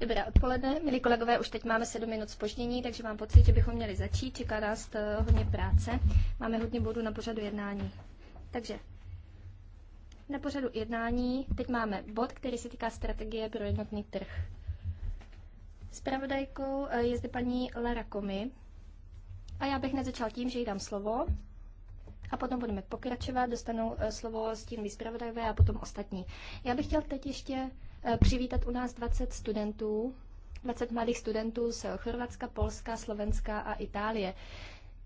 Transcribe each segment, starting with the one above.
Dobré odpoledne, milí kolegové, už teď máme sedm minut spoždění, takže mám pocit, že bychom měli začít. Čeká nás eh, hodně práce. Máme hodně bodů na pořadu jednání. Takže na pořadu jednání teď máme bod, který se týká strategie pro jednotný trh. Spravodajkou eh, je zde paní Lara Komi. A já bych hned tím, že jí dám slovo a potom budeme pokračovat, dostanou eh, slovo tím výzpravodajové a potom ostatní. Já bych chtěl teď ještě eh, přivítat u nás 20 studentů, 20 mladých studentů z Chorvatska, Polska, Slovenska a Itálie.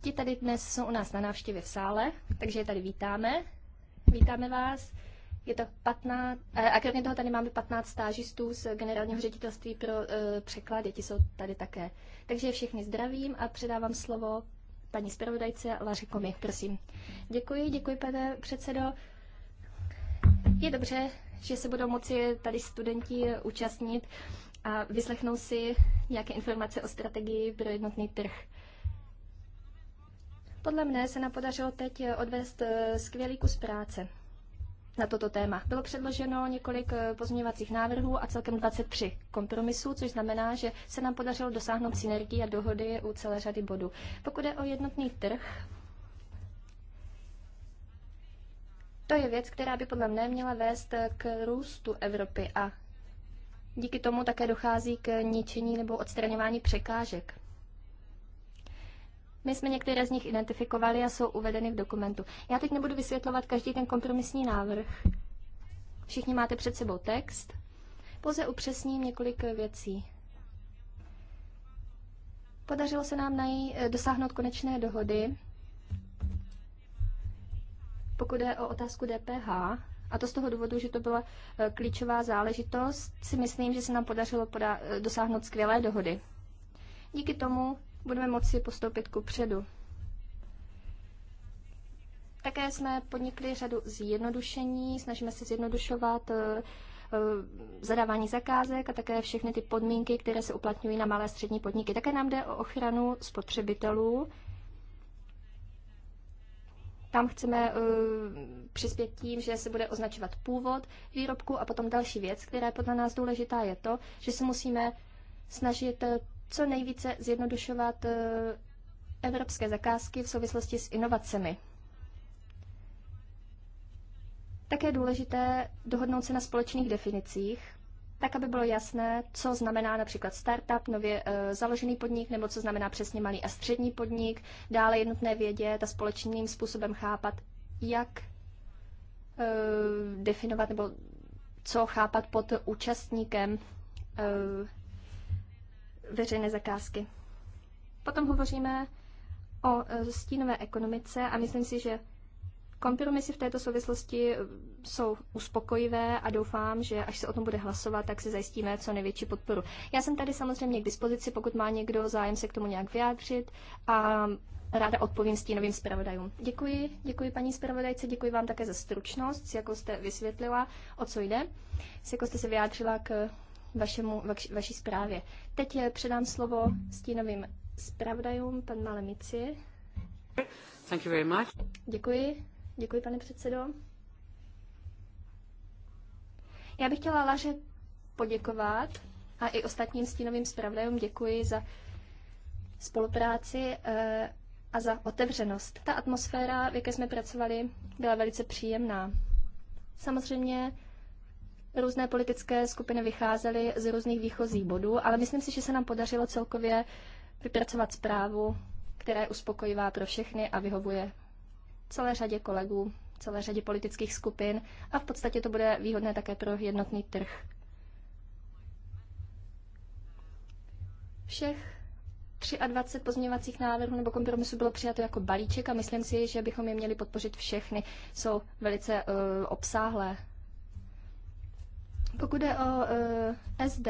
Ti tady dnes jsou u nás na návštěvě v sále, takže je tady vítáme. Vítáme vás. Je to 15, eh, a kromě toho tady máme 15 stážistů z Generálního ředitelství pro uh, překlady, ti jsou tady také. Takže všechny zdravím a předávám slovo paní zpravodajce Laře Komi. Prosím. Děkuji, děkuji, pane předsedo. Je dobře, že se budou moci tady studenti účastnit a vyslechnou si nějaké informace o strategii pro jednotný trh. Podle mne se nám podařilo teď odvést eh, skvělý kus práce na toto téma. Bylo předloženo několik eh, pozměňovacích návrhů a celkem 23 kompromisů, což znamená, že se nám podařilo dosáhnout synergii a dohody u celé řady bodů. Pokud je o jednotný trh, to je věc, která by podle mne měla vést eh, k růstu Evropy a díky tomu také dochází k ničení nebo odstraňování překážek. My jsme některé z nich identifikovali a jsou uvedeny v dokumentu. Já teď nebudu vysvětlovat každý ten kompromisní návrh. Všichni máte před sebou text. Pouze upřesním několik věcí. Podařilo se nám nají, dosáhnout konečné dohody, pokud je o otázku DPH, a to z toho důvodu, že to byla e, klíčová záležitost, si myslím, že se nám podařilo poda- e, dosáhnout skvělé dohody. Díky tomu budeme moci postoupit ku předu. Také jsme podnikli řadu zjednodušení, snažíme se zjednodušovat eh, eh, zadávání zakázek a také všechny ty podmínky, které se uplatňují na malé a střední podniky. Také nám jde o ochranu spotřebitelů. Tam chceme uh, přispět tím, že se bude označovat původ výrobku a potom další věc, která je podle nás důležitá, je to, že se musíme snažit co nejvíce zjednodušovat eh, evropské zakázky v souvislosti s inovacemi. Také je důležité dohodnout se na společných definicích, tak aby bylo jasné, co znamená například startup, nově e, založený podnik, nebo co znamená přesně malý a střední podnik. Dále jednotné vědět a společným způsobem chápat, jak e, definovat nebo co chápat pod účastníkem e, veřejné zakázky. Potom hovoříme o e, stínové ekonomice a myslím si, že kompromisy v této souvislosti e, jsou uspokojivé a doufám, že až se o tom bude hlasovat, tak si zajistíme co největší podporu. Já jsem tady samozřejmě k dispozici, pokud má někdo zájem se k tomu nějak vyjádřit a ráda odpovím stínovým zpravodajům. Děkuji, děkuji paní zpravodajce, děkuji vám také za stručnost, jako jste vysvětlila, o co jde, jako jste se vyjádřila k vašemu, vaši vaší zprávě. Teď eh, předám slovo stínovým zpravodajům, pan Malemici. Thank you very much. Děkuji, děkuji pane předsedo. Já bych chtěla Laře poděkovat a i ostatním stínovým zpravodajům děkuji za spolupráci eh, a za otevřenost. Ta atmosféra, v jaké jsme pracovali, byla velice příjemná. Samozřejmě Různé politické skupiny vycházely z různých výchozích bodů, ale myslím si, že se nám podařilo celkově vypracovat zprávu, která je uspokojivá pro všechny a vyhovuje celé řadě kolegů, celé řadě politických skupin a v podstatě to bude výhodné také pro jednotný trh. Všech 23 pozměňovacích návrhů nebo kompromisů bylo přijato jako balíček a myslím si, že bychom je měli podpořit všechny. Jsou velice uh, obsáhlé pokud je o e, eh, SD,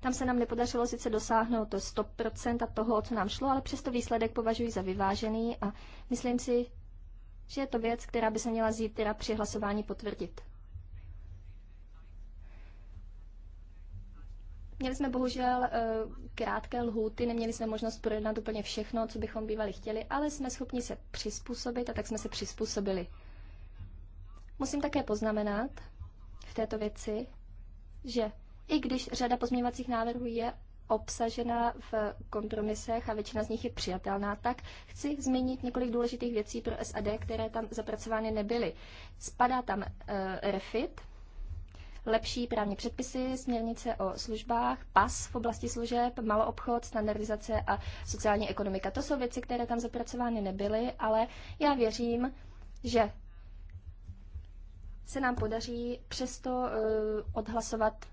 tam se nám nepodařilo sice dosáhnout to 100% a toho, o co nám šlo, ale přesto výsledek považuji za vyvážený a myslím si, že je to věc, která by se měla zítra při hlasování potvrdit. Měli jsme bohužel e, krátké lhůty, neměli jsme možnost projednat úplně všechno, co bychom bývali chtěli, ale jsme schopni se přizpůsobit a tak jsme se přizpůsobili. Musím také poznamenat v této věci, že i když řada pozměňovacích návrhů je obsažena v kompromisech a většina z nich je přijatelná, tak chci zmínit několik důležitých věcí pro SAD, které tam zapracovány nebyly. Spadá tam uh, refit, lepší právní předpisy, směrnice o službách, pas v oblasti služeb, maloobchod, standardizace a sociální ekonomika. To jsou věci, které tam zapracovány nebyly, ale já věřím, že se nám podaří přesto eh, odhlasovat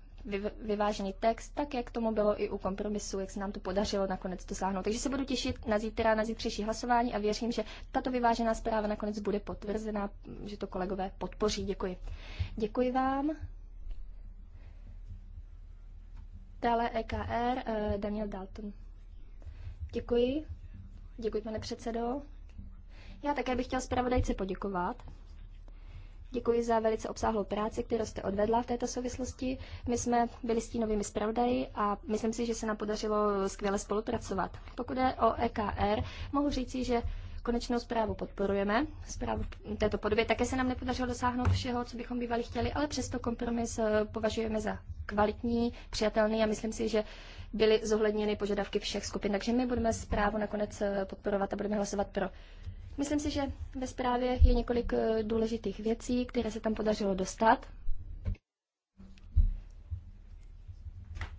vyvážený text, tak jak tomu bylo i u kompromisu, jak se nám to podařilo nakonec dosáhnout. Takže se budu těšit na zítra, na zítřejší hlasování a věřím, že tato vyvážená zpráva nakonec bude potvrzená, že to kolegové podpoří. Děkuji. Děkuji vám. Dále EKR, eh, Daniel Dalton. Děkuji. Děkuji, pane předsedo. Já také bych chtěl zpravodajce poděkovat Děkuji za velice obsáhlou práci, kterou jste odvedla v této souvislosti. My jsme byli stínovými zpravodaji a myslím si, že se nám podařilo skvěle spolupracovat. Pokud je o EKR, mohu říci, že konečnou zprávu podporujeme. Zprávu této podobě také se nám nepodařilo dosáhnout všeho, co bychom bývali chtěli, ale přesto kompromis eh, považujeme za kvalitní, přijatelný a myslím si, že byly zohledněny požadavky všech skupin. Takže my budeme zprávu nakonec eh, podporovat a budeme hlasovat pro. Myslím si, že ve zprávě je několik eh, důležitých věcí, které se tam podařilo dostat.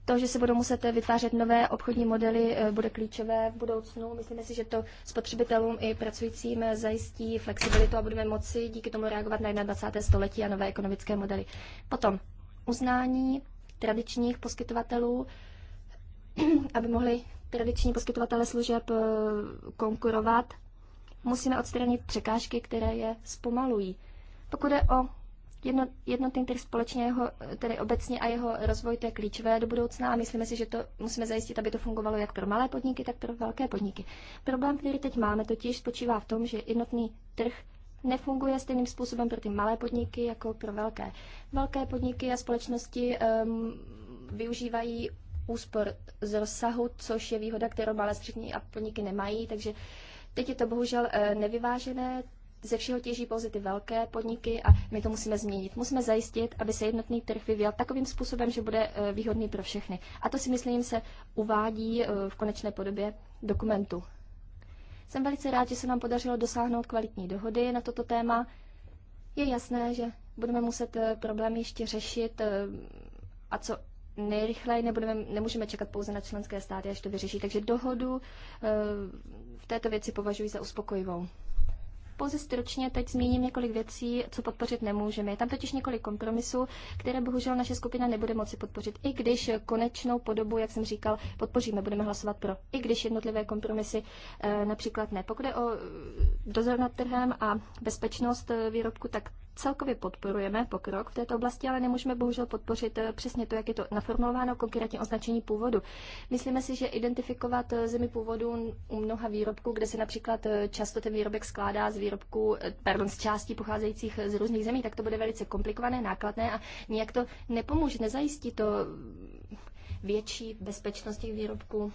To, že se budou muset eh, vytvářet nové obchodní modely, eh, bude klíčové v budoucnu. Myslíme si, že to spotřebitelům i pracujícím zajistí flexibilitu a budeme moci díky tomu reagovat na 21. století a nové ekonomické modely. Potom uznání tradičních poskytovatelů, aby mohli tradiční poskytovatele služeb konkurovat musíme odstranit překážky, které je zpomalují. Pokud je o jedno, jednotný trh společně, jeho, tedy obecně a jeho rozvoj, to je klíčové do budoucna a myslíme si, že to musíme zajistit, aby to fungovalo jak pro malé podniky, tak pro velké podniky. Problém, který teď máme, totiž spočívá v tom, že jednotný trh nefunguje stejným způsobem pro ty malé podniky jako pro velké. Velké podniky a společnosti um, využívají úspor z rozsahu, což je výhoda, kterou malé střední a podniky nemají, takže Teď je to bohužel eh, nevyvážené, ze všeho těží pouze ty velké podniky a my to musíme změnit. Musíme zajistit, aby se jednotný trh vyvíjel takovým způsobem, že bude eh, výhodný pro všechny. A to si myslím se uvádí eh, v konečné podobě dokumentu. Jsem velice rád, že se nám podařilo dosáhnout kvalitní dohody na toto téma. Je jasné, že budeme muset problémy ještě řešit a co nejrychleji nebudeme, nemůžeme čekat pouze na členské státy, až to vyřeší. Takže dohodu eh, v této věci považuji za uspokojivou. Pouze stručně teď zmíním několik věcí, co podpořit nemůžeme. Je tam totiž několik kompromisů, které bohužel naše skupina nebude moci podpořit, i když konečnou podobu, jak jsem říkal, podpoříme, budeme hlasovat pro, i když jednotlivé kompromisy eh, například ne. Pokud je o eh, dozor nad trhem a bezpečnost výrobku, tak Celkově podporujeme pokrok v této oblasti, ale nemůžeme bohužel podpořit eh, přesně to, jak je to naformulováno, konkrétně označení původu. Myslíme si, že identifikovat eh, zemi původu u mnoha výrobků, kde se například eh, často ten výrobek skládá z výrobků, pardon, z částí pocházejících z různých zemí, tak to bude velice komplikované, nákladné a nijak to nepomůže, nezajistí to mm, větší bezpečnost těch výrobků.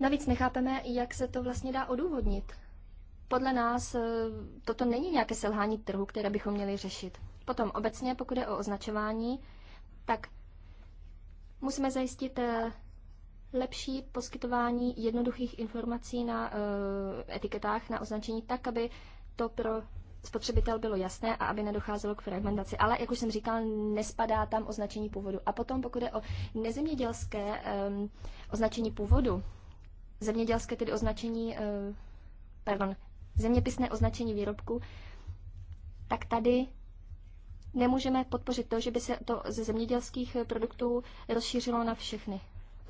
Navíc nechápeme, jak se to vlastně dá odůvodnit. Podle nás eh, toto není nějaké selhání trhu, které bychom měli řešit. Potom obecně, pokud je o označování, tak musíme zajistit eh, lepší poskytování jednoduchých informací na eh, etiketách, na označení, tak, aby to pro spotřebitel bylo jasné a aby nedocházelo k fragmentaci. Ale, jak už jsem říkal, nespadá tam označení původu. A potom, pokud je o nezemědělské um, označení původu, zemědělské tedy označení, uh, pardon, zeměpisné označení výrobku, tak tady nemůžeme podpořit to, že by se to ze zemědělských produktů rozšířilo na všechny.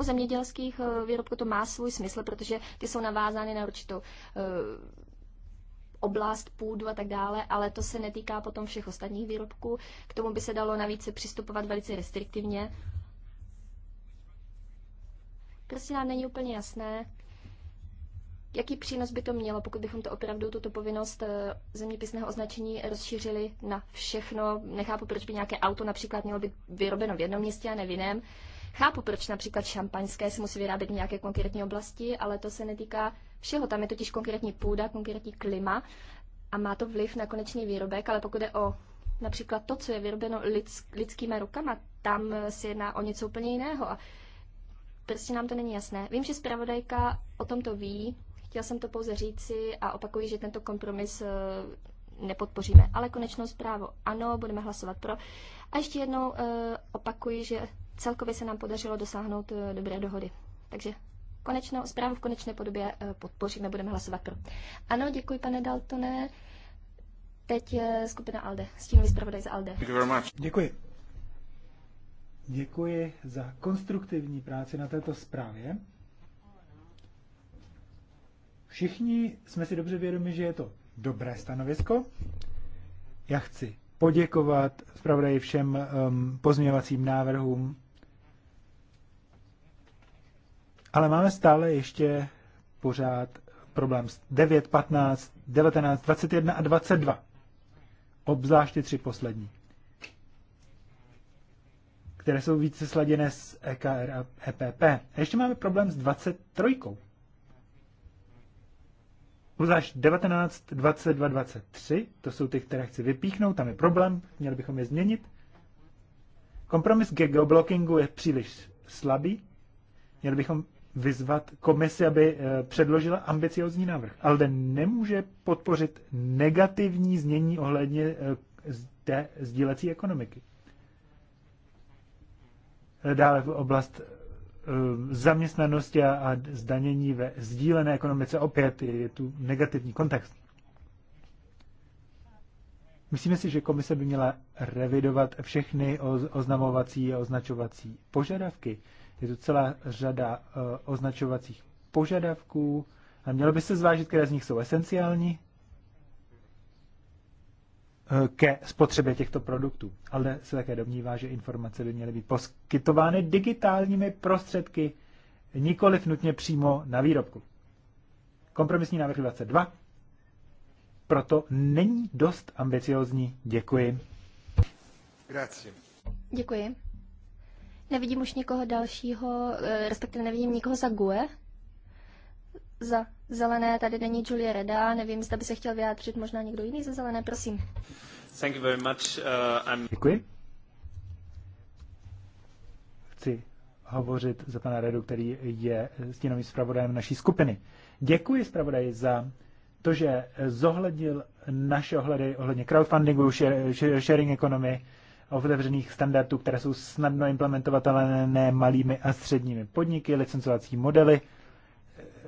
U zemědělských eh, výrobků to má svůj smysl, protože ty jsou navázány na určitou eh, oblast, půdu a tak dále, ale to se netýká potom všech ostatních výrobků. K tomu by se dalo navíc přistupovat velice restriktivně. Prostě nám není úplně jasné, jaký přínos by to mělo, pokud bychom to opravdu, tuto povinnost eh, zeměpisného označení rozšířili na všechno. Nechápu, proč by nějaké auto například mělo být vyrobeno v jednom městě a ne v jiném. Chápu, proč například šampaňské se musí vyrábět v nějaké konkrétní oblasti, ale to se netýká všeho. Tam je totiž konkrétní půda, konkrétní klima a má to vliv na konečný výrobek, ale pokud je o například to, co je vyrobeno lidskými rukama, tam eh, se jedná o něco úplně jiného. A prostě nám to není jasné. Vím, že zpravodajka o tomto ví, Chtěla jsem to pouze říci a opakuji, že tento kompromis eh, nepodpoříme. Ale konečnou zprávu ano, budeme hlasovat pro. A ještě jednou eh, opakuji, že celkově se nám podařilo dosáhnout eh, dobré dohody. Takže konečnou zprávu v konečné podobě podpoříme, budeme hlasovat pro. Ano, děkuji, pane Daltone. Teď je skupina ALDE, S tím zpravodaj za ALDE. Děkuji. Děkuji za konstruktivní práci na této zprávě. Všichni jsme si dobře vědomi, že je to dobré stanovisko. Já chci poděkovat zpravodaji všem um, pozměňovacím návrhům. Ale máme stále ještě pořád problém s 9, 15, 19, 21 a 22. Obzvláště tři poslední. Které jsou více sladěné s EKR a EPP. A ještě máme problém s 23. Zvlášť 19, 22, 23, to jsou ty, které chci vypíchnout, tam je problém, měli bychom je změnit. Kompromis ke geoblockingu je příliš slabý, měli bychom vyzvat komisi, aby eh, předložila ambiciozní návrh. Ale nemůže podpořit negativní změní ohledně té eh, sdílecí ekonomiky. Dále v oblast Eh, zaměstnanosti a, a zdanění ve sdílené ekonomice. Opět je, je tu negativní kontext. Myslíme si, že komise by měla revidovat všechny oznamovací a označovací požadavky. Je tu celá řada eh, označovacích požadavků a mělo by se zvážit, které z nich jsou esenciální ke spotřebě těchto produktů. Ale se také domnívá, že informace by měly být poskytovány digitálními prostředky, nikoli nutně přímo na výrobku. Kompromisní návrh 22 proto není dost ambiciozní. Děkuji. Grazie. Děkuji. Nevidím už nikoho dalšího, eh, respektive nevidím nikoho za GUE, za zelené tady není Julie Reda, nevím, zda by se chtěl vyjádřit možná někdo jiný ze zelené, prosím. Thank you very much. Uh, I'm... Děkuji. Chci hovořit za pana Redu, který je stínovým zpravodajem naší skupiny. Děkuji zpravodaji za to, že zohlednil naše ohledy ohledně crowdfundingu, sharing economy, otevřených standardů, které jsou snadno implementovatelné malými a středními podniky, licencovací modely.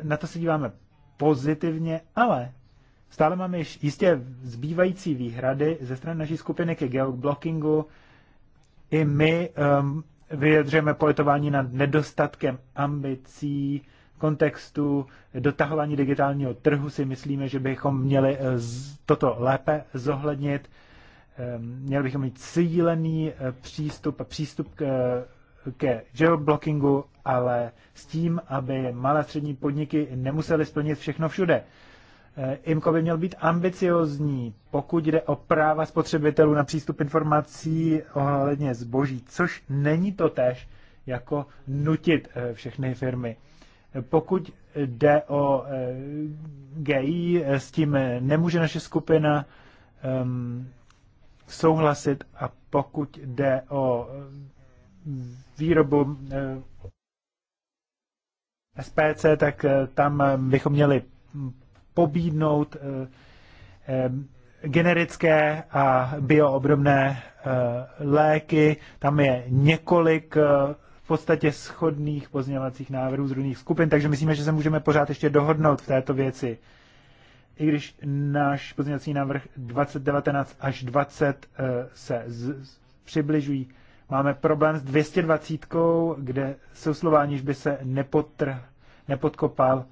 Na to se díváme pozitivně, ale stále máme jistě zbývající výhrady ze strany naší skupiny ke geoblockingu. I my um, vyjadřujeme politování nad nedostatkem ambicí, kontextu dotahování digitálního trhu si myslíme, že bychom měli eh, toto lépe zohlednit. Eh, měli bychom mít cílený eh, přístup a přístup k ke geoblockingu, ale s tím, aby malé a střední podniky nemusely splnit všechno všude. Eh, IMCO by měl být ambiciozní, pokud jde o práva spotřebitelů na přístup informací ohledně zboží, což není to tež jako nutit eh, všechny firmy. Eh, pokud jde o GI, s tím nemůže naše skupina ehm, souhlasit a pokud jde o výrobu eh, SPC, tak eh, tam eh, bychom měli pobídnout generické a bioobrobné léky. Tam je několik v podstatě schodných pozměňovacích návrhů z různých skupin, takže myslíme, že se můžeme pořád ještě dohodnout v této věci. I když náš pozměňovací návrh 2019 až 20 se z, z, přibližují Máme problém s 220, kde jsou slova, aniž by se nepotr, nepodkopal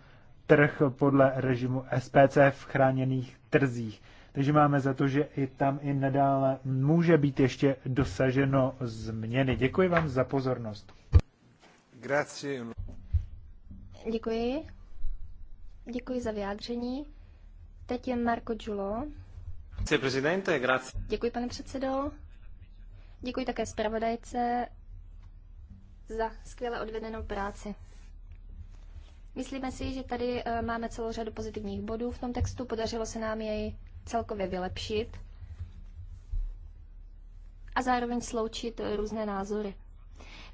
trh podle režimu SPC v chráněných trzích. Takže máme za to, že i tam i nadále může být ještě dosaženo změny. Děkuji vám za pozornost. Grazie. Děkuji. Děkuji za vyjádření. Teď je Marko Giulo. Děkuji, pane předsedo. Děkuji také zpravodajce za skvěle odvedenou práci. Myslíme si, že tady eh, máme celou řadu pozitivních bodů v tom textu, podařilo se nám jej celkově vylepšit a zároveň sloučit eh, různé názory.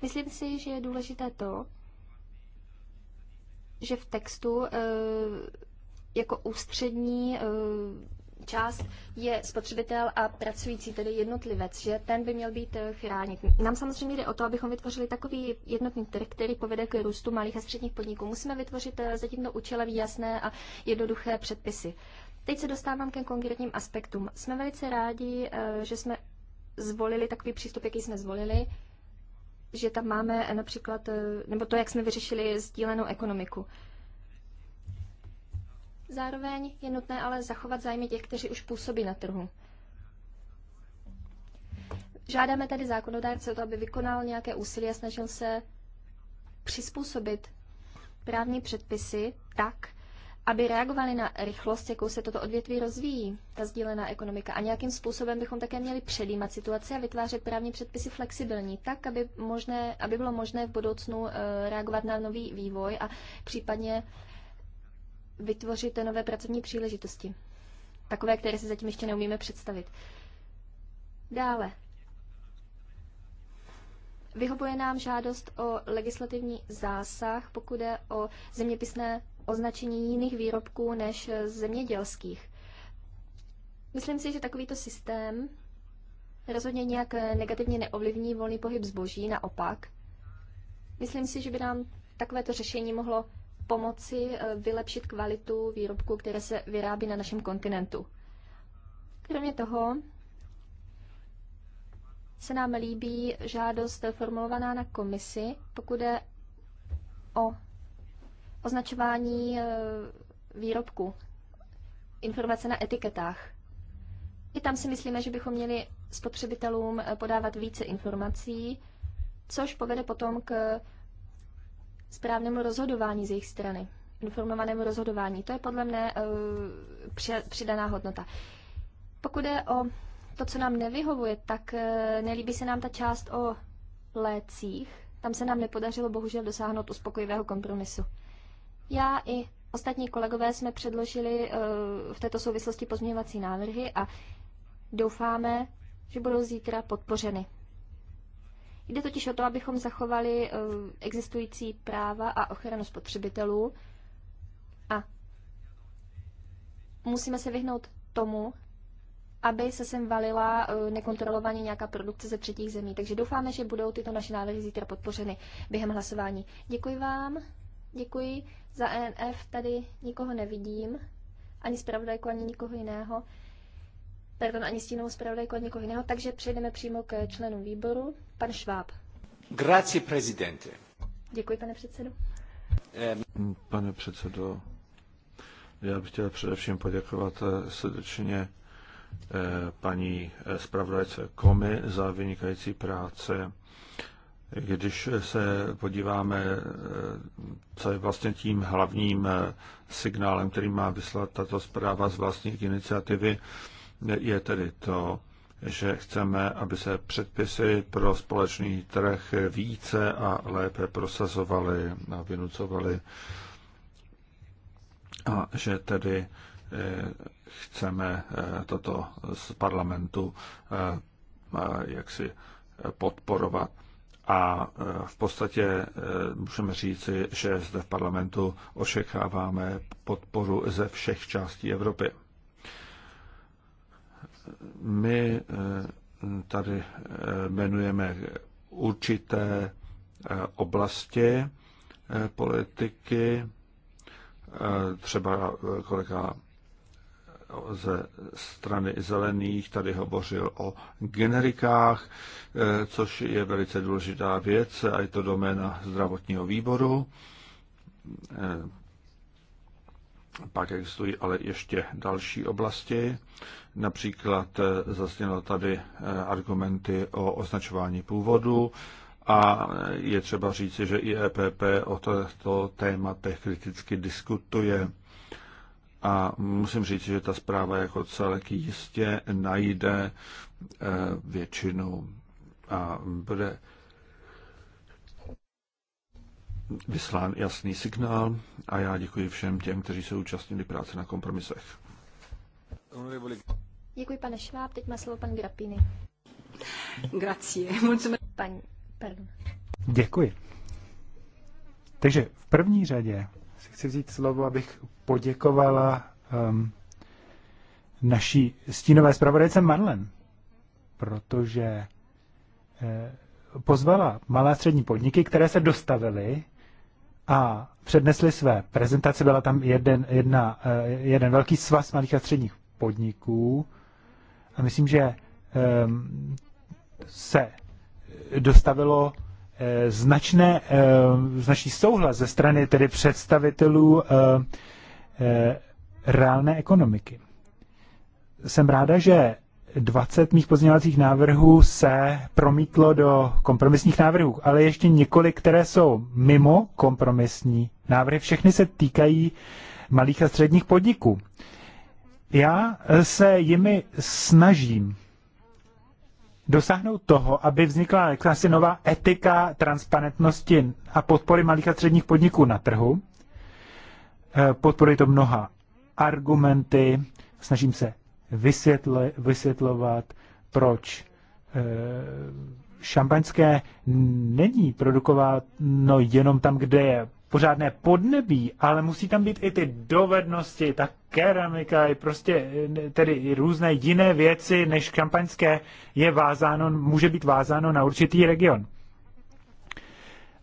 Myslím si, že je důležité to, že v textu eh, jako ústřední část je spotřebitel a pracující, tedy jednotlivec, že ten by měl být eh, chránit. Nám samozřejmě jde o to, abychom vytvořili takový jednotný trh, který povede k růstu malých a středních podniků. Musíme vytvořit eh, za tímto účelem jasné a jednoduché předpisy. Teď se dostávám ke konkrétním aspektům. Jsme velice rádi, eh, že jsme zvolili takový přístup, jaký jsme zvolili, že tam máme například, nebo to, jak jsme vyřešili sdílenou ekonomiku. Zároveň je nutné ale zachovat zájmy těch, kteří už působí na trhu. Žádáme tedy zákonodárce o to, aby vykonal nějaké úsilí a snažil se přizpůsobit právní předpisy tak, aby reagovali na rychlost, jakou se toto odvětví rozvíjí, ta sdílená ekonomika. A nějakým způsobem bychom také měli předjímat situaci a vytvářet právní předpisy flexibilní, tak, aby, možné, aby bylo možné v budoucnu eh, reagovat na nový vývoj a případně vytvořit nové pracovní příležitosti. Takové, které si zatím ještě neumíme představit. Dále. Vyhovuje nám žádost o legislativní zásah, pokud je o zeměpisné označení jiných výrobků než zemědělských. Myslím si, že takovýto systém rozhodně nějak negativně neovlivní volný pohyb zboží, naopak. Myslím si, že by nám takovéto řešení mohlo pomoci eh, vylepšit kvalitu výrobků, které se vyrábí na našem kontinentu. Kromě toho se nám líbí žádost formulovaná na komisi, pokud je o označování eh, výrobku, informace na etiketách. I tam si myslíme, že bychom měli spotřebitelům eh, podávat více informací, což povede potom k správnému rozhodování z jejich strany, informovanému rozhodování. To je podle mne eh, přidaná hodnota. Pokud je o to, co nám nevyhovuje, tak eh, nelíbí se nám ta část o lécích. Tam se nám nepodařilo bohužel dosáhnout uspokojivého kompromisu. Já i ostatní kolegové jsme předložili eh, v této souvislosti pozměňovací návrhy a doufáme, že budou zítra podpořeny. Jde totiž o to, abychom zachovali eh, existující práva a ochranu spotřebitelů a musíme se vyhnout tomu, aby se sem valila eh, nekontrolovaně nějaká produkce ze třetích zemí. Takže doufáme, že budou tyto naše návrhy zítra podpořeny během hlasování. Děkuji vám, děkuji. Za ENF tady nikoho nevidím, ani zpravodajku, ani nikoho jiného pardon, ani stínovou zpravodajku od někoho jiného, takže přejdeme přímo k členům výboru. Pan Šváb. Grazie, prezidente. Děkuji, pane předsedo. Pane předsedo, já bych chtěl především poděkovat eh, srdečně eh, paní eh, zpravodajce Komi za vynikající práce. Když se podíváme, co je vlastně tím hlavním signálem, který má vyslat tato zpráva z vlastní iniciativy, je tedy to, že chceme, aby se předpisy pro společný trh více a lépe prosazovaly a vynucovaly a že tedy eh, chceme eh, toto z parlamentu eh, jaksi podporovat. A v podstatě můžeme říci, že zde v parlamentu očekáváme podporu ze všech částí Evropy. My eh, tady eh, jmenujeme určité eh, oblasti politiky, třeba kolega ze strany zelených tady hovořil o generikách, což je velice důležitá věc a je to doména zdravotního výboru. Pak existují ale ještě další oblasti. Například eh, zazněla tady eh, argumenty o označování původu a eh, je třeba říci, že i EPP o této tématech kriticky diskutuje. A musím říct, že ta zpráva jako celek jistě najde většinu a bude vyslán jasný signál a já děkuji všem těm, kteří se účastnili práce na kompromisech. Děkuji, pane Šváb. Teď má slovo pan Grapini. Grazie. Pan, pardon. Děkuji. Takže v první řadě si chci vzít slovo, abych poděkovala um, naší stínové zpravodajce Marlen, protože eh, pozvala malé a střední podniky, které se dostavily a přednesli své prezentace. Byla tam jeden, jedna, eh, jeden velký svaz malých a středních podniků a myslím, že ehm, se dostavilo eh, značné, ehm, značný souhlas ze strany tedy představitelů eh, reálné ekonomiky. Jsem ráda, že 20 mých pozměňovacích návrhů se promítlo do kompromisních návrhů, ale ještě několik, které jsou mimo kompromisní návrhy. Všechny se týkají malých a středních podniků. Já se jimi snažím dosáhnout toho, aby vznikla jaksi nová etika transparentnosti a podpory malých a středních podniků na trhu. E, podporuji to mnoha argumenty, snažím se vysvětle, vysvětlovat, proč eh, šampaňské není produkováno jenom tam, kde je pořádné podnebí, ale musí tam být i ty dovednosti, ta keramika, i prostě eh, tedy i různé jiné věci, než šampaňské je vázáno, může být vázáno na určitý region.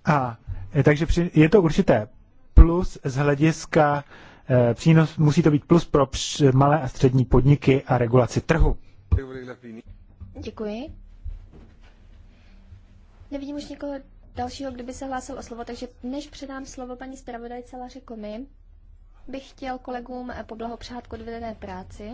A eh, takže je to určité plus z hlediska Eh, přínos, musí to být plus pro malé a střední podniky a regulaci trhu. Děkuji. Nevidím už nikoho dalšího, kdo by se hlásil o slovo, takže než předám slovo paní zpravodajce Laře Komi, bych chtěl kolegům eh, poblahopřát k odvedené práci.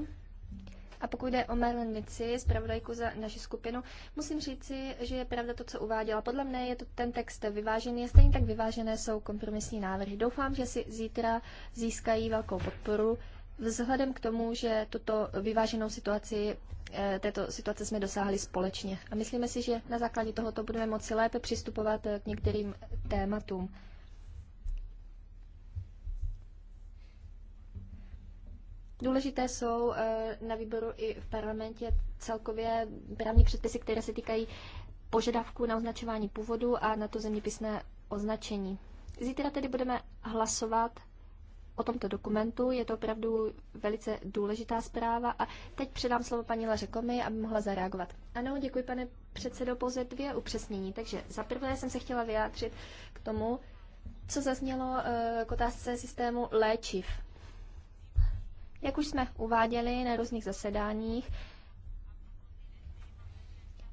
A pokud jde o Marilyn Mici, zpravodajku za naši skupinu, musím říci, že je pravda to, co uváděla. Podle mne je to ten text vyvážený a stejně tak vyvážené jsou kompromisní návrhy. Doufám, že si zítra získají velkou podporu. Vzhledem k tomu, že tuto vyváženou situaci, eh, této situace jsme dosáhli společně. A myslíme si, že na základě tohoto budeme moci lépe přistupovat eh, k některým tématům. Důležité jsou eh, na výboru i v parlamentě celkově právní předpisy, které se týkají požadavků na označování původu a na to zeměpisné označení. Zítra tedy budeme hlasovat o tomto dokumentu. Je to opravdu velice důležitá zpráva a teď předám slovo paní Laře Komi, aby mohla zareagovat. Ano, děkuji pane předsedo, pouze dvě upřesnění. Takže za prvé jsem se chtěla vyjádřit k tomu, co zaznělo eh, k otázce systému léčiv. Jak už jsme uváděli na různých zasedáních,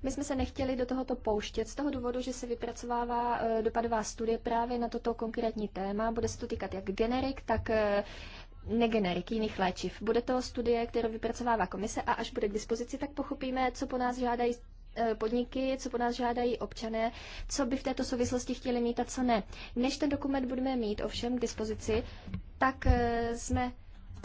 my jsme se nechtěli do tohoto pouštět z toho důvodu, že se vypracovává eh, dopadová studie právě na toto konkrétní téma. Bude se to týkat jak generik, tak eh, negenerik jiných léčiv. Bude to studie, kterou vypracovává komise a až bude k dispozici, tak pochopíme, co po nás žádají eh, podniky, co po nás žádají občané, co by v této souvislosti chtěli mít a co ne. Než ten dokument budeme mít ovšem k dispozici, tak jsme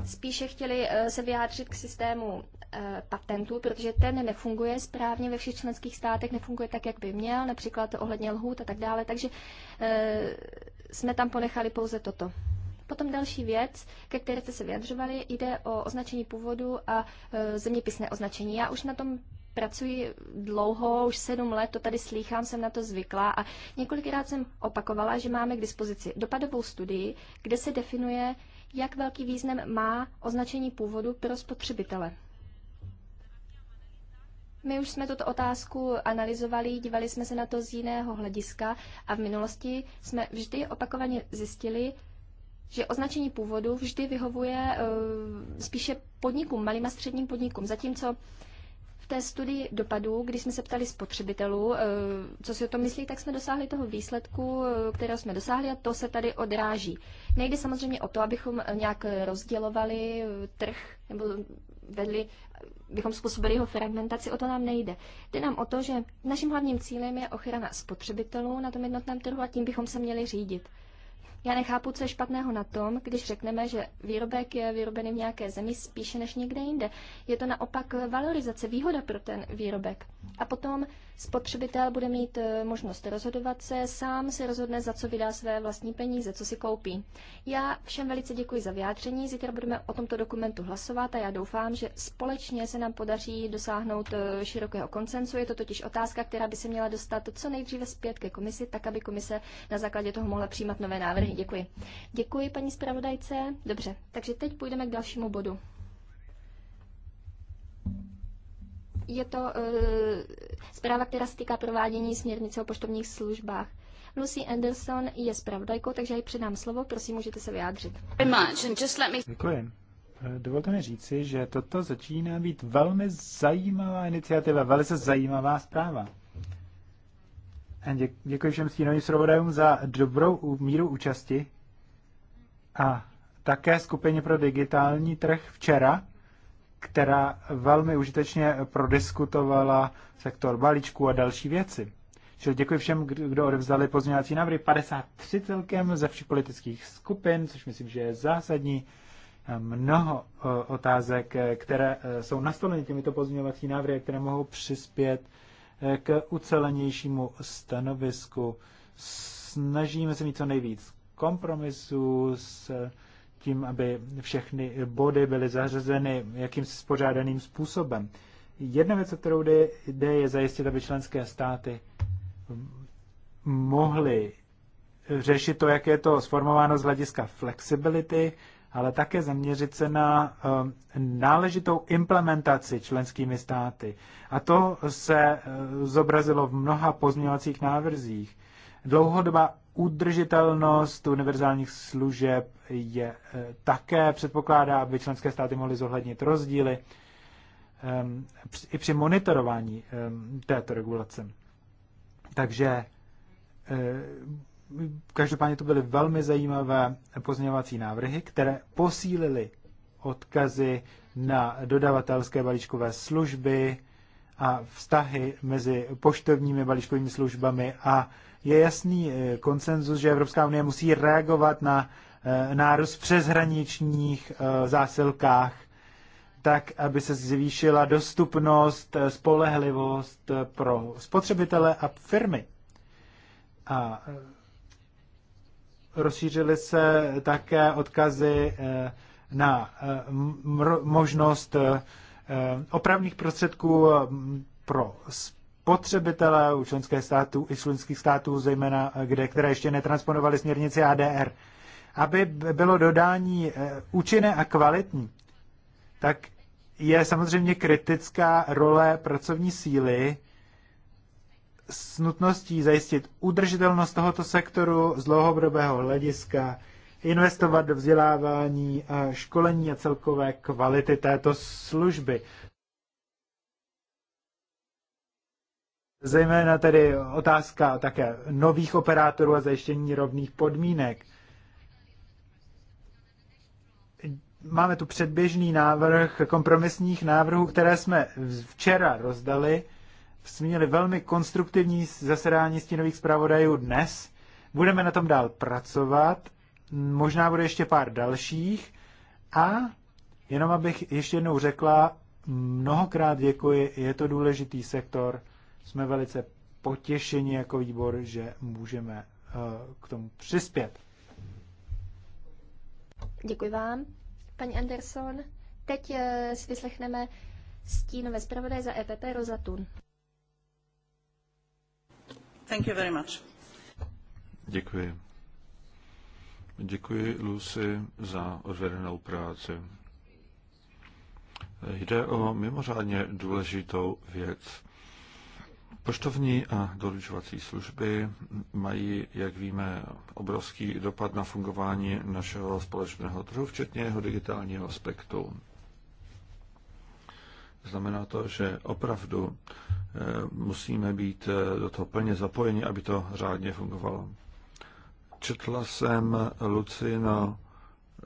spíše chtěli eh, se vyjádřit k systému eh, patentů, protože ten nefunguje správně ve všech členských státech, nefunguje tak, jak by měl, například ohledně lhůt a tak dále, takže eh, jsme tam ponechali pouze toto. Potom další věc, ke které jste se vyjadřovali, jde o označení původu a zeměpisné označení. Já už na tom pracuji dlouho, už sedm let to tady slýchám, jsem na to zvyklá a několikrát jsem opakovala, že máme k dispozici dopadovou studii, kde se definuje jak velký význam má označení původu pro spotřebitele. My už jsme tuto otázku analyzovali, dívali jsme se na to z jiného hlediska a v minulosti jsme vždy opakovaně zjistili, že označení původu vždy vyhovuje eh, spíše podnikům, malým a středním podnikům, zatímco té studii dopadů, když jsme se ptali spotřebitelů, eh, co si o tom myslí, tak jsme dosáhli toho výsledku, eh, kterého jsme dosáhli a to se tady odráží. Nejde samozřejmě o to, abychom eh, nějak rozdělovali trh nebo vedli, bychom způsobili jeho fragmentaci, o to nám nejde. Jde nám o to, že naším hlavním cílem je ochrana spotřebitelů na tom jednotném trhu a tím bychom se měli řídit. Já nechápu, co je špatného na tom, když řekneme, že výrobek je vyrobený v nějaké zemi spíše než někde jinde. Je to naopak valorizace, výhoda pro ten výrobek. A potom Spotřebitel bude mít eh, možnost rozhodovat se, sám se rozhodne, za co vydá své vlastní peníze, co si koupí. Já všem velice děkuji za vyjádření, zítra budeme o tomto dokumentu hlasovat a já doufám, že společně se nám podaří dosáhnout eh, širokého koncensu. Je to totiž otázka, která by se měla dostat co nejdříve zpět ke komisi, tak aby komise na základě toho mohla přijímat nové návrhy. Děkuji. Děkuji paní zpravodajce. Dobře, takže teď půjdeme k dalšímu bodu. je to e, zpráva, která se týká provádění směrnice o poštovních službách. Lucy Anderson je zpravodajkou, takže jí předám slovo. Prosím, můžete se vyjádřit. Děkuji. Eh, dovolte mi říci, že toto začíná být velmi zajímavá iniciativa, velice zajímavá zpráva. Děkuji všem stínovým zpravodajům za dobrou míru účasti a také skupině pro digitální trh včera, která velmi užitečně prodiskutovala sektor balíčků a další věci. Čili děkuji všem, kdo odevzdali pozměňovací návrhy. 53 celkem ze všech politických skupin, což myslím, že je zásadní. Mnoho eh, otázek, eh, které eh, jsou nastoleny těmito pozměňovací návrhy, které mohou přispět k ucelenějšímu stanovisku. Snažíme se mít co nejvíc kompromisu s tím, aby všechny body byly zařazeny jakýmsi spořádaným způsobem. Jedna věc, o kterou jde, jde je zajistit, aby členské státy mohly řešit to, jak je to sformováno z hlediska flexibility, ale také zaměřit se na um, náležitou implementaci členskými státy. A to se uh, zobrazilo v mnoha pozměňovacích návrzích. Dlouhodobá udržitelnost univerzálních služeb je eh, také předpokládá, aby členské státy mohly zohlednit rozdíly ehm, i při monitorování ehm, této regulace. Takže eh, každopádně to byly velmi zajímavé pozměňovací návrhy, které posílily odkazy na dodavatelské balíčkové služby a vztahy mezi poštovními balíčkovými službami a je jasný eh, konsenzus, že Evropská unie musí reagovat na eh, nárůst přeshraničních eh, zásilkách, tak, aby se zvýšila dostupnost, spolehlivost pro spotřebitele a firmy. A rozšířily se také odkazy na možnost opravných prostředků pro spotřebitele u členských států i členských států, zejména eh, kde, které ještě netransponovaly směrnici ADR, aby bylo dodání eh, účinné a kvalitní, tak je samozřejmě kritická role pracovní síly s nutností zajistit udržitelnost tohoto sektoru z dlouhodobého hlediska, investovat do vzdělávání, školení a celkové kvality této služby. Zejména tedy otázka také nových operátorů a zajištění rovných podmínek. Máme tu předběžný návrh kompromisních návrhů, které jsme včera rozdali. Jsme měli velmi konstruktivní zasedání stínových zpravodajů dnes. Budeme na tom dál pracovat. Možná bude ještě pár dalších. A jenom abych ještě jednou řekla, mnohokrát děkuji, je to důležitý sektor jsme velice potěšeni jako výbor, že můžeme eh, k tomu přispět. Děkuji vám, paní Anderson. Teď eh, si vyslechneme stínové zpravodaj za EPP Rozatun. Thank you very much. Děkuji. Děkuji Lucy za odvedenou práci. Jde o mimořádně důležitou věc. Poštovní a doručovací služby mají, jak víme, obrovský dopad na fungování našeho společného trhu, včetně jeho digitálního aspektu. Znamená to, že opravdu eh, musíme být eh, do toho plně zapojeni, aby to řádně fungovalo. Četla jsem Lucino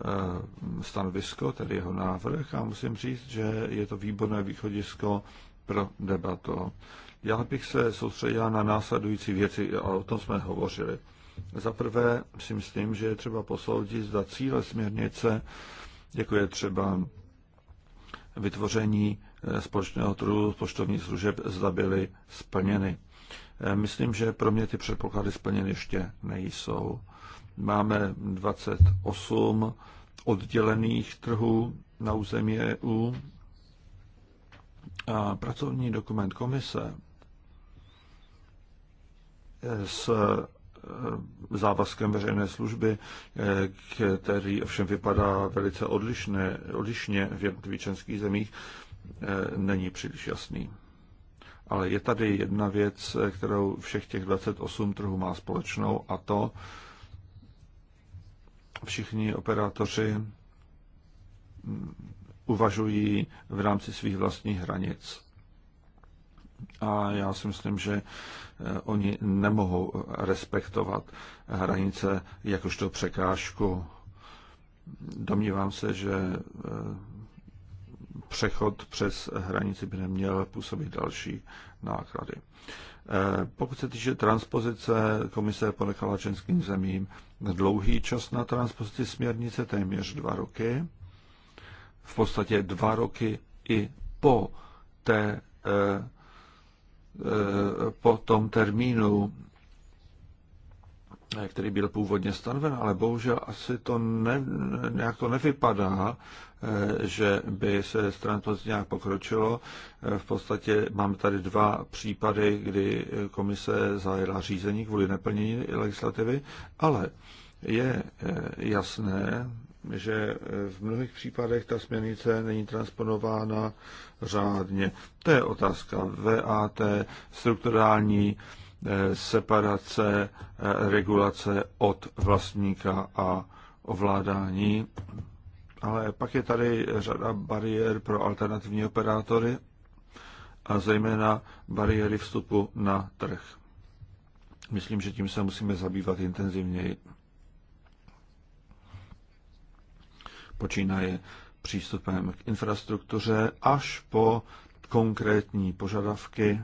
eh, stanovisko, tedy jeho návrh, a musím říct, že je to výborné východisko pro debatu. Já bych se soustředila na následující věci, a o tom jsme hovořili. Za prvé si myslím, že je třeba posoudit, zda cíle směrnice, jako je třeba vytvoření eh, společného trhu poštovních služeb, zda byly splněny. Eh, myslím, že pro mě ty předpoklady splněny ještě nejsou. Máme 28 oddělených trhů na území EU. A pracovní dokument komise s eh, závazkem veřejné služby, eh, který ovšem vypadá velice odlišné, odlišně v jednotlivých členských zemích, eh, není příliš jasný. Ale je tady jedna věc, kterou všech těch 28 trhů má společnou a to všichni operátoři mm, uvažují v rámci svých vlastních hranic. A já si myslím, že Eh, oni nemohou respektovat hranice jakožto překážku. Domnívám se, že eh, přechod přes hranici by neměl působit další náklady. Eh, pokud se týče transpozice, komise ponechala členským zemím dlouhý čas na transpozici směrnice, téměř dva roky. V podstatě dva roky i po té Eh, po tom termínu, eh, který byl původně stanoven, ale bohužel asi to ne, nějak to nevypadá, eh, že by se strana to nějak pokročilo. V podstatě máme tady dva případy, kdy komise zajela řízení kvůli neplnění legislativy, ale je jasné, že eh, v mnohých případech ta směrnice není transponována řádně. To je otázka VAT, strukturální eh, separace, eh, regulace od vlastníka a ovládání. Ale pak je tady řada bariér pro alternativní operátory a zejména bariéry vstupu na trh. Myslím, že tím se musíme zabývat intenzivněji. počínaje přístupem k infrastruktuře až po konkrétní požadavky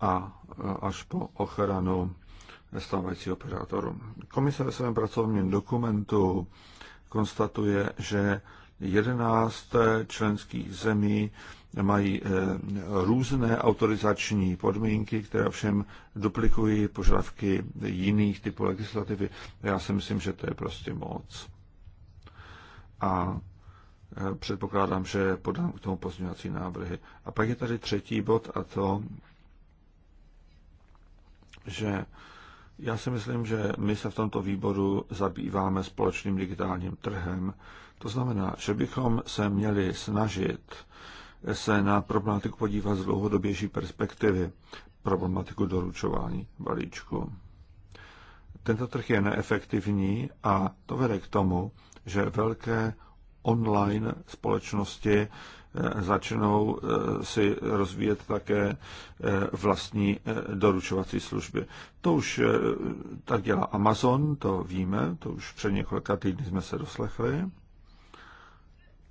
a až po ochranu stávajícího operátoru. Komise ve svém pracovním dokumentu konstatuje, že 11 členských zemí mají eh, různé autorizační podmínky, které všem duplikují požadavky jiných typů legislativy. Já si myslím, že to je prostě moc a e, předpokládám, že podám k tomu pozměňovací návrhy. A pak je tady třetí bod a to, že já si myslím, že my se v tomto výboru zabýváme společným digitálním trhem. To znamená, že bychom se měli snažit se na problematiku podívat z dlouhodobější perspektivy, problematiku doručování balíčku. Tento trh je neefektivní a to vede k tomu, že velké online společnosti eh, začnou eh, si rozvíjet také eh, vlastní doručovací služby. To už tak dělá Amazon, to víme, to už před několika týdny jsme se doslechli.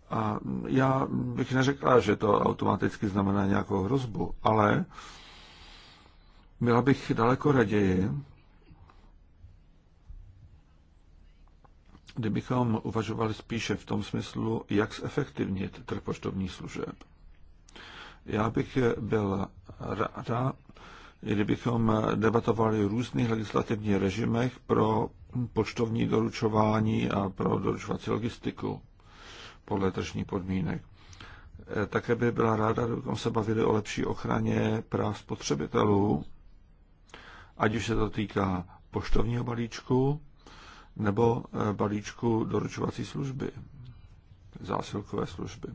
A já bych neřekla, že to automaticky znamená nějakou hrozbu, ale byla bych daleko raději, kdybychom uvažovali spíše v tom smyslu, jak zefektivnit trh poštovních služeb. Já bych byl ráda, kdybychom debatovali o různých legislativních režimech pro poštovní doručování a pro doručovací logistiku podle tržních podmínek. Také by byla ráda, kdybychom se bavili o lepší ochraně práv spotřebitelů, ať už se to týká poštovního balíčku, nebo eh, balíčku doručovací služby, zásilkové služby.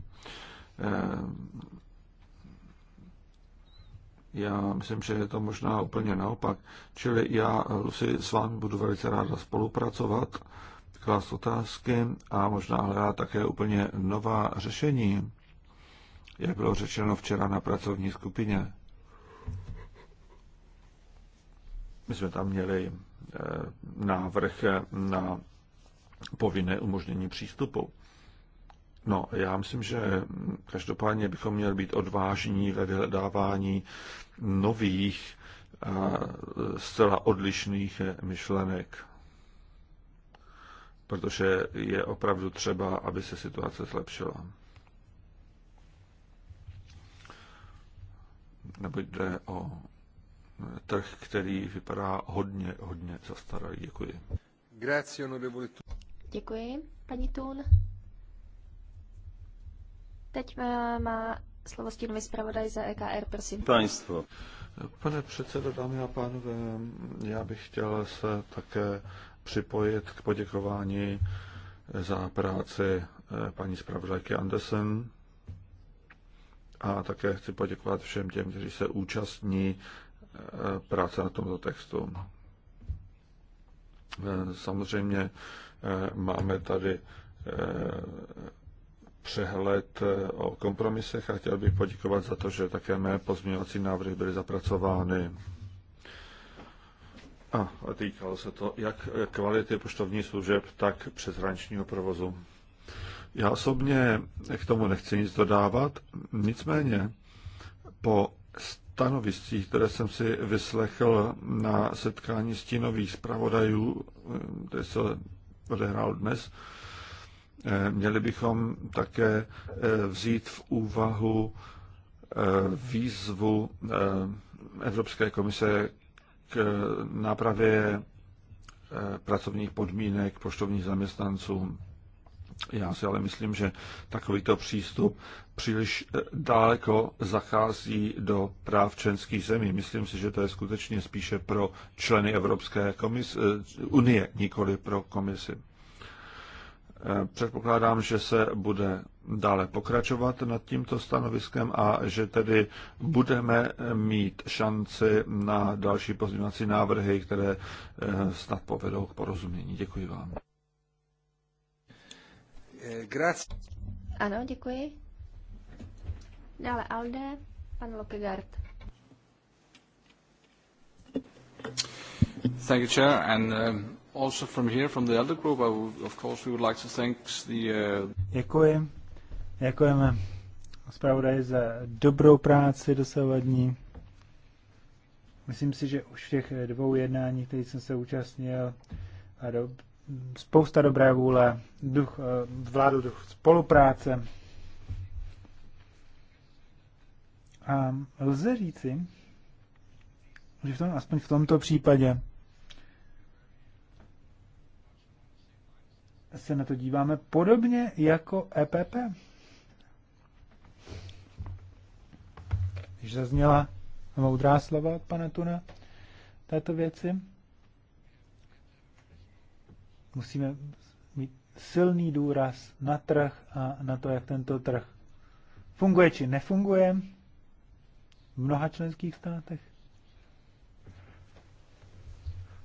Eh, já myslím, že je to možná úplně naopak. Čili já, Lucy, s vámi budu velice ráda spolupracovat, klást otázky a možná hledat také úplně nová řešení, jak bylo řečeno včera na pracovní skupině. My jsme tam měli Eh, návrh na povinné umožnění přístupu. No, já myslím, že každopádně bychom měli být odvážní ve vyhledávání nových a zcela odlišných myšlenek. Protože je opravdu třeba, aby se situace zlepšila. Nebo jde o trh, který vypadá hodně, hodně zastaralý. Děkuji. Děkuji, paní Tun. Teď má, eh, má slovo stínový zpravodaj za EKR, prosím. Pánstvo. Pane předsedo, dámy a pánové, já bych chtěl se také připojit k poděkování za práci eh, paní zpravodajky Andersen a také chci poděkovat všem těm, kteří se účastní práce na tomto textu. E, samozřejmě e, máme tady e, přehled o kompromisech a chtěl bych poděkovat za to, že také mé pozměňovací návrhy byly zapracovány. A týkalo se to jak kvality poštovních služeb, tak přeshraničního provozu. Já osobně k tomu nechci nic dodávat, nicméně po stanoviscích, které jsem si vyslechl na setkání stínových zpravodajů, které se odehrál dnes, eh, měli bychom také eh, vzít v úvahu eh, výzvu Evropské komise k nápravě pracovních podmínek poštovních zaměstnancům. Já si ale myslím, že takovýto přístup příliš eh, daleko zachází do práv členských zemí. Myslím si, že to je skutečně spíše pro členy Evropské komis, eh, unie, nikoli pro komisi. Eh, předpokládám, že se bude dále pokračovat nad tímto stanoviskem a že tedy budeme mít šanci na další pozměňovací návrhy, které snad povedou k porozumění. Děkuji vám. Eh, ano, děkuji. Dále Alde, pan Lokegard. Thank you, Chair. And um, also from here, from the Alde Group, I of course, we would like to thank the... Uh... Děkuji. Děkujeme zpravodaji za dobrou práci dosavadní. Myslím si, že už v těch dvou jednání, kterých jsem se účastnil, a do, spousta dobré vůle, duch, eh, vládu duch spolupráce. A lze říci, že v tom, aspoň v tomto případě se na to díváme podobně jako EPP. Když zazněla moudrá slova od pana Tuna této věci, Musíme mít silný důraz na trh a na to, jak tento trh funguje či nefunguje v mnoha členských státech.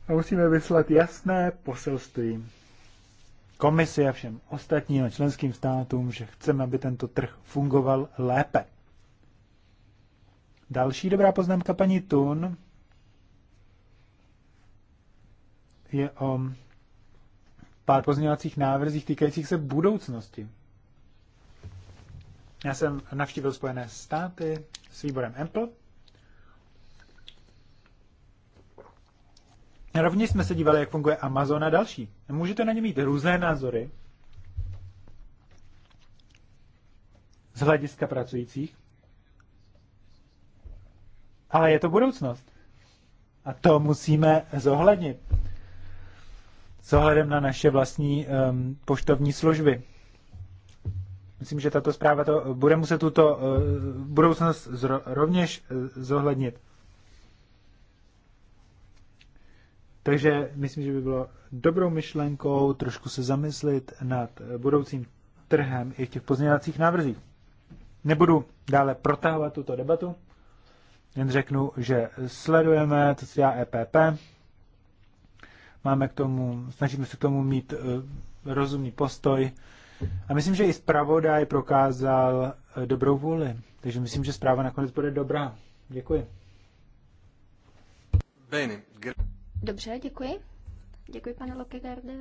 A musíme vyslat jasné poselství komisi a všem ostatním členským státům, že chceme, aby tento trh fungoval lépe. Další dobrá poznámka paní Tun je o pár pozměňovacích návrzích týkajících se budoucnosti. Já jsem navštívil Spojené státy s výborem Apple. Rovněž jsme se dívali, jak funguje Amazon a další. Můžete na ně mít různé názory z hlediska pracujících, ale je to budoucnost. A to musíme zohlednit s ohledem na naše vlastní um, poštovní služby. Myslím, že tato zpráva to bude muset tuto uh, budoucnost zro, rovněž uh, zohlednit. Takže myslím, že by bylo dobrou myšlenkou trošku se zamyslit nad eh, budoucím trhem i v těch pozměňovacích návrzích. Nebudu dále protahovat tuto debatu, jen řeknu, že sledujeme, co se dělá EPP, Máme k tomu, snažíme se k tomu mít eh, rozumný postoj. A myslím, že i zpravodaj prokázal eh, dobrou vůli. Takže myslím, že zpráva nakonec bude dobrá. Děkuji. Dobře, děkuji. Děkuji, pane Lokegarde.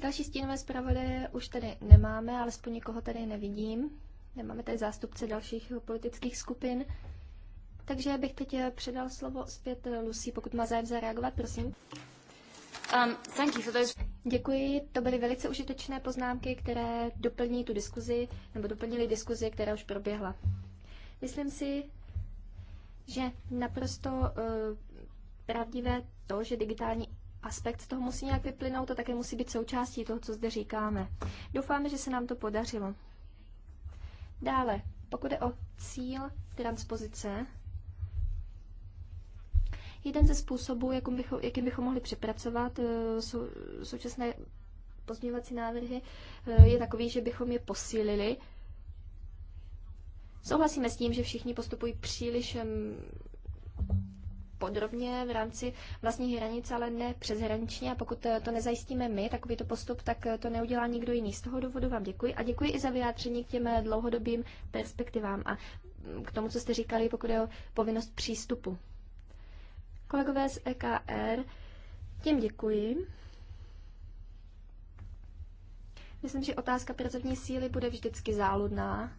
Další stínové zpravodaje už tady nemáme, alespoň nikoho tady nevidím. Nemáme tady zástupce dalších politických skupin. Takže bych teď eh, předal slovo zpět eh, Lucy, pokud má zájem zareagovat, prosím. Um, thank you for those... Děkuji, to byly velice užitečné poznámky, které doplní tu diskuzi, nebo doplnily diskuzi, která už proběhla. Myslím si, že naprosto uh, pravdivé to, že digitální aspekt z toho musí nějak vyplynout a také musí být součástí toho, co zde říkáme. Doufáme, že se nám to podařilo. Dále, pokud je o cíl transpozice, Jeden ze způsobů, jakým bychom, jakým bychom mohli přepracovat eh, sou, současné pozměňovací návrhy, eh, je takový, že bychom je posílili. Souhlasíme s tím, že všichni postupují příliš podrobně v rámci vlastních hranic, ale ne přeshraničně. A pokud eh, to nezajistíme my, takový to postup, tak to neudělá nikdo jiný. Z toho důvodu vám děkuji a děkuji i za vyjádření k těm dlouhodobým perspektivám a mm, k tomu, co jste říkali, pokud je o povinnost přístupu. Kolegové z EKR, těm děkuji. Myslím, že otázka pracovní síly bude vždycky záludná.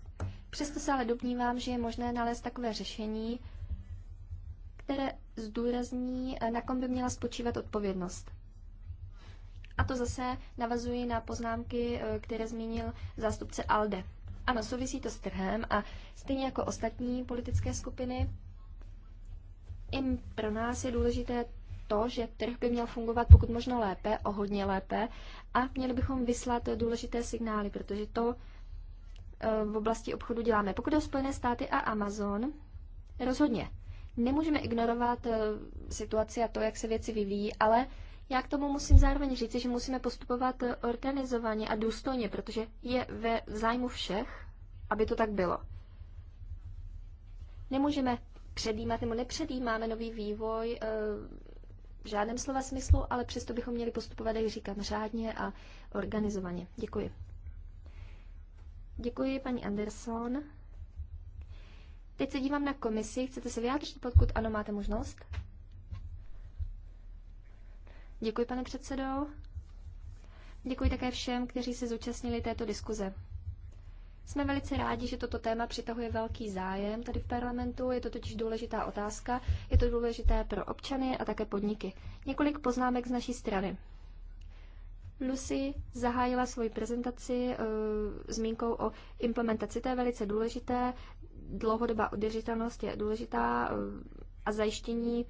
Přesto se ale domnívám, že je možné nalézt takové řešení, které zdůrazní, eh, na kom by měla spočívat odpovědnost. A to zase navazuji na poznámky, eh, které zmínil zástupce ALDE. Ano, souvisí to s trhem a stejně jako ostatní politické skupiny, i pro nás je důležité to, že trh by měl fungovat pokud možno lépe, o hodně lépe, a měli bychom vyslat důležité signály, protože to eh, v oblasti obchodu děláme. Pokud je o Spojené státy a Amazon, rozhodně. Nemůžeme ignorovat eh, situaci a to, jak se věci vyvíjí, ale já k tomu musím zároveň říct, že musíme postupovat eh, organizovaně a důstojně, protože je ve zájmu všech, aby to tak bylo. Nemůžeme předjímat nebo nepředjímáme nový vývoj eh, v žádném slova smyslu, ale přesto bychom měli postupovat, jak říkám, řádně a organizovaně. Děkuji. Děkuji, paní Anderson. Teď se dívám na komisi. Chcete se vyjádřit, pokud ano, máte možnost? Děkuji, pane předsedo. Děkuji také všem, kteří se zúčastnili této diskuze. Jsme velice rádi, že toto téma přitahuje velký zájem tady v parlamentu. Je to totiž důležitá otázka, je to důležité pro občany a také podniky. Několik poznámek z naší strany. Lucy zahájila svoji prezentaci e, zmínkou o implementaci. To je velice důležité. Dlouhodobá udržitelnost je důležitá eh, a zajištění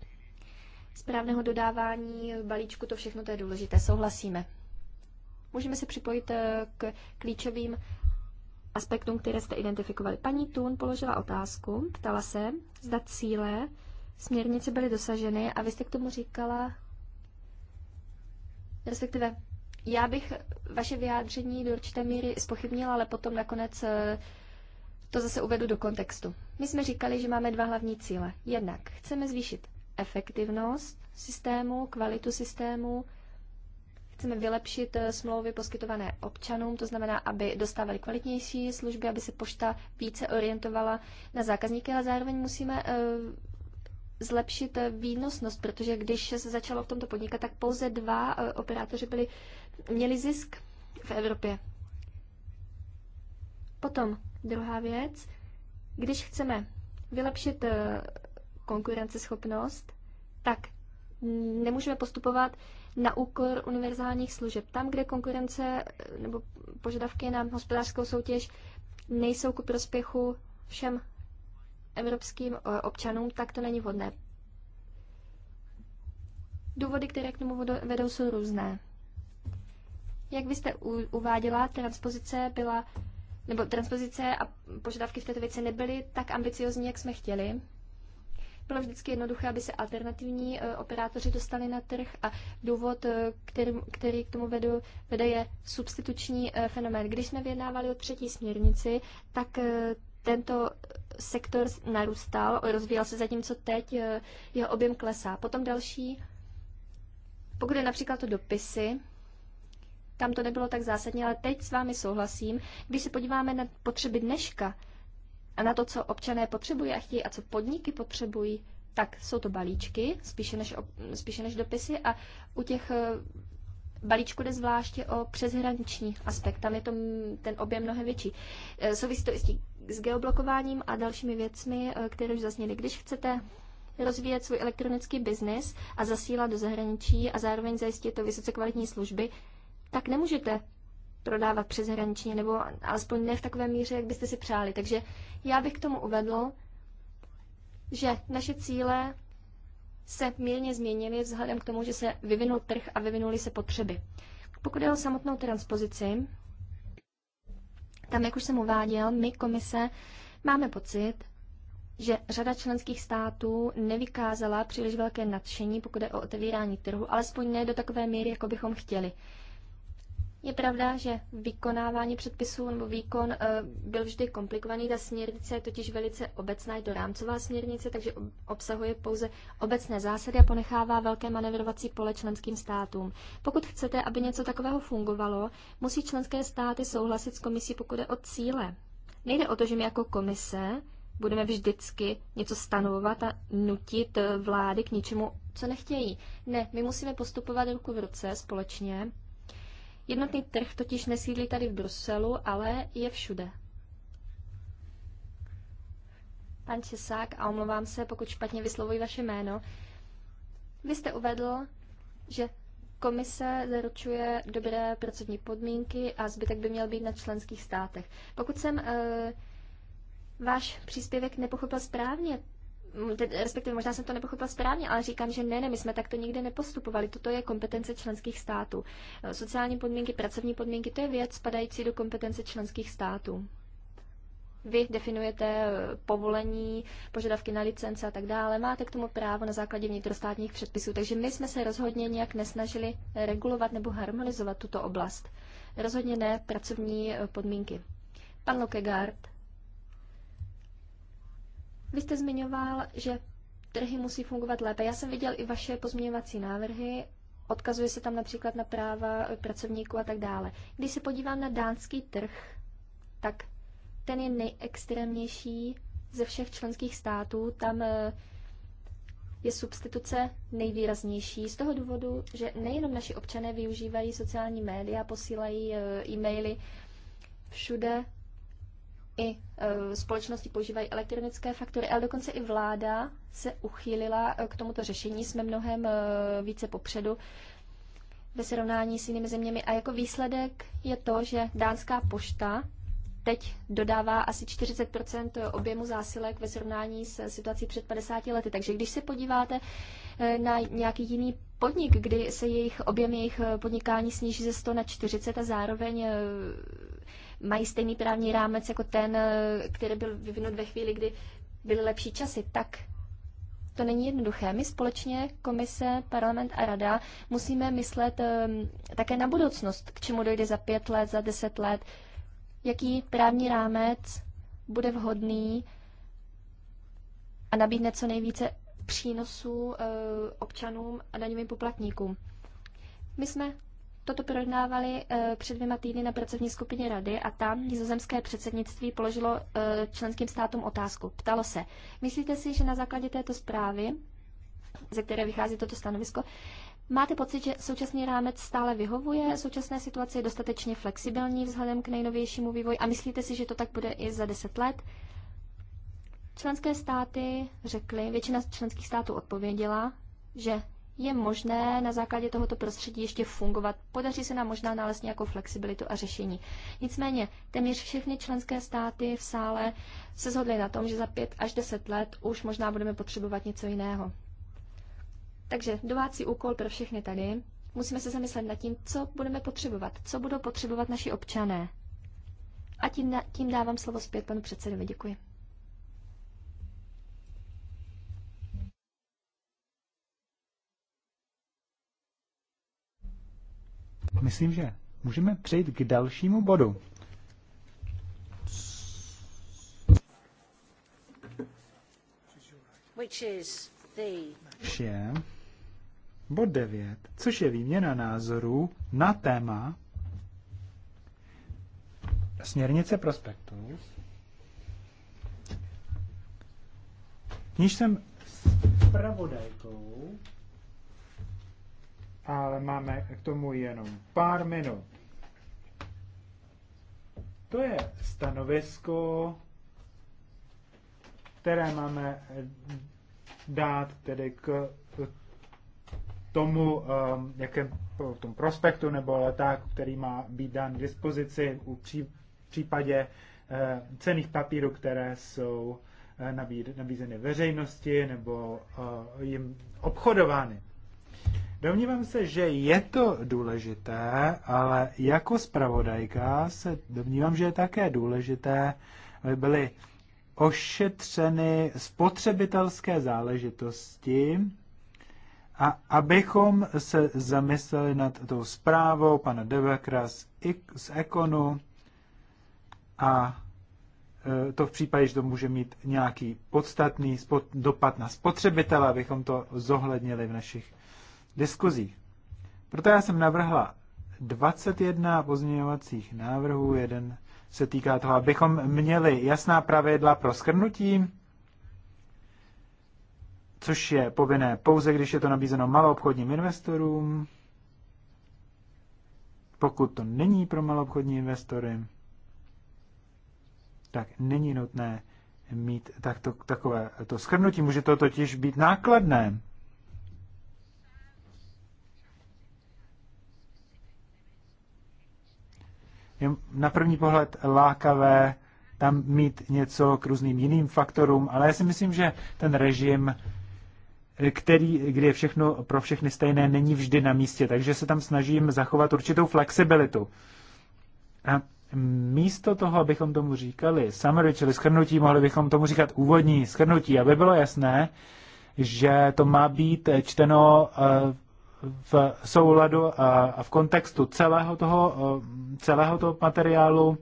správného dodávání balíčku, to všechno to je důležité. Souhlasíme. Můžeme se připojit eh, k klíčovým aspektům, které jste identifikovali. Paní Tun položila otázku, ptala se, zda cíle směrnice byly dosaženy a vy jste k tomu říkala, respektive já bych vaše vyjádření do určité míry spochybnila, ale potom nakonec eh, to zase uvedu do kontextu. My jsme říkali, že máme dva hlavní cíle. Jednak chceme zvýšit efektivnost systému, kvalitu systému, Chceme vylepšit eh, smlouvy poskytované občanům, to znamená, aby dostávali kvalitnější služby, aby se pošta více orientovala na zákazníky, ale zároveň musíme eh, zlepšit eh, výnosnost, protože když se začalo v tomto podnikat, tak pouze dva operátoři byli, měli zisk v Evropě. Potom druhá věc, když chceme vylepšit konkurenceschopnost, tak nemůžeme postupovat na úkor univerzálních služeb. Tam, kde konkurence eh, nebo požadavky na hospodářskou soutěž nejsou ku prospěchu všem evropským eh, občanům, tak to není vhodné. Důvody, které k tomu vedou, jsou různé. Jak byste uváděla, transpozice byla, nebo transpozice a požadavky v této věci nebyly tak ambiciozní, jak jsme chtěli. Bylo vždycky jednoduché, aby se alternativní eh, operátoři dostali na trh a důvod, eh, který, který k tomu vedu, vede, je substituční eh, fenomén. Když jsme vyjednávali o třetí směrnici, tak tento sektor narůstal, rozvíjel se zatímco teď jeho objem klesá. Potom další, pokud je například to dopisy, tam to nebylo tak zásadně, ale teď s vámi souhlasím. Když se podíváme na potřeby dneška, a na to, co občané potřebují a chtějí a co podniky potřebují, tak jsou to balíčky, spíše než, spíše než dopisy a u těch eh, balíčku jde zvláště o přeshraniční aspekt, tam je to ten objem mnohem větší. Eh, souvisí to i s geoblokováním a dalšími věcmi, eh, které už zazněly. Když chcete rozvíjet svůj elektronický biznis a zasílat do zahraničí a zároveň zajistit to vysoce kvalitní služby, tak nemůžete prodávat přeshraničně, nebo alespoň ne v takové míře, jak byste si přáli. Takže já bych k tomu uvedl, že naše cíle se mírně změnily vzhledem k tomu, že se vyvinul trh a vyvinuly se potřeby. Pokud je o samotnou transpozici, tam, jak už jsem uváděl, my komise máme pocit, že řada členských států nevykázala příliš velké nadšení, pokud je o otevírání trhu, alespoň ne do takové míry, jako bychom chtěli. Je pravda, že vykonávání předpisů nebo výkon eh, byl vždy komplikovaný. Ta směrnice je totiž velice obecná, je to rámcová směrnice, takže obsahuje pouze obecné zásady a ponechává velké manevrovací pole členským státům. Pokud chcete, aby něco takového fungovalo, musí členské státy souhlasit s komisí, pokud je o cíle. Nejde o to, že my jako komise budeme vždycky něco stanovovat a nutit eh, vlády k něčemu, co nechtějí. Ne, my musíme postupovat ruku v ruce společně Jednotný trh totiž nesídlí tady v Bruselu, ale je všude. Pan Česák, a omlouvám se, pokud špatně vyslovuji vaše jméno, vy jste uvedl, že komise zaručuje dobré pracovní podmínky a zbytek by měl být na členských státech. Pokud jsem e, váš příspěvek nepochopil správně, respektive možná jsem to nepochopila správně, ale říkám, že ne, ne, my jsme takto nikdy nepostupovali. Toto je kompetence členských států. Eh, sociální podmínky, pracovní podmínky, to je věc spadající do kompetence členských států. Vy definujete eh, povolení, požadavky na licence a tak dále. Máte k tomu právo na základě vnitrostátních předpisů, takže my jsme se rozhodně nějak nesnažili regulovat nebo harmonizovat tuto oblast. Rozhodně ne pracovní eh, podmínky. Pan Lokegard vy jste zmiňoval, že trhy musí fungovat lépe. Já jsem viděl i vaše pozměňovací návrhy, odkazuje se tam například na práva pracovníků a tak dále. Když se podívám na dánský trh, tak ten je nejextrémnější ze všech členských států. Tam eh, je substituce nejvýraznější z toho důvodu, že nejenom naši občané využívají sociální média, posílají eh, e-maily všude i e, společnosti používají elektronické faktory, ale dokonce i vláda se uchýlila e, k tomuto řešení. Jsme mnohem e, více popředu ve srovnání s jinými zeměmi. A jako výsledek je to, že dánská pošta teď dodává asi 40 objemu zásilek ve srovnání s situací před 50 lety. Takže když se podíváte na nějaký jiný podnik, kdy se jejich objem jejich podnikání sníží ze 100 na 40 a zároveň mají stejný právní rámec jako ten, eh, který byl vyvinut ve chvíli, kdy byly lepší časy, tak to není jednoduché. My společně, komise, parlament a rada, musíme myslet um, také na budoucnost, k čemu dojde za pět let, za deset let, jaký právní rámec bude vhodný a nabídne co nejvíce přínosů uh, občanům a daňovým poplatníkům. My jsme toto projednávali eh, před dvěma týdny na pracovní skupině Rady a tam nizozemské předsednictví položilo eh, členským státům otázku. Ptalo se, myslíte si, že na základě této zprávy, ze které vychází toto stanovisko, Máte pocit, že současný rámec stále vyhovuje současné situace je dostatečně flexibilní vzhledem k nejnovějšímu vývoji a myslíte si, že to tak bude i za deset let? Členské státy řekly, většina členských států odpověděla, že je možné na základě tohoto prostředí ještě fungovat. Podaří se nám možná nalézt nějakou flexibilitu a řešení. Nicméně téměř všechny členské státy v sále se shodly na tom, že za pět až deset let už možná budeme potřebovat něco jiného. Takže domácí úkol pro všechny tady. Musíme se zamyslet nad tím, co budeme potřebovat, co budou potřebovat naši občané. A tím, tím dávám slovo zpět panu předsedovi. Děkuji. Myslím, že můžeme přejít k dalšímu bodu. Which is the... je bod 9, což je výměna názorů na téma směrnice prospektů. Níž jsem s pravodajkou ale máme k tomu jenom pár minut. To je stanovisko, které máme dát tedy k tomu, um, jakém tom prospektu nebo leták, který má být dán k dispozici u pří, případě eh, cených papírů, které jsou eh, nabízeny veřejnosti nebo eh, jim obchodovány. Domnívám se, že je to důležité, ale jako zpravodajka se domnívám, že je také důležité, aby byly ošetřeny spotřebitelské záležitosti a abychom se zamysleli nad tou zprávou pana Devekra z, z Ekonu a e, to v případě, že to může mít nějaký podstatný dopad na spotřebitele, abychom to zohlednili v našich diskuzí. Proto já jsem navrhla 21 pozměňovacích návrhů. Jeden se týká toho, abychom měli jasná pravidla pro skrnutí, což je povinné pouze, když je to nabízeno maloobchodním investorům, pokud to není pro maloobchodní investory, tak není nutné mít takto, takové to skrnutí. Může to totiž být nákladné. je na první pohled lákavé tam mít něco k různým jiným faktorům, ale já si myslím, že ten režim, který, kdy je všechno pro všechny stejné, není vždy na místě, takže se tam snažím zachovat určitou flexibilitu. A místo toho, abychom tomu říkali summary, čili schrnutí, mohli bychom tomu říkat úvodní schrnutí, aby bylo jasné, že to má být čteno eh, v souladu a v kontextu celého toho, celého toho materiálu.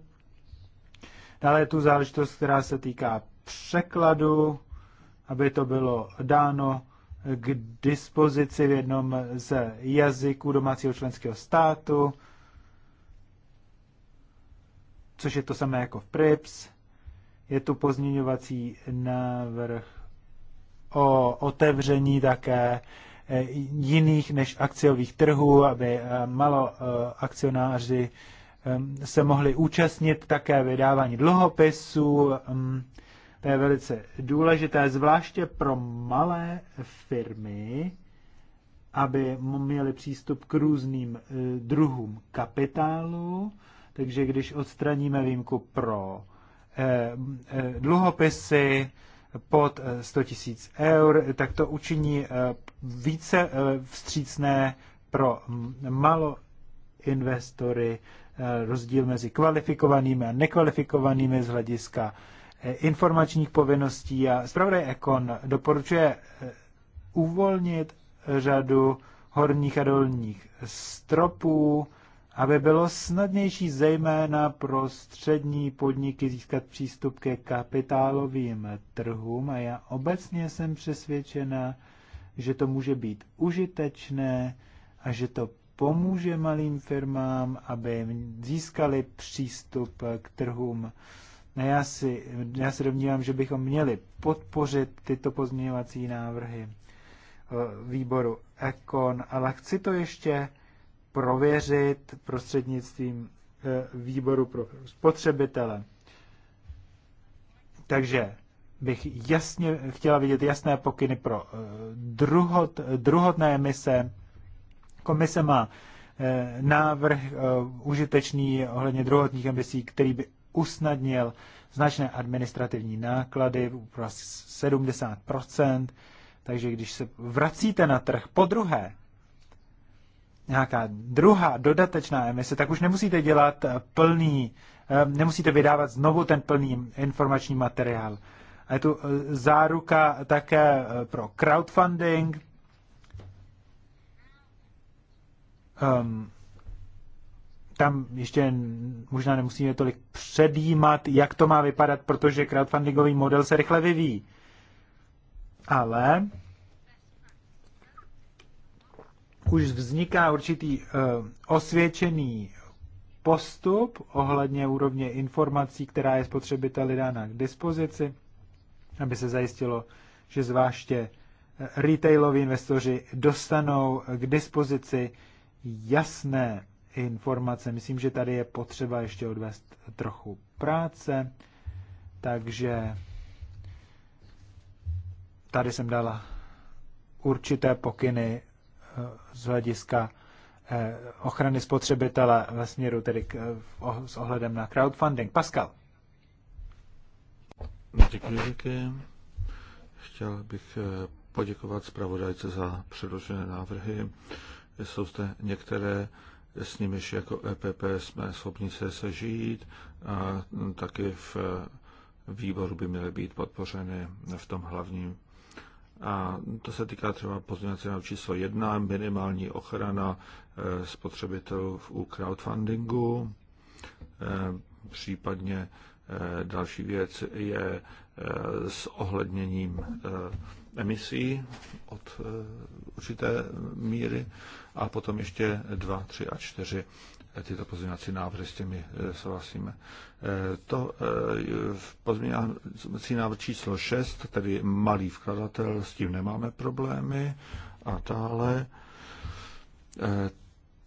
Dále je tu záležitost, která se týká překladu, aby to bylo dáno k dispozici v jednom z jazyků domácího členského státu, což je to samé jako v PRIPS. Je tu pozměňovací návrh o otevření také Eh, jiných než akciových trhů, aby eh, maloakcionáři eh, se mohli účastnit také vydávání dluhopisů. Mm, to je velice důležité, zvláště pro malé firmy, aby měli přístup k různým druhům kapitálu. Takže když odstraníme výjimku pro dluhopisy, pod 100 eh, tisíc eur, tak to učiní eh, více eh, vstřícné pro malo investory rozdíl mezi kvalifikovanými a nekvalifikovanými z hlediska informačních povinností a zpravodaj Ekon doporučuje uvolnit řadu horních a dolních stropů, aby bylo snadnější zejména pro střední podniky získat přístup ke kapitálovým trhům a já obecně jsem přesvědčena, že to může být užitečné a že to pomůže malým firmám, aby získali přístup k trhům. A já, si, já se domnívám, že bychom měli podpořit tyto pozměňovací návrhy eh, výboru Econ, ale chci to ještě prověřit prostřednictvím eh, výboru pro spotřebitele. Takže bych jasně chtěla vidět jasné pokyny pro eh, druhot, druhotné emise. Komise má eh, návrh užitečný ohledně druhotních emisí, který by usnadnil značné administrativní náklady pro 70 takže když se vracíte na trh po druhé, nějaká druhá dodatečná emise, tak už nemusíte dělat eh, plný, eh, nemusíte vydávat znovu ten plný informační materiál. A je tu eh, záruka také pro crowdfunding. Um, tam ještě možná nemusíme tolik předjímat, jak to má vypadat, protože crowdfundingový model se rychle vyvíjí. Ale už vzniká určitý eh, osvědčený postup ohledně úrovně informací, která je spotřebiteli dána k dispozici, aby se zajistilo, že zvláště eh, retailoví investoři dostanou k dispozici jasné informace. Myslím, že tady je potřeba ještě odvést trochu práce, takže tady jsem dala určité pokyny z hlediska eh, ochrany spotřebitele ve směru tedy k, eh, o, s ohledem na crowdfunding. Pascal. Děkuji, děkuji. Chtěl bych eh, poděkovat zpravodajce za předložené návrhy. Jsou zde některé, s nimiž jako EPP jsme schopni se sežít a taky v výboru by měly být podpořeny v tom hlavním a to se týká třeba pozměňovacího číslo 1, minimální ochrana eh, spotřebitelů u crowdfundingu. Eh, případně eh, další věc je s ohledněním emisí od určité míry a potom ještě 2, 3 a 4 tyto pozměňovací návrhy, s těmi eh, souhlasíme. Eh, to eh, pozměňovací návrh číslo 6, tedy malý vkladatel, s tím nemáme problémy a dále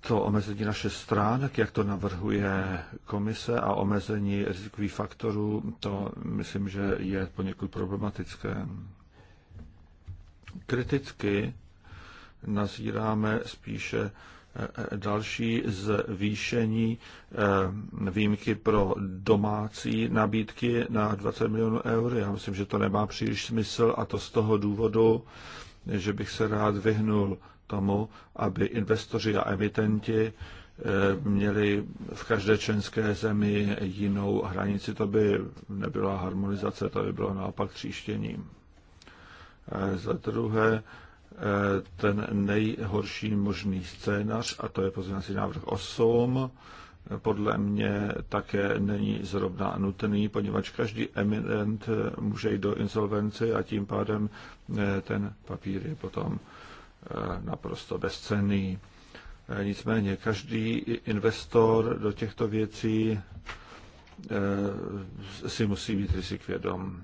to omezení na šest stránek, jak to navrhuje komise a omezení rizikových faktorů, to myslím, že je poněkud problematické. Kriticky nazíráme spíše další zvýšení eh, výjimky pro domácí nabídky na 20 milionů eur. Já myslím, že to nemá příliš smysl a to z toho důvodu, že bych se rád vyhnul tomu, aby investoři a emitenti eh, měli v každé členské zemi jinou hranici. To by nebyla harmonizace, to by bylo naopak tříštěním. Eh, za druhé, Eh, ten nejhorší možný scénář, a to je pozměňovací návrh 8, podle mě také není zrovna nutný, poněvadž každý eminent může jít do insolvence a tím pádem eh, ten papír je potom eh, naprosto bezcenný. Nicméně každý investor do těchto věcí si musí být rizik vědom.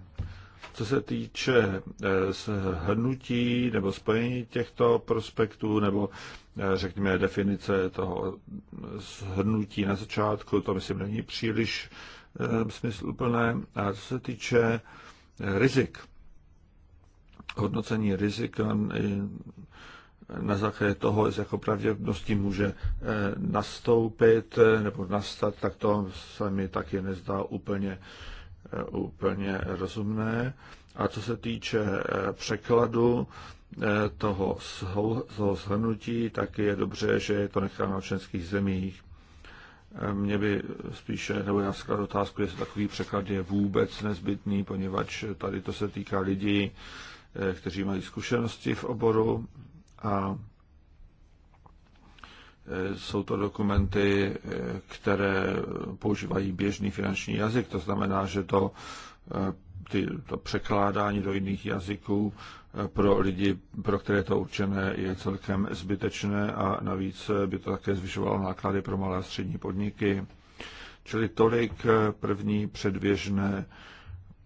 Co se týče eh, shrnutí nebo spojení těchto prospektů nebo eh, řekněme definice toho eh, shrnutí na začátku, to myslím není příliš smysluplné. A co se týče rizik, hodnocení rizika na základě toho, z jakou pravděpodobností může nastoupit nebo nastat, tak to se mi taky nezdá úplně úplně rozumné. A co se týče eh, překladu eh, toho, toho shrnutí, tak je dobře, že je to necháno na členských zemích. Eh, mě by spíše, nebo já skladu otázku, jestli takový překlad je vůbec nezbytný, poněvadž tady to se týká lidí, kteří mají zkušenosti v oboru a jsou to dokumenty, které používají běžný finanční jazyk, to znamená, že to, ty, to překládání do jiných jazyků pro lidi, pro které to určené, je celkem zbytečné a navíc by to také zvyšovalo náklady pro malé a střední podniky. Čili tolik první předběžné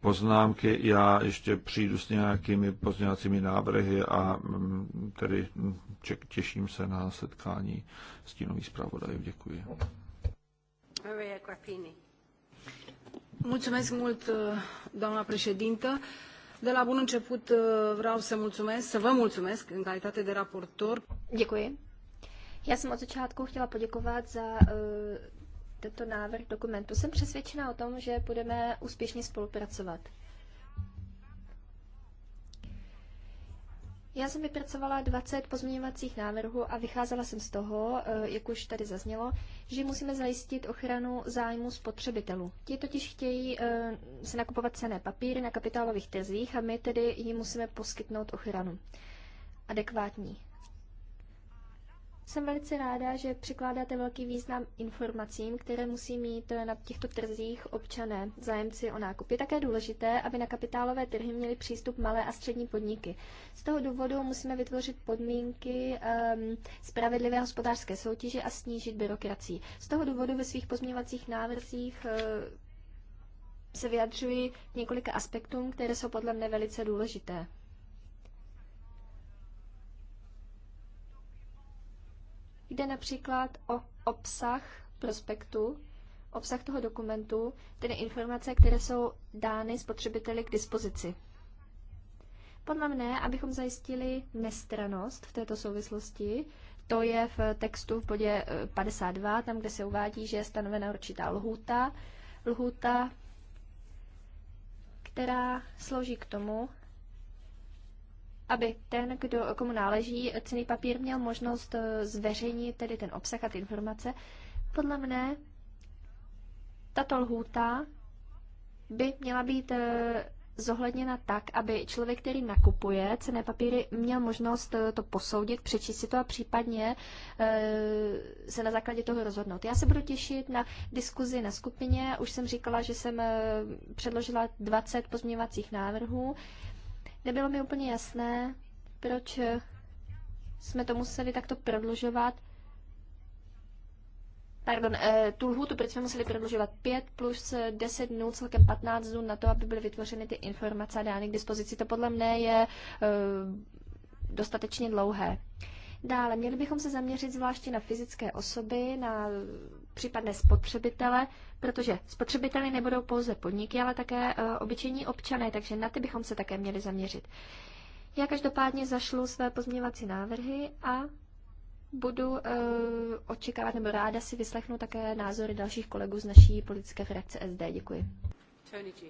poznámky. Já ještě přijdu s nějakými pozněvacími návrhy a mm, tedy mm, těším se na setkání s tím Děkuji. Maria Děkuji. Mulțumesc mult, uh, doamna președintă. De la bun început uh, vreau să mulțumesc, să vă mulțumesc în calitate de raportor. Děkuji. Já jsem od začátku chtěla poděkovat za uh, tento návrh dokumentu. Jsem přesvědčena o tom, že budeme úspěšně spolupracovat. Já jsem vypracovala 20 pozměňovacích návrhů a vycházela jsem z toho, eh, jak už tady zaznělo, že musíme zajistit ochranu zájmu spotřebitelů. Ti totiž chtějí eh, se nakupovat cené papíry na kapitálových trzích a my tedy jim musíme poskytnout ochranu adekvátní. Jsem velice ráda, že přikládáte velký význam informacím, které musí mít na těchto trzích občané, zájemci o nákup. Je také důležité, aby na kapitálové trhy měli přístup malé a střední podniky. Z toho důvodu musíme vytvořit podmínky um, spravedlivé hospodářské soutěže a snížit byrokracii. Z toho důvodu ve svých pozměňovacích návrzích uh, se vyjadřuji několika aspektům, které jsou podle mne velice důležité. Jde například o obsah prospektu, obsah toho dokumentu, tedy informace, které jsou dány spotřebiteli k dispozici. Podle mne, abychom zajistili nestranost v této souvislosti, to je v textu v bodě 52, eh, tam, kde se uvádí, že je stanovena určitá lhůta, lhůta, která slouží k tomu, aby ten, kdo, komu náleží cený papír, měl možnost eh, zveřejnit tedy ten obsah a ty informace. Podle mne tato lhůta by měla být eh, zohledněna tak, aby člověk, který nakupuje cené papíry, měl možnost eh, to posoudit, přečíst si to a případně se na základě toho rozhodnout. Já se budu těšit na diskuzi na skupině. Už jsem říkala, že jsem předložila 20 pozměňovacích návrhů. Nebylo mi úplně jasné, proč jsme to museli takto prodlužovat. Pardon, eh, tu lhůtu, proč jsme museli prodlužovat 5 plus 10 eh, dnů, celkem 15 dnů na to, aby byly vytvořeny ty informace a dány k dispozici. To podle mne je eh, dostatečně dlouhé. Dále, měli bychom se zaměřit zvláště na fyzické osoby, na případné spotřebitele, protože spotřebiteli nebudou pouze podniky, ale také eh, obyčejní občané, takže na ty bychom se také měli zaměřit. Já každopádně zašlu své pozměňovací návrhy a budu uh, očekávat nebo ráda si vyslechnu také názory dalších kolegů z naší politické frakce SD. Děkuji. Tony G.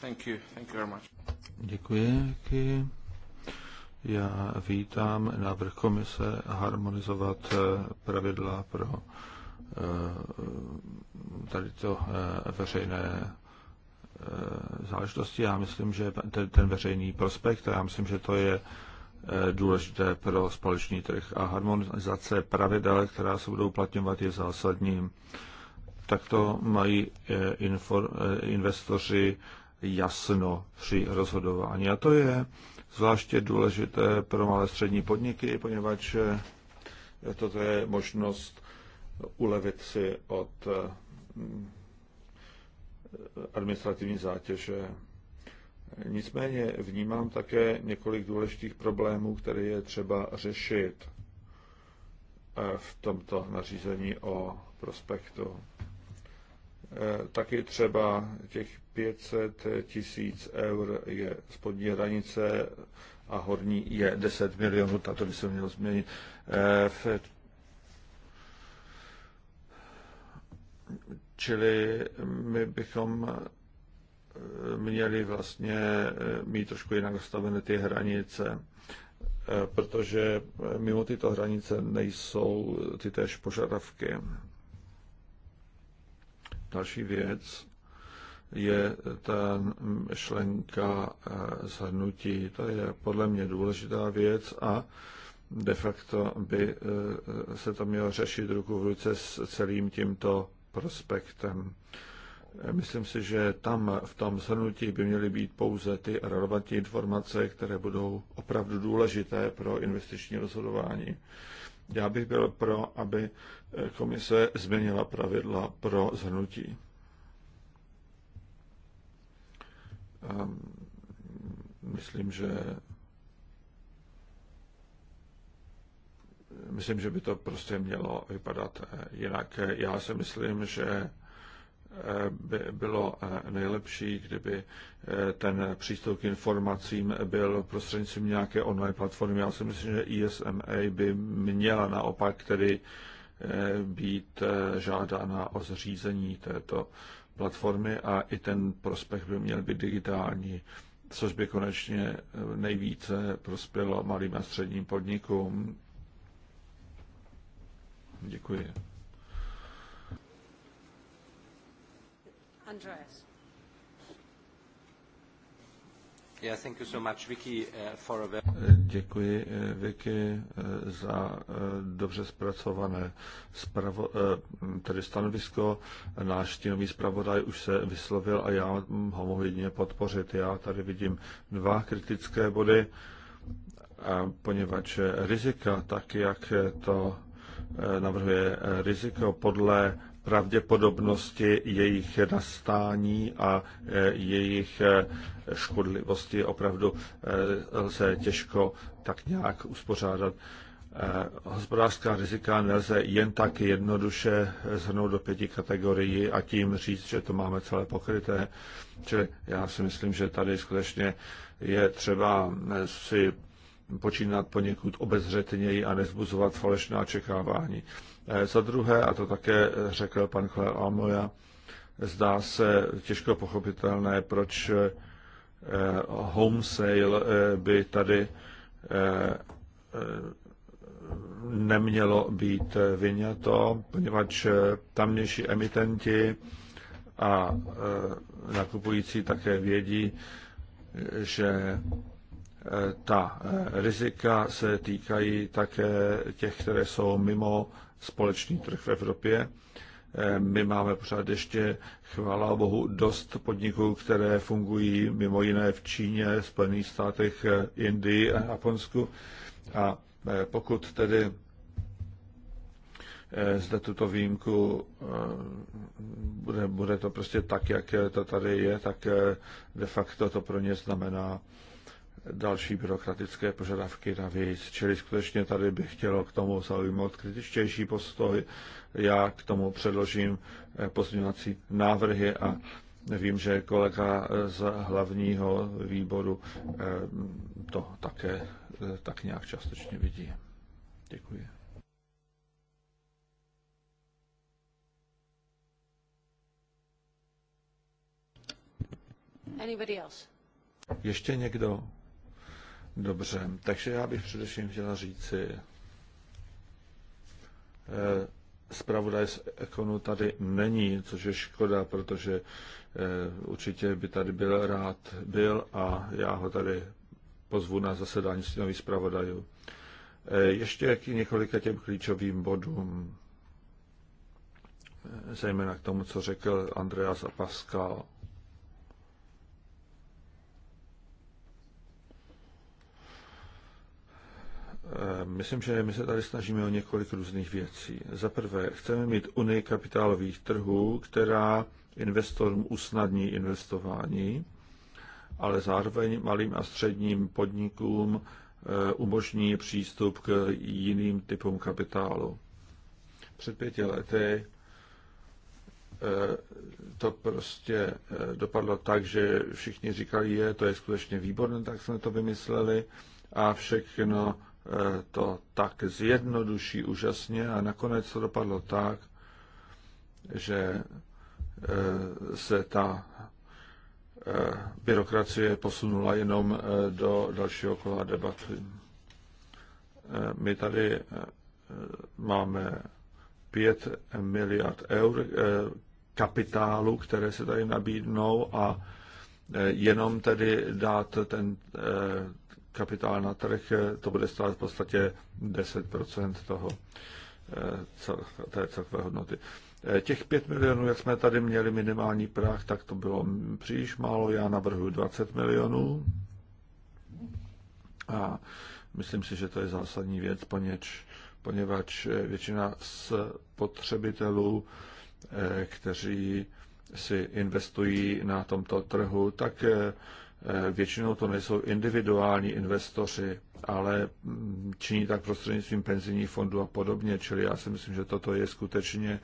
Thank you. Thank you very much. Děkuji. Já vítám návrh komise harmonizovat eh, pravidla pro eh, tady to eh, veřejné záležitosti. Já myslím, že ten, ten veřejný prospekt, já myslím, že to je důležité pro společný trh a harmonizace pravidel, která se budou uplatňovat, je zásadní. Takto mají infor, investoři jasno při rozhodování. A to je zvláště důležité pro malé střední podniky, poněvadž eh, toto je možnost ulevit si od eh, mm, administrativní zátěže. Nicméně vnímám také několik důležitých problémů, které je třeba řešit eh, v tomto nařízení o prospektu je eh, třeba těch 500 tisíc eur je spodní hranice a horní je 10 milionů, tato by se mělo změnit. Eh, čili my bychom eh, měli vlastně mít trošku jinak nastavené ty hranice, protože mimo tyto hranice nejsou ty též požadavky. Další věc je ta myšlenka eh, zhrnutí. To je podle mě důležitá věc a de facto by eh, se to mělo řešit ruku v ruce s celým tímto prospektem. Eh, myslím si, že tam v tom shrnutí by měly být pouze ty relevantní informace, které budou opravdu důležité pro investiční rozhodování. Já bych byl pro, aby komise změnila pravidla pro zhrnutí. Ehm, myslím, že myslím, že by to prostě mělo vypadat eh, jinak. Já si myslím, že by bylo eh, nejlepší, kdyby eh, ten přístup k informacím byl prostřednictvím nějaké online platformy. Já si myslím, že ISMA e by měla naopak tedy eh, být žádána o zřízení této platformy a i ten prospekt by měl být digitální, což by konečně nejvíce prospělo malým a středním podnikům. Děkuji. Andreas. Uh, eh, děkuji, eh, Vicky, eh, za dobře zpracované spravo, tedy stanovisko. Náš stínový zpravodaj už se vyslovil a já ho mohu jedině podpořit. Já tady vidím dva kritické body, poněvadž rizika, tak jak to navrhuje riziko podle pravděpodobnosti jejich nastání a e, jejich e, škodlivosti opravdu e, lze těžko tak nějak uspořádat. Hospodářská rizika nelze jen tak jednoduše zhrnout do pěti kategorií a tím říct, že to máme celé pokryté. Čili já si myslím, že tady skutečně je třeba si počínat poněkud obezřetněji a nezbuzovat falešná očekávání. Eh, za druhé, a to také eh, řekl pan Almoja, zdá se těžko pochopitelné, proč eh, home sale by tady nemělo být vyňato, poněvadž tamnější emitenti a nakupující také vědí, že ta rizika se týkají také těch, které jsou mimo společný trh v Evropě. Eh, my máme pořád ještě, chvála Bohu, dost podniků, které fungují mimo jiné v Číně, Spojených státech, eh, Indii a Japonsku. A eh, pokud tedy zde tuto výjimku bude, bude to prostě tak, jak to tady je, tak de facto to pro ně znamená další byrokratické požadavky navíc. Čili skutečně tady bych chtěl k tomu zaujmout kritičtější postoj. Já k tomu předložím eh, pozměňovací návrhy a vím, že kolega z hlavního výboru eh, to také eh, tak nějak částečně vidí. Děkuji. Anybody else? Ještě někdo? Dobře, takže já bych především chtěla říci, eh, zpravodaj z Ekonu tady není, což je škoda, protože eh, určitě by tady byl rád byl a já ho tady pozvu na zasedání stínových zpravodajů. Eh, ještě k několika těm klíčovým bodům, zejména k tomu, co řekl Andreas a Pascal. Eh, myslím, že my se tady snažíme o několik různých věcí. Za prvé, chceme mít unii kapitálových trhů, která investorům usnadní investování, ale zároveň malým a středním podnikům eh, umožní přístup k jiným typům kapitálu. Před pěti lety eh, to prostě dopadlo tak, že všichni říkali, je, to je skutečně výborné, tak jsme to vymysleli a všechno Eh, to tak zjednoduší úžasně a nakonec to dopadlo tak, že eh, se ta eh, byrokracie posunula jenom do dalšího kola debaty. My tady máme 5 miliard eur kapitálu, které se tady nabídnou a jenom tedy dát ten kapitál na trh, eh, to bude stát v podstatě 10 toho, eh, cel, té celkové hodnoty. Eh, těch 5 milionů, jak jsme tady měli minimální práh, tak to bylo příliš málo. Já navrhuji 20 milionů. A myslím si, že to je zásadní věc, poněč, poněvadž většina potřebitelů, kteří si investují na tomto trhu, tak Eh, většinou to nejsou individuální investoři, ale mm, činí tak prostřednictvím penzijních fondů a podobně. Čili já si myslím, že toto je skutečně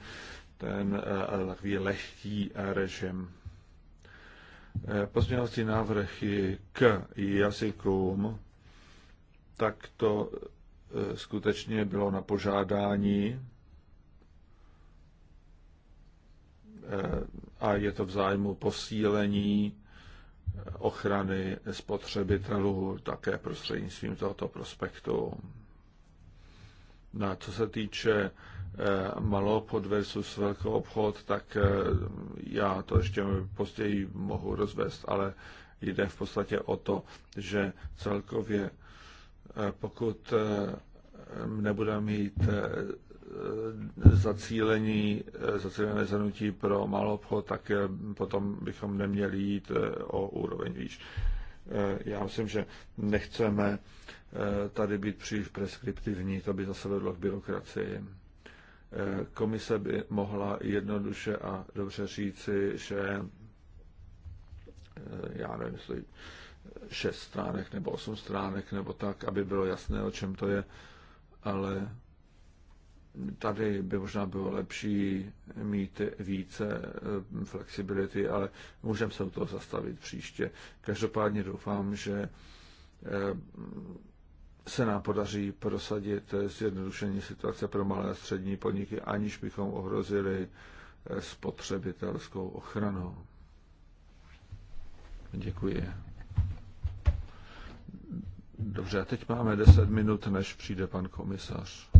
ten eh, takový lehký režim. Eh, pozměňovací návrhy k jazykům, tak to skutečně bylo na požádání a je to v zájmu posílení ochrany spotřebitelů také prostřednictvím tohoto prospektu. Na no co se týče eh, malou obchod versus velkou obchod, tak eh, já to ještě později mohu rozvést, ale jde v podstatě o to, že celkově eh, pokud nebudeme mít Eh, zacílení, eh, zacílené zanutí pro malou obchod, tak eh, potom bychom neměli jít o úroveň výš. Já myslím, že nechceme tady být příliš preskriptivní, to by zase vedlo k byrokracii. Komise by mohla jednoduše a dobře říci, že já nevím, jestli šest stránek nebo osm stránek nebo tak, aby bylo jasné, o čem to je, ale tady by možná bylo lepší mít více eh, flexibility, ale můžeme se u toho zastavit příště. Každopádně doufám, že eh, se nám podaří prosadit eh, zjednodušení situace pro malé a střední podniky, aniž bychom ohrozili spotřebitelskou ochranu. Děkuji. Dobře, a teď máme 10 minut, než přijde pan komisař.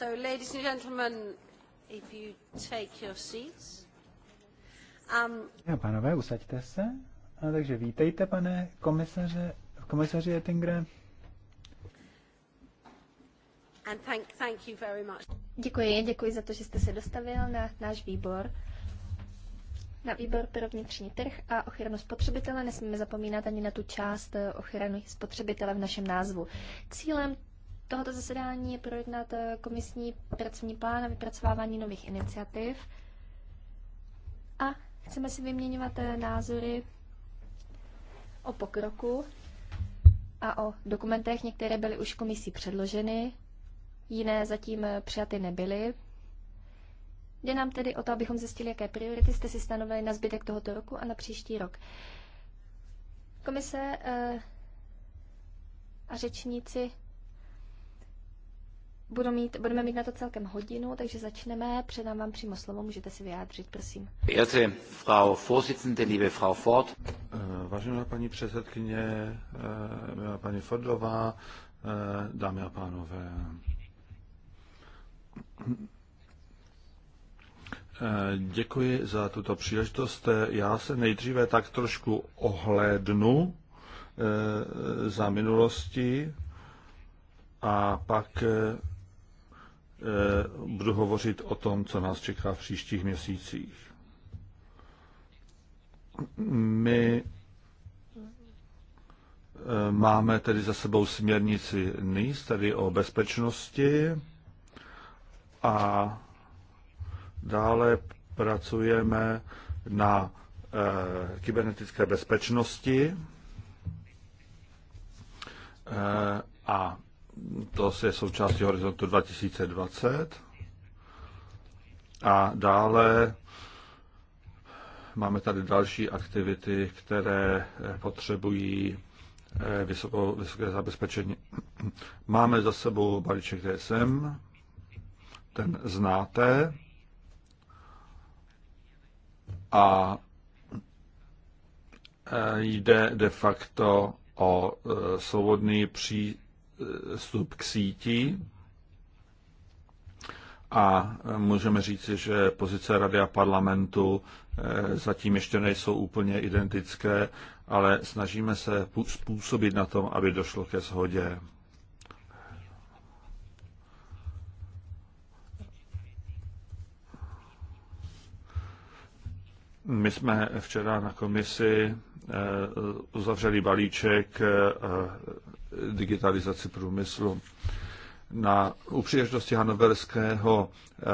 So, ladies and gentlemen, if you take your seats. Um... Já, pánové, usaďte se. A takže vítejte, pane komisaře, komisaři Ettingre. And thank, thank you very much. Děkuji, děkuji za to, že jste se dostavil na náš výbor. Na výbor pro vnitřní trh a ochranu spotřebitele nesmíme zapomínat ani na tu část eh, ochrany spotřebitele v našem názvu. Cílem tohoto zasedání je projednat eh, komisní pracovní plán a vypracovávání nových iniciativ. A chceme si vyměňovat eh, názory o pokroku a o dokumentech. Některé byly už komisí předloženy, jiné zatím eh, přijaty nebyly. Jde nám tedy o to, abychom zjistili, jaké priority jste si stanovili na zbytek tohoto roku a na příští rok. Komise a řečníci Budu mít, budeme mít na to celkem hodinu, takže začneme. Předám vám přímo slovo, můžete si vyjádřit, prosím. Verehrte Frau Vorsitzende, liebe Frau Ford. Eh, vážená paní předsedkyně, eh, milá paní Fordová, eh, dámy a pánové. Děkuji za tuto příležitost. Já se nejdříve tak trošku ohlédnu za minulosti a pak Eh, budu hovořit o tom, co nás čeká v příštích měsících. My eh, máme tedy za sebou směrnici NIS, tedy o bezpečnosti a dále pracujeme na eh, kybernetické bezpečnosti a to se součástí horizontu 2020. A dále máme tady další aktivity, které eh, potřebují eh, vysoko, vysoké zabezpečení. Máme za sebou balíček DSM, ten znáte. A eh, jde de facto o svobodný pří, vstup k síti. A můžeme říci, že pozice Rady a parlamentu eh, zatím ještě nejsou úplně identické, ale snažíme se způsobit na tom, aby došlo ke shodě. My jsme včera na komisi eh, uzavřeli balíček eh, digitalizaci průmyslu. Na, u hanoverského eh,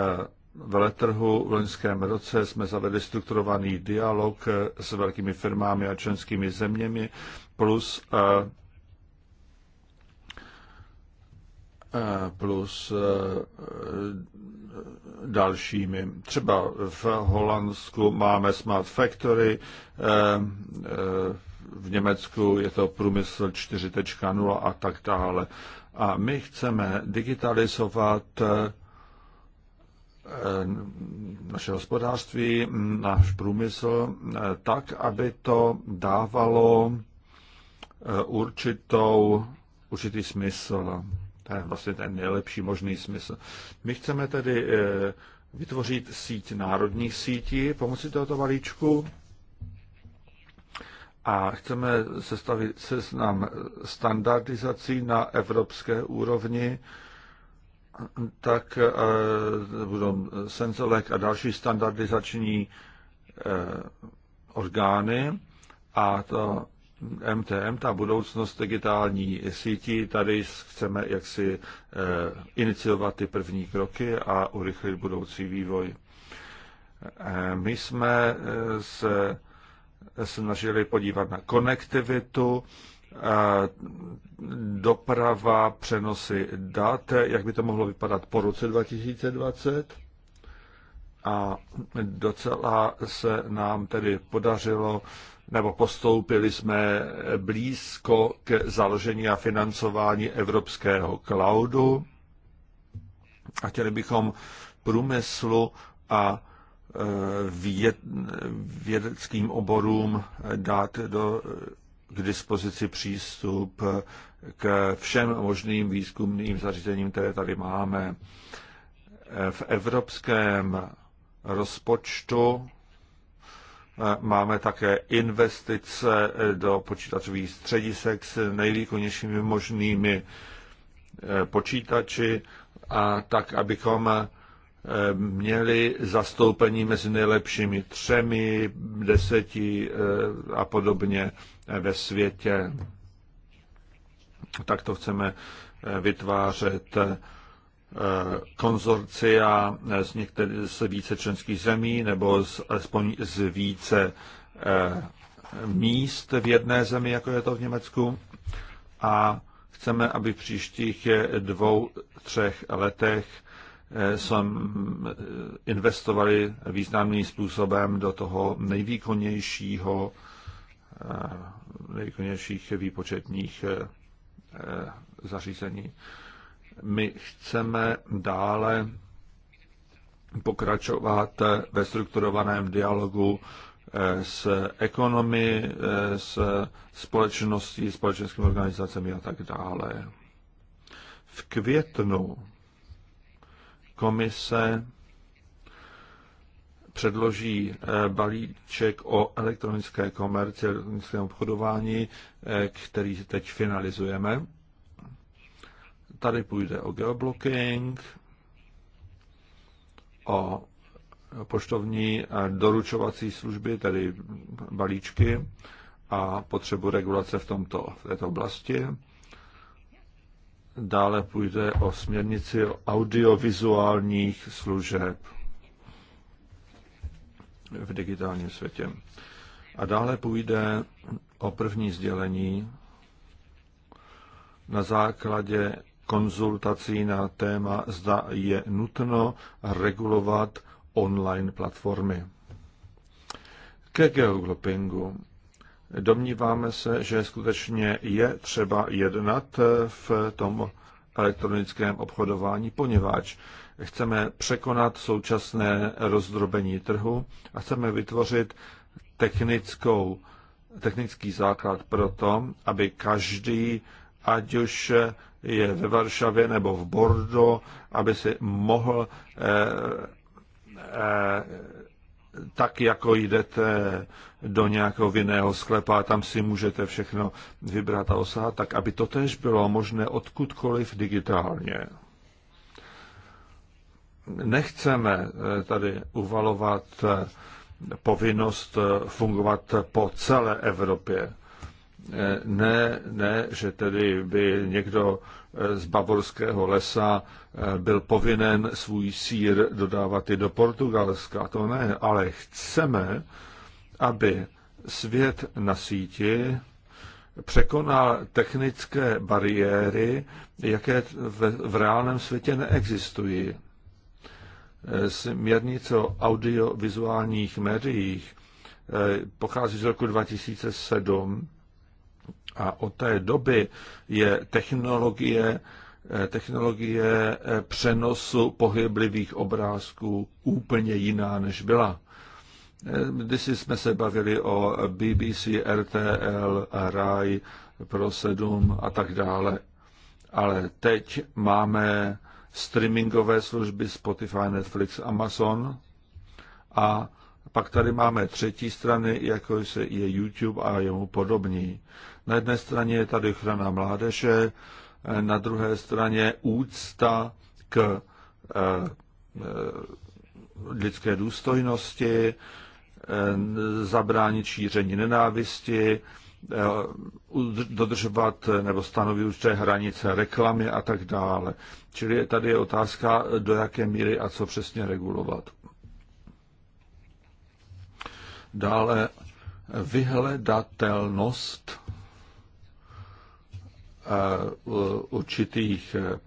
veletrhu v loňském roce jsme zavedli strukturovaný dialog eh, s velkými firmami a členskými zeměmi plus eh, plus dalšími. Třeba v Holandsku máme Smart Factory, v Německu je to průmysl 4.0 a tak dále. A my chceme digitalizovat eh, naše hospodářství, náš průmysl, eh, tak, aby to dávalo eh, určitou, určitý smysl. To je vlastně ten nejlepší možný smysl. My chceme tedy vytvořit síť národních sítí pomocí tohoto balíčku a chceme sestavit seznam standardizací na evropské úrovni, tak eh, budou Senzolek a další standardizační eh, orgány a to MTM, ta budoucnost digitální sítí, tady chceme jaksi eh, iniciovat ty první kroky a urychlit budoucí vývoj. My jsme se snažili podívat na konektivitu, doprava, přenosy dat, jak by to mohlo vypadat po roce 2020. A docela se nám tedy podařilo, nebo postoupili jsme blízko k založení a financování evropského cloudu a chtěli bychom průmyslu a věd, vědeckým oborům dát do k dispozici přístup k všem možným výzkumným zařízením, které tady máme. V evropském rozpočtu eh, máme také investice do počítačových středisek s nejvýkonnějšími možnými eh, počítači a tak, abychom měli zastoupení mezi nejlepšími třemi, deseti eh, a podobně eh, ve světě. Tak to chceme eh, vytvářet konzorcia z, některých, z více členských zemí nebo z, alespoň z více míst v jedné zemi, jako je to v Německu. A chceme, aby v příštích dvou, třech letech Eh, jsem eh, investovali významným způsobem do toho nejvýkonnějšího, eh, nejvýkonnějších výpočetních zařízení. My chceme dále pokračovat ve strukturovaném dialogu s ekonomy, s společností, společenskými organizacemi a tak dále. V květnu komise předloží eh, balíček o elektronické komerci, elektronickém obchodování, eh, který teď finalizujeme. Tady půjde o geoblocking, o poštovní eh, doručovací služby, tedy balíčky a potřebu regulace v, tomto, v této oblasti. Dále půjde o směrnici audiovizuálních služeb v digitálním světě. A dále půjde o první sdělení na základě konzultací na téma, zda je nutno regulovat online platformy. Ke geoglopingu Domníváme se, že skutečně je třeba jednat v tom elektronickém obchodování, poněvadž chceme překonat současné rozdrobení trhu a chceme vytvořit technickou, technický základ pro to, aby každý, ať už je ve Varšavě nebo v Bordo, aby si mohl eh, eh, tak jako jdete do nějakého jiného sklepa a tam si můžete všechno vybrat a osát, tak aby to tež bylo možné odkudkoliv digitálně. Nechceme eh, tady uvalovat eh, povinnost eh, fungovat po celé Evropě ne, ne, že tedy by někdo eh, z bavorského lesa eh, byl povinen svůj sír dodávat i do Portugalska, to ne, ale chceme, aby svět na síti překonal technické bariéry, jaké v, v reálném světě neexistují. Eh, směrnice o audiovizuálních médiích pochází z roku 2007 a od té doby je technologie, eh, technologie eh, přenosu pohyblivých obrázků úplně jiná, než byla. Eh, když jsme se bavili o BBC, RTL, RAI, Pro 7 a tak dále. Ale teď máme streamingové služby Spotify, Netflix, Amazon a pak tady máme třetí strany, jako je YouTube a jemu podobní. Na jedné straně je tady ochrana mládeže, na druhé straně úcta k eh, eh, lidské důstojnosti, eh, zabránit šíření nenávisti, dodržovat nebo stanovit určité hranice reklamy a tak dále. Čili tady je otázka, do jaké míry a co přesně regulovat. Dále vyhledatelnost určitých, e, e,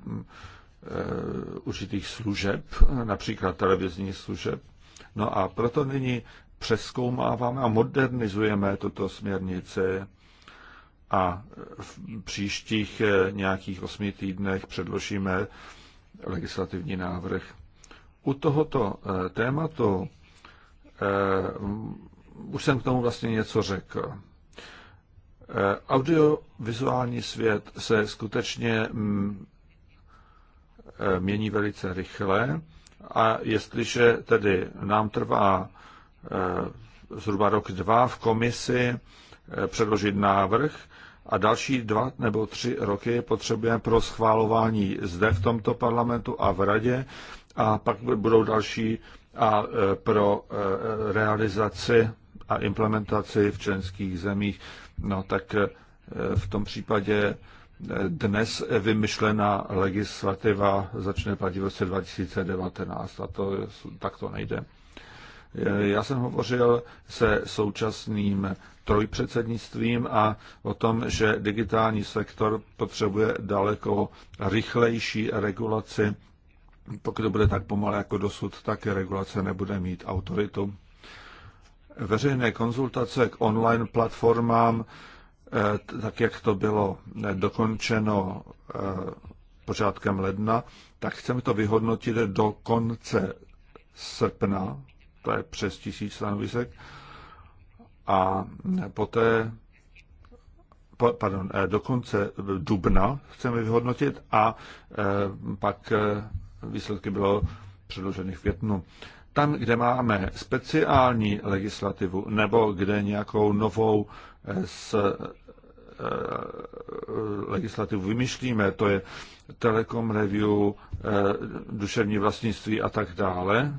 určitých služeb, například televizních služeb. No a proto nyní přeskoumáváme a modernizujeme tuto směrnici a v příštích e, nějakých osmi týdnech předložíme legislativní návrh. U tohoto tématu už jsem k tomu vlastně něco řekl. Eh, audiovizuální svět se skutečně mm, eh, mění velice rychle a jestliže tedy nám trvá eh, zhruba rok, dva v komisi předložit návrh a další dva nebo tři roky potřebujeme pro schválování zde v tomto parlamentu a v radě a pak budou další a pro realizaci a implementaci v členských zemích. No tak eh, v tom případě eh, dnes vymyšlená legislativa začne platit v roce 2019 a to, tak to nejde. Eh, já jsem hovořil se současným trojpředsednictvím a o tom, že digitální sektor potřebuje daleko rychlejší regulaci. Pokud to bude tak pomalé jako dosud, tak regulace nebude mít autoritu veřejné konzultace k online platformám, eh, tak jak to bylo eh, dokončeno eh, počátkem ledna, tak chceme to vyhodnotit do konce srpna, to je přes tisíc stanovisek, a poté pardon, do konce dubna chceme vyhodnotit a pak výsledky bylo předloženy v květnu. Tam, kde máme speciální legislativu nebo kde nějakou novou eh, s, eh, eh, legislativu vymýšlíme, to je telekom review, duševní vlastnictví a tak dále,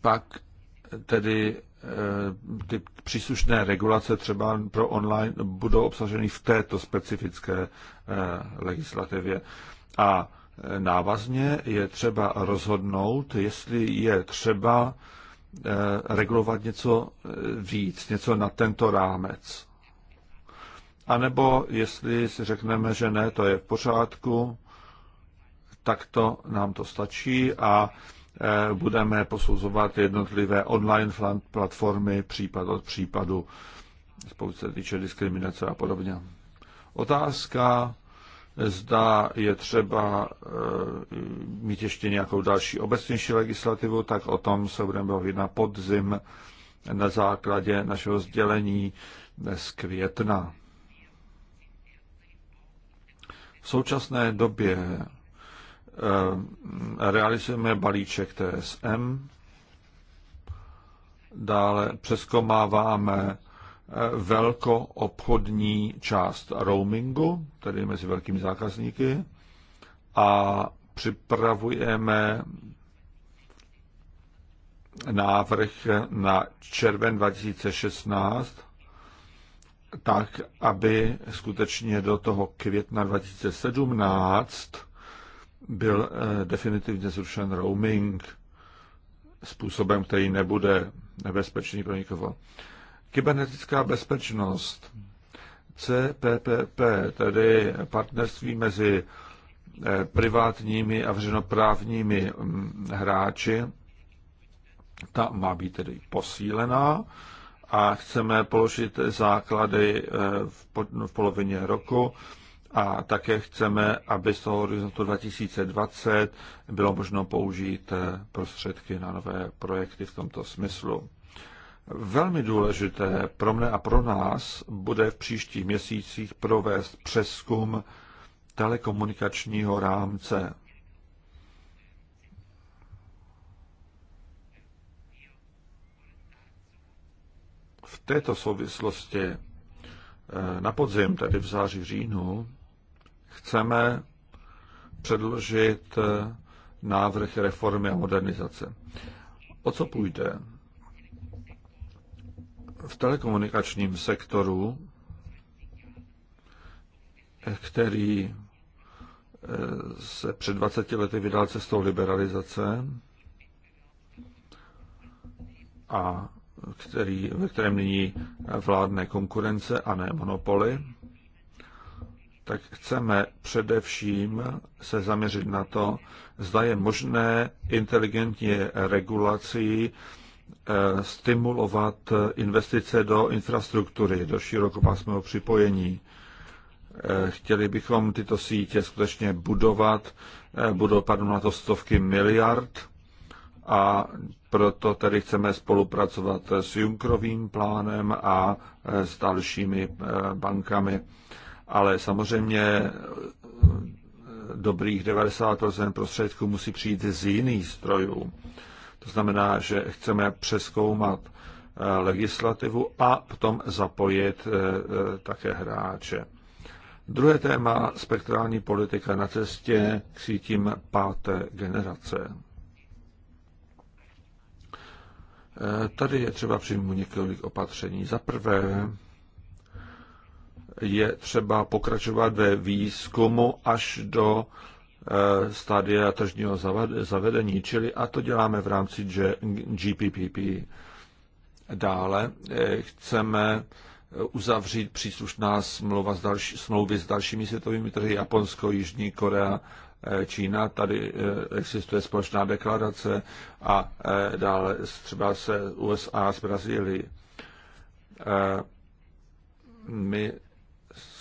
pak tedy ty příslušné regulace třeba pro online budou obsaženy v této specifické legislativě. A Návazně je třeba rozhodnout, jestli je třeba eh, regulovat něco eh, víc, něco na tento rámec. A nebo jestli si řekneme, že ne, to je v pořádku, tak to nám to stačí a eh, budeme posuzovat jednotlivé online platformy případ od případu, spousta se týče diskriminace a podobně. Otázka zda je třeba eh, mít ještě nějakou další obecnější legislativu, tak o tom se budeme bavit na podzim na základě našeho sdělení z května. V současné době eh, realizujeme balíček TSM, dále přeskomáváme velkoobchodní část roamingu, tedy mezi velkými zákazníky, a připravujeme návrh na červen 2016, tak, aby skutečně do toho května 2017 byl eh, definitivně zrušen roaming způsobem, který nebude nebezpečný pro nikoho. Kybernetická bezpečnost, CPPP, tedy partnerství mezi eh, privátními a veřejnoprávními mm, hráči, ta má být tedy posílená a chceme položit základy eh, v polovině roku a také chceme, aby z toho horizontu 2020 bylo možno použít eh, prostředky na nové projekty v tomto smyslu. Velmi důležité pro mne a pro nás bude v příštích měsících provést přeskum telekomunikačního rámce. V této souvislosti eh, na podzim, tedy v září říjnu, chceme předložit eh, návrh reformy a modernizace. O co půjde? v telekomunikačním sektoru, který eh, se před 20 lety vydal cestou liberalizace a který, ve kterém nyní vládne konkurence a ne monopoly, tak chceme především se zaměřit na to, zda je možné inteligentně regulací Eh, stimulovat eh, investice do infrastruktury, do širokopásmového připojení. Eh, chtěli bychom tyto sítě skutečně budovat, budou padnout na to stovky miliard a proto tedy chceme spolupracovat s Junkrovým plánem a s dalšími bankami. Ale samozřejmě dobrých 90% prostředků musí přijít z jiných strojů. To znamená, že chceme přeskoumat eh, legislativu a potom zapojit eh, eh, také hráče. Druhé téma spektrální politika na cestě k sítím páté generace. Tady je třeba přijmout několik opatření. Za prvé je třeba pokračovat ve výzkumu až do Eh, stádia tržního zavedení, čili a to děláme v rámci GPPP. Dále eh, chceme eh, uzavřít příslušná smlouva s další, smlouvy s dalšími světovými trhy, Japonsko, Jižní Korea, Čína, tady existuje společná deklarace a dále třeba se USA s Brazílií. My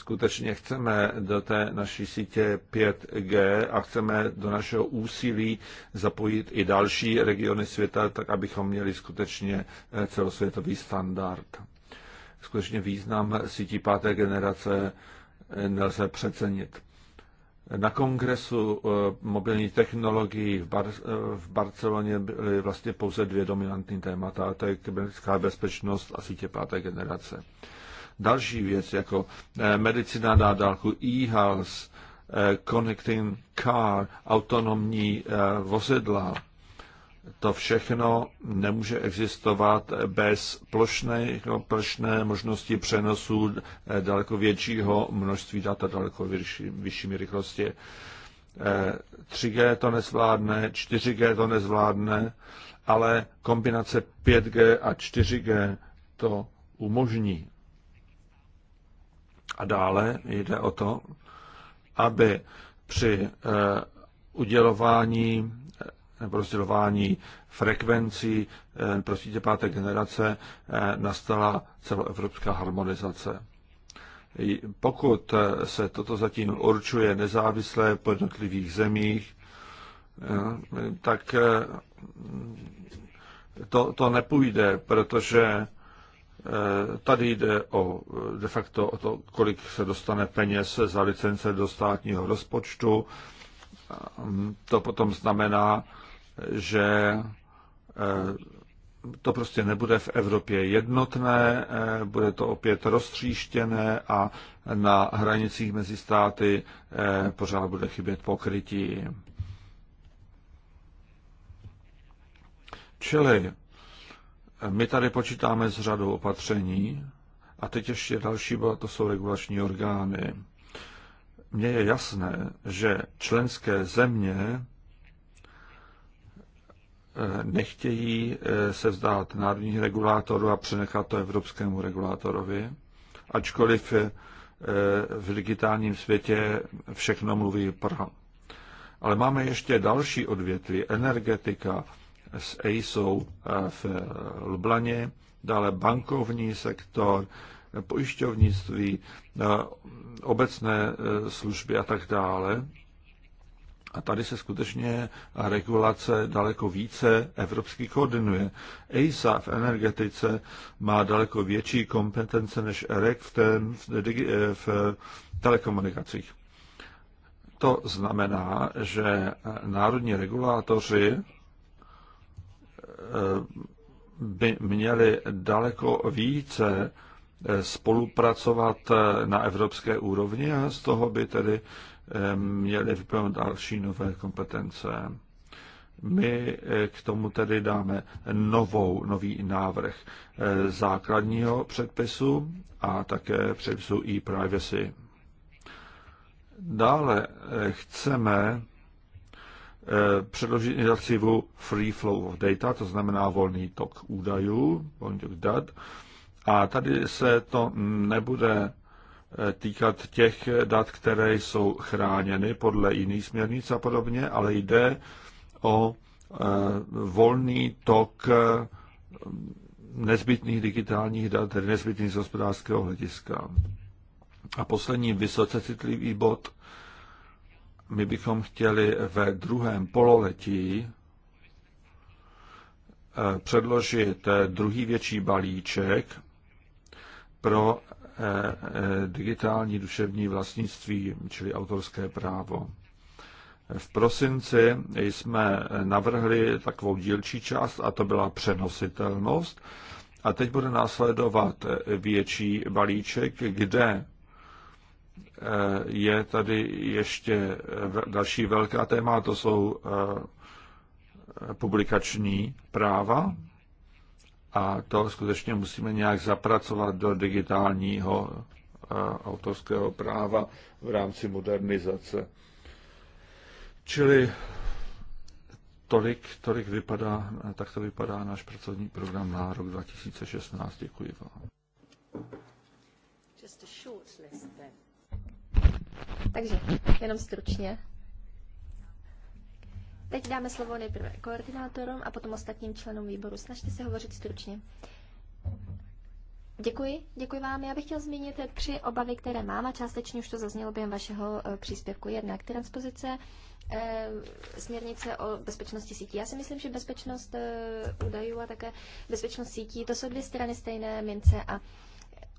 skutečně chceme do té naší sítě 5G a chceme do našeho úsilí zapojit i další regiony světa, tak abychom měli skutečně eh, celosvětový standard. Skutečně význam sítí páté generace eh, nelze přecenit. Na kongresu eh, mobilní technologií v, Bar- v Barceloně byly vlastně pouze dvě dominantní témata, to je kybernetická bezpečnost a sítě páté generace další věc, jako eh, medicina na dálku, e-health, eh, connecting car, autonomní eh, vozidla. To všechno nemůže existovat bez plošné, plošné možnosti přenosu daleko většího množství dat daleko vyšší, vyššími rychlosti. 3G to nezvládne, 4G to nezvládne, ale kombinace 5G a 4G to umožní. A dále jde o to, aby při eh, udělování eh, nebo rozdělování frekvencí prostě páté generace nastala celoevropská harmonizace. Pokud se toto zatím určuje nezávisle po jednotlivých zemích, tak to, to nepůjde, protože Eh, tady jde o, eh, de facto o to, kolik se dostane peněz za licence do státního rozpočtu. Ehm, to potom znamená, že eh, to prostě nebude v Evropě jednotné, bude to opět roztříštěné a na hranicích mezi státy pořád bude chybět pokrytí. Čili my tady počítáme s řadou opatření a teď ještě další bod, to jsou regulační orgány. Mně je jasné, že členské země eh, nechtějí eh, se vzdát národních regulátorů a přenechat to evropskému regulátorovi, ačkoliv eh, v digitálním světě všechno mluví pro. Ale máme ještě další odvětví, energetika, s ASOU eh, v Lublaně, dále bankovní sektor, pojišťovnictví, eh, obecné eh, služby a tak dále. A tady se skutečně regulace daleko více evropsky koordinuje. EISA v energetice má daleko větší kompetence než EREC v, ten, v, v telekomunikacích. To znamená, že národní regulátoři Eh, by měli daleko více eh, spolupracovat eh, na evropské úrovni a z toho by tedy měli vyplnout další nové kompetence. My k tomu tedy dáme novou, nový návrh základního předpisu a také předpisu e-privacy. Dále chceme Eh, předložit iniciativu Free Flow of Data, to znamená volný tok údajů, volný tok dat. A tady se to nebude eh, týkat těch dat, které jsou chráněny podle jiných směrnic a podobně, ale jde o eh, volný tok nezbytných digitálních dat, tedy nezbytných z hospodářského hlediska. A poslední vysoce citlivý bod my bychom chtěli ve druhém pololetí eh, předložit eh, druhý větší balíček pro eh, digitální duševní vlastnictví, čili autorské právo. V prosinci jsme navrhli takovou dílčí část a to byla přenositelnost. A teď bude následovat větší balíček, kde Eh, je tady ještě eh, další velká téma, to jsou eh, publikační práva. A to skutečně musíme nějak zapracovat do digitálního autorského práva v rámci modernizace. Čili tolik, tolik vypadá, tak to vypadá náš pracovní program na rok 2016. Děkuji vám. Just a short takže, jenom stručně. Teď dáme slovo nejprve koordinátorům a potom ostatním členům výboru. Snažte se hovořit stručně. Děkuji, děkuji vám. Já bych chtěl zmínit tři obavy, které mám a částečně už to zaznělo během vašeho eh, příspěvku. jedna, k transpozice e, směrnice o bezpečnosti sítí. Já si myslím, že bezpečnost e, údajů a také bezpečnost sítí, to jsou dvě strany stejné mince a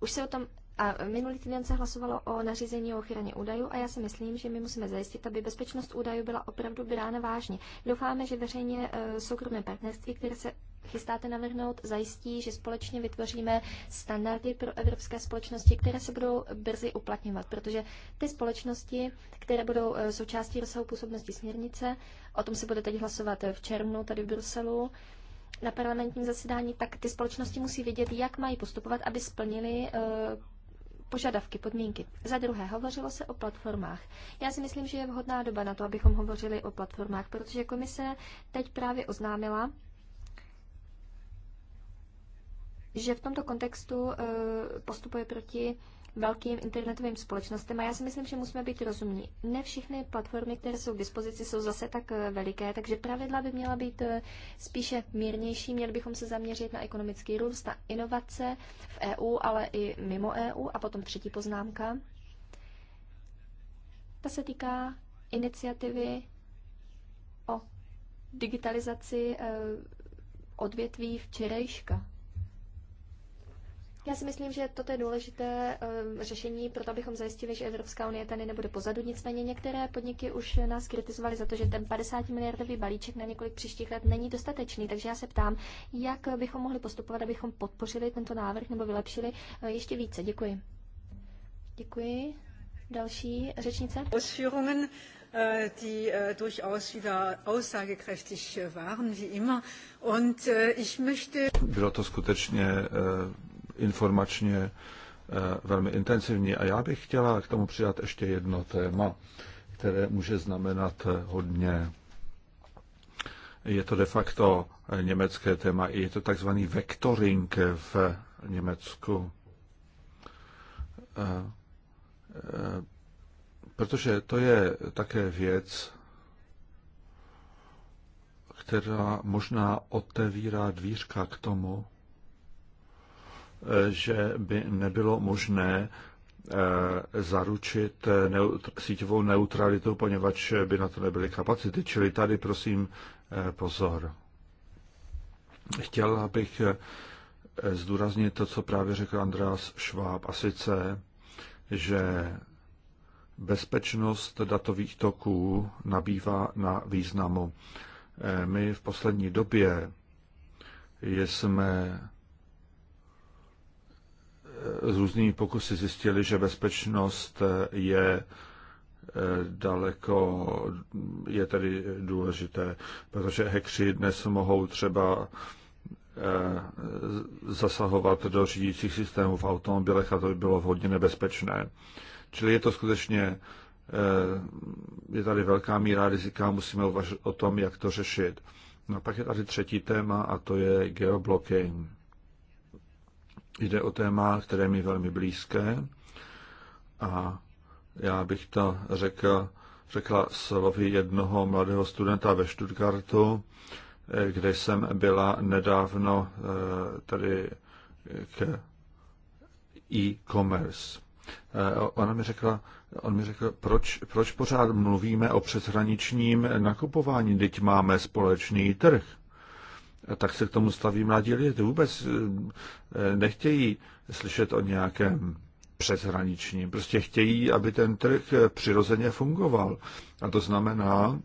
už se o tom a minulý týden se hlasovalo o nařízení o ochraně údajů a já si myslím, že my musíme zajistit, aby bezpečnost údajů byla opravdu brána vážně. Doufáme, že veřejně e, soukromé partnerství, které se chystáte navrhnout, zajistí, že společně vytvoříme standardy pro evropské společnosti, které se budou brzy uplatňovat, protože ty společnosti, které budou e, součástí rozsahu působnosti směrnice, o tom se bude teď hlasovat v červnu tady v Bruselu, na parlamentním zasedání, tak ty společnosti musí vědět, jak mají postupovat, aby splnili e, požadavky, podmínky. Za druhé, hovořilo se o platformách. Já si myslím, že je vhodná doba na to, abychom hovořili o platformách, protože komise teď právě oznámila, že v tomto kontextu eh, postupuje proti velkým internetovým společnostem a já si myslím, že musíme být rozumní. Ne všechny platformy, které jsou k dispozici, jsou zase tak eh, veliké, takže pravidla by měla být eh, spíše mírnější. Měli bychom se zaměřit na ekonomický růst, na inovace v EU, ale i mimo EU. A potom třetí poznámka. Ta se týká iniciativy o digitalizaci eh, odvětví včerejška. Já si myslím, že toto je důležité eh, řešení, proto abychom zajistili, že Evropská unie tady nebude pozadu. Nicméně některé podniky už nás kritizovaly za to, že ten 50 miliardový balíček na několik příštích let není dostatečný. Takže já se ptám, jak bychom mohli postupovat, abychom podpořili tento návrh nebo vylepšili eh, ještě více. Děkuji. Děkuji. Další řečnice. Ausführungen, äh, die äh, durchaus wieder aussagekräftig äh, waren, wie immer. Und ich möchte... Bylo to skutečně informačně eh, velmi intenzivní. A já bych chtěla k tomu přidat ještě jedno téma, které může znamenat eh, hodně. Je to de facto eh, německé téma, je to takzvaný vektoring v Německu. Protože to je také věc, která možná otevírá dvířka k tomu, že by nebylo možné eh, zaručit eh, síťovou neutralitu, poněvadž by na to nebyly kapacity. Čili tady prosím eh, pozor. Chtěl bych zdůraznit to, co právě řekl Andreas Schwab, a sice, že bezpečnost datových toků nabývá na významu. My v poslední době jsme z různými pokusy zjistili, že bezpečnost je eh, daleko, je tedy důležité, protože hekři dnes mohou třeba eh, zasahovat do řídících systémů v automobilech a to by bylo hodně nebezpečné. Čili je to skutečně, eh, je tady velká míra rizika, musíme uvažovat o tom, jak to řešit. No a pak je tady třetí téma a to je geoblocking. Jde o téma, které mi velmi blízké a já bych to řekl, řekla slovy jednoho mladého studenta ve Stuttgartu, eh, kde jsem byla nedávno eh, tady k e-commerce. Eh, ona mi řekla, on mi řekl, proč, proč pořád mluvíme o přeshraničním nakupování, teď máme společný trh tak se k tomu staví mladí lidé. Ty Vůbec eh, nechtějí slyšet o nějakém přeshraničním. Prostě chtějí, aby ten trh eh, přirozeně fungoval. A to znamená,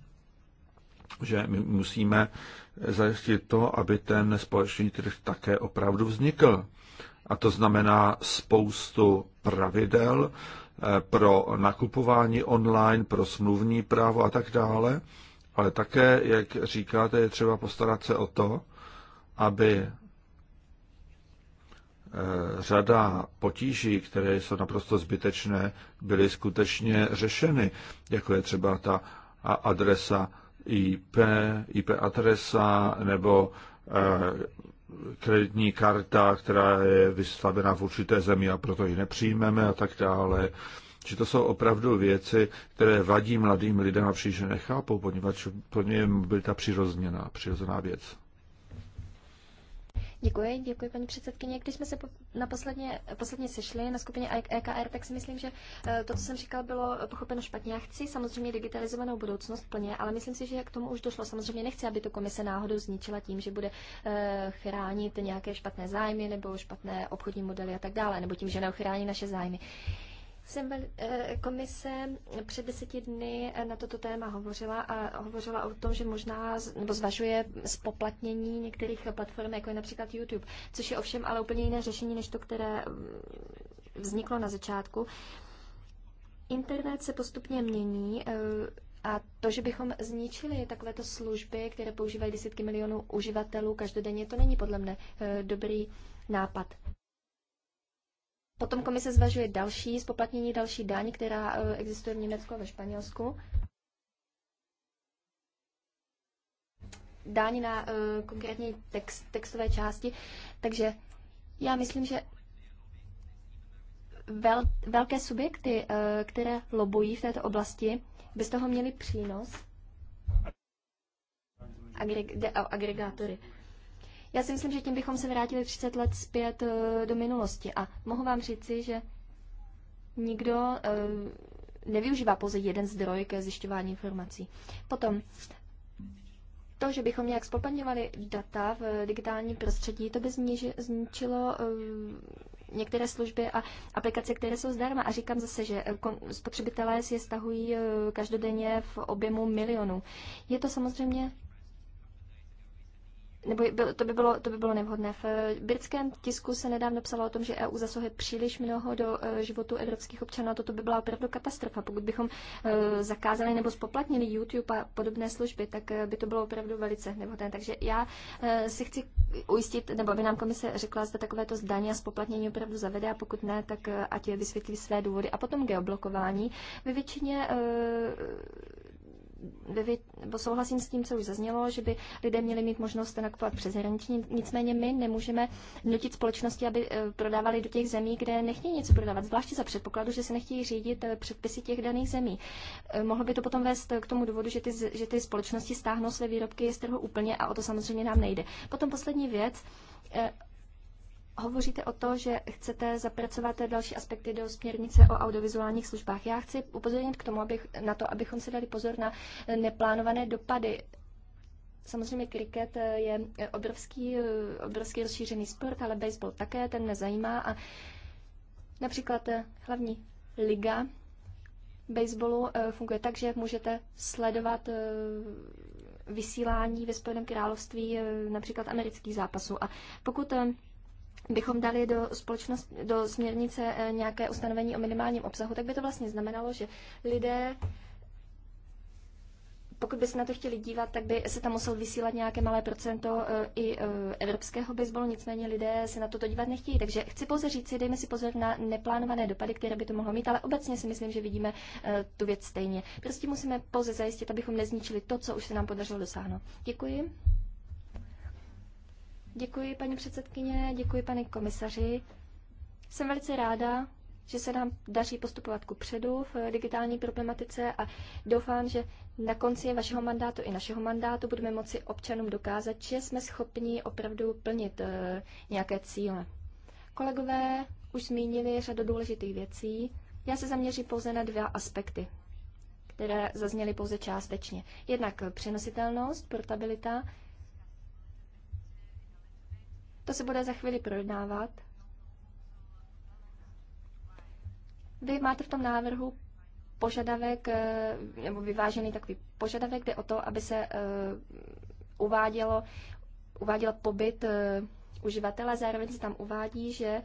že my musíme zajistit to, aby ten společný trh také opravdu vznikl. A to znamená spoustu pravidel eh, pro nakupování online, pro smluvní právo a tak dále. Ale také, jak říkáte, je třeba postarat se o to, aby eh, řada potíží, které jsou naprosto zbytečné, byly skutečně řešeny, jako je třeba ta adresa IP, IP adresa nebo eh, kreditní karta, která je vystavena v určité zemi a proto ji nepřijmeme a tak dále. Či to jsou opravdu věci, které vadí mladým lidem a příště nechápou, poněvadž pro ně mobilita přirozená, přirozená věc. Děkuji, děkuji paní předsedkyně. Když jsme se naposledně, posledně sešli na skupině EKR, e tak si myslím, že eh, to, co jsem říkal, bylo pochopeno špatně. Já chci samozřejmě digitalizovanou budoucnost plně, ale myslím si, že k tomu už došlo. Samozřejmě nechci, aby to komise náhodou zničila tím, že bude eh, chránit nějaké špatné zájmy nebo špatné obchodní modely a tak dále, nebo tím, že neochrání naše zájmy. Jsem byl, eh, komise před deseti dny eh, na toto téma hovořila a hovořila o tom, že možná nebo zvažuje spoplatnění některých platform, jako je například YouTube, což je ovšem ale úplně jiné řešení, než to, které mm, vzniklo na začátku. Internet se postupně mění. Eh, a to, že bychom zničili takovéto služby, které používají desítky milionů uživatelů každodenně, to není podle mne dobrý nápad. Potom komise zvažuje další spoplatnění, další daň, která eh, existuje v Německu a ve Španělsku. Dáň na eh, konkrétní text, textové části. Takže já myslím, že vel, velké subjekty, eh, které lobují v této oblasti, by z toho měly přínos. Agre, de- o agregátory. Já si myslím, že tím bychom se vrátili 30 let zpět eh, do minulosti. A mohu vám říci, že nikdo eh, nevyužívá pouze jeden zdroj ke zjišťování informací. Potom to, že bychom nějak spoplatňovali data v digitálním prostředí, to by zničilo eh, některé služby a aplikace, které jsou zdarma. A říkám zase, že spotřebitelé si je stahují každodenně v objemu milionů. Je to samozřejmě nebo by to by, bylo, to by bylo nevhodné. V eh, britském tisku se nedávno psalo o tom, že EU zasahuje příliš mnoho do eh, životu evropských občanů a toto by byla opravdu katastrofa. Pokud bychom eh, zakázali nebo spoplatnili YouTube a podobné služby, tak by to bylo opravdu velice nevhodné. Takže já si chci ujistit, nebo aby nám komise řekla, zda takovéto zdaně a spoplatnění opravdu zavede a pokud ne, tak ať je vysvětlí své důvody. A potom geoblokování. Ve většině by, bo souhlasím s tím, co už zaznělo, že by lidé měli mít možnost nakupovat přeshraničně, nicméně my nemůžeme nutit společnosti, aby eh, prodávali do těch zemí, kde nechtějí něco prodávat, zvláště za předpokladu, že se nechtějí řídit eh, předpisy těch daných zemí. Eh, mohlo by to potom vést k tomu důvodu, že ty, že ty společnosti stáhnou své výrobky z trhu úplně a o to samozřejmě nám nejde. Potom poslední věc, hovoříte o to, že chcete zapracovat další aspekty do směrnice o audiovizuálních službách. Já chci upozornit k tomu, abych, na to, abychom si dali pozor na neplánované dopady. Samozřejmě kriket je obrovský, obrovský rozšířený sport, ale baseball také, ten nezajímá. A například hlavní liga baseballu eh, funguje tak, že můžete sledovat eh, vysílání ve Spojeném království eh, například amerických zápasů. A pokud bychom dali do, společnost, do směrnice eh, nějaké ustanovení o minimálním obsahu, tak by to vlastně znamenalo, že lidé, pokud by se na to chtěli dívat, tak by se tam musel vysílat nějaké malé procento eh, i eh, evropského baseballu, nicméně lidé se na toto dívat nechtějí. Takže chci pouze říct, dejme si pozor na neplánované dopady, které by to mohlo mít, ale obecně si myslím, že vidíme tu věc stejně. Prostě musíme pouze zajistit, abychom nezničili to, co už se nám podařilo dosáhnout. Děkuji. Děkuji, paní předsedkyně, děkuji, pane komisaři. Jsem velice ráda, že se nám daří postupovat ku předu v digitální problematice a doufám, že na konci vašeho mandátu i našeho mandátu budeme moci občanům dokázat, že jsme schopni opravdu plnit eh, nějaké cíle. Kolegové už zmínili řadu důležitých věcí. Já se zaměřím pouze na dva aspekty, které zazněly pouze částečně. Jednak přenositelnost, portabilita to se bude za chvíli projednávat. Vy máte v tom návrhu požadavek, eh, nebo vyvážený takový požadavek, jde o to, aby se eh, uvádělo, uváděl pobyt eh, uživatele, zároveň se tam uvádí, že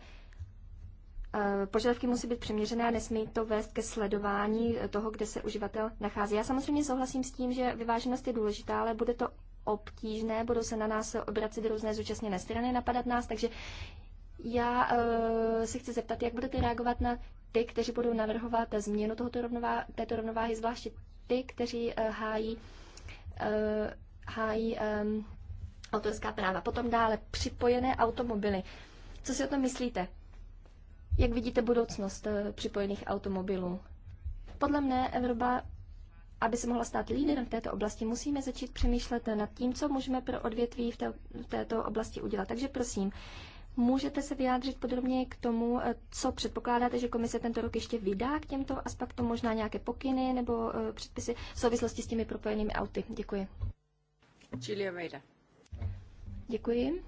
požadavky musí být přiměřené a nesmí to vést ke sledování toho, kde se uživatel nachází. Já samozřejmě souhlasím s tím, že vyváženost je důležitá, ale bude to obtížné, budou se na nás obracet různé zúčastněné strany, napadat nás, takže já uh, se chci zeptat, jak budete reagovat na ty, kteří budou navrhovat změnu tohoto rovnová, této rovnováhy, zvláště ty, kteří uh, hájí, uh, hájí um, autorská práva. Potom dále připojené automobily. Co si o tom myslíte? Jak vidíte budoucnost připojených automobilů? Podle mne Evropa aby se mohla stát lídrem v této oblasti, musíme začít přemýšlet nad tím, co můžeme pro odvětví v, té, v této oblasti udělat. Takže prosím, můžete se vyjádřit podrobně k tomu, eh, co předpokládáte, že komise tento rok ještě vydá k těmto aspektům, možná nějaké pokyny nebo eh, předpisy v souvislosti s těmi propojenými auty. Děkuji. Julia Vejda. Děkuji.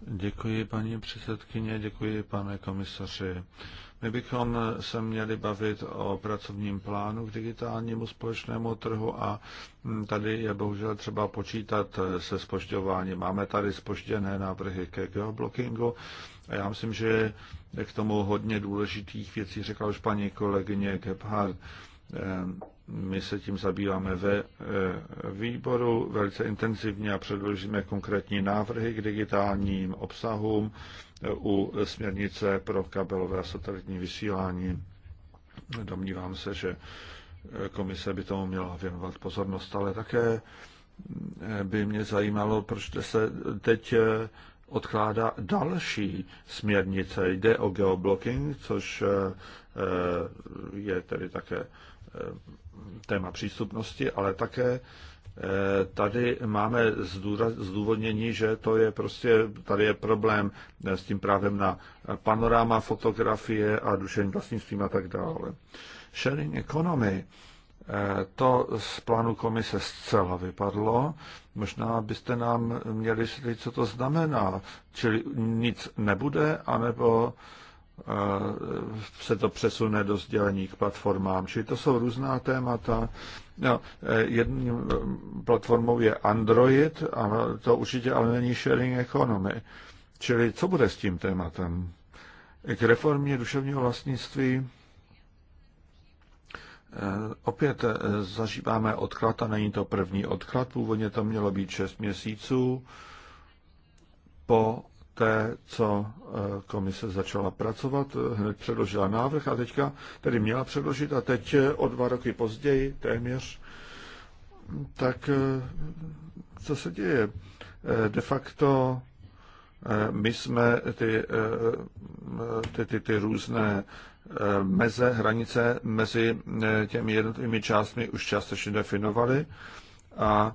Děkuji, paní předsedkyně, děkuji, pane komisaři. My bychom se měli bavit o pracovním plánu k digitálnímu společnému trhu a hm, tady je bohužel třeba počítat se spožďováním. Máme tady spožděné návrhy ke geoblockingu a já myslím, že k tomu hodně důležitých věcí řekla už paní kolegyně Gebhardt. Ehm, my se tím zabýváme ve eh, výboru velice intenzivně a předložíme konkrétní návrhy k digitálním obsahům u směrnice pro kabelové a satelitní vysílání. Domnívám se, že komise by tomu měla věnovat pozornost, ale také by mě zajímalo, proč se teď odkládá další směrnice. Jde o geoblocking, což eh, je tedy také eh, téma přístupnosti, ale také Tady máme zdůvodnění, že to je prostě, tady je problém s tím právem na panoráma, fotografie a duševní vlastnictvím a tak dále. Sharing economy, eh, to z plánu komise zcela vypadlo. Možná byste nám měli říct, co to znamená. Čili nic nebude, anebo E, se to přesune do sdělení k platformám. Čili to jsou různá témata. No, e, jedním e, platformou je Android, a to určitě ale není sharing economy. Čili co bude s tím tématem? K reformě duševního vlastnictví opět zažíváme odklad a není to první odklad. Původně to mělo být 6 měsíců po té, co eh, komise začala pracovat, hned předložila návrh a teďka tedy měla předložit a teď eh, o dva roky později téměř, tak eh, co se děje? De facto my jsme ty, ty, ty, ty různé meze, hranice mezi těmi jednotlivými částmi už částečně definovali a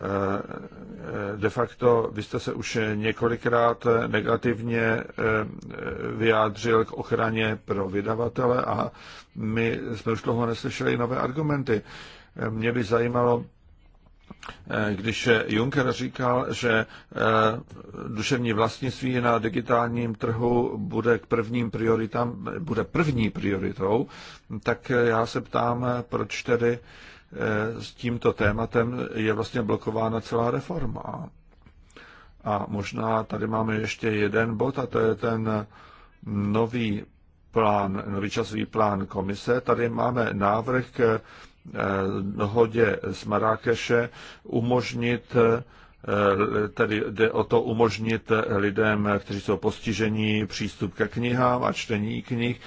Eh, de facto vy jste se už několikrát negativně eh, vyjádřil k ochraně pro vydavatele a my jsme už dlouho neslyšeli nové argumenty. Eh, mě by zajímalo, když Juncker říkal, že duševní vlastnictví na digitálním trhu bude k prvním prioritám, bude první prioritou, tak já se ptám, proč tedy Eh, s tímto tématem je vlastně blokována celá reforma. A možná tady máme ještě jeden bod, a to je ten nový plán, nový časový plán komise. Tady máme návrh k eh, dohodě z Marákeše umožnit eh, Eh, tedy jde o to umožnit lidem, kteří jsou postižení, přístup ke knihám a čtení knih,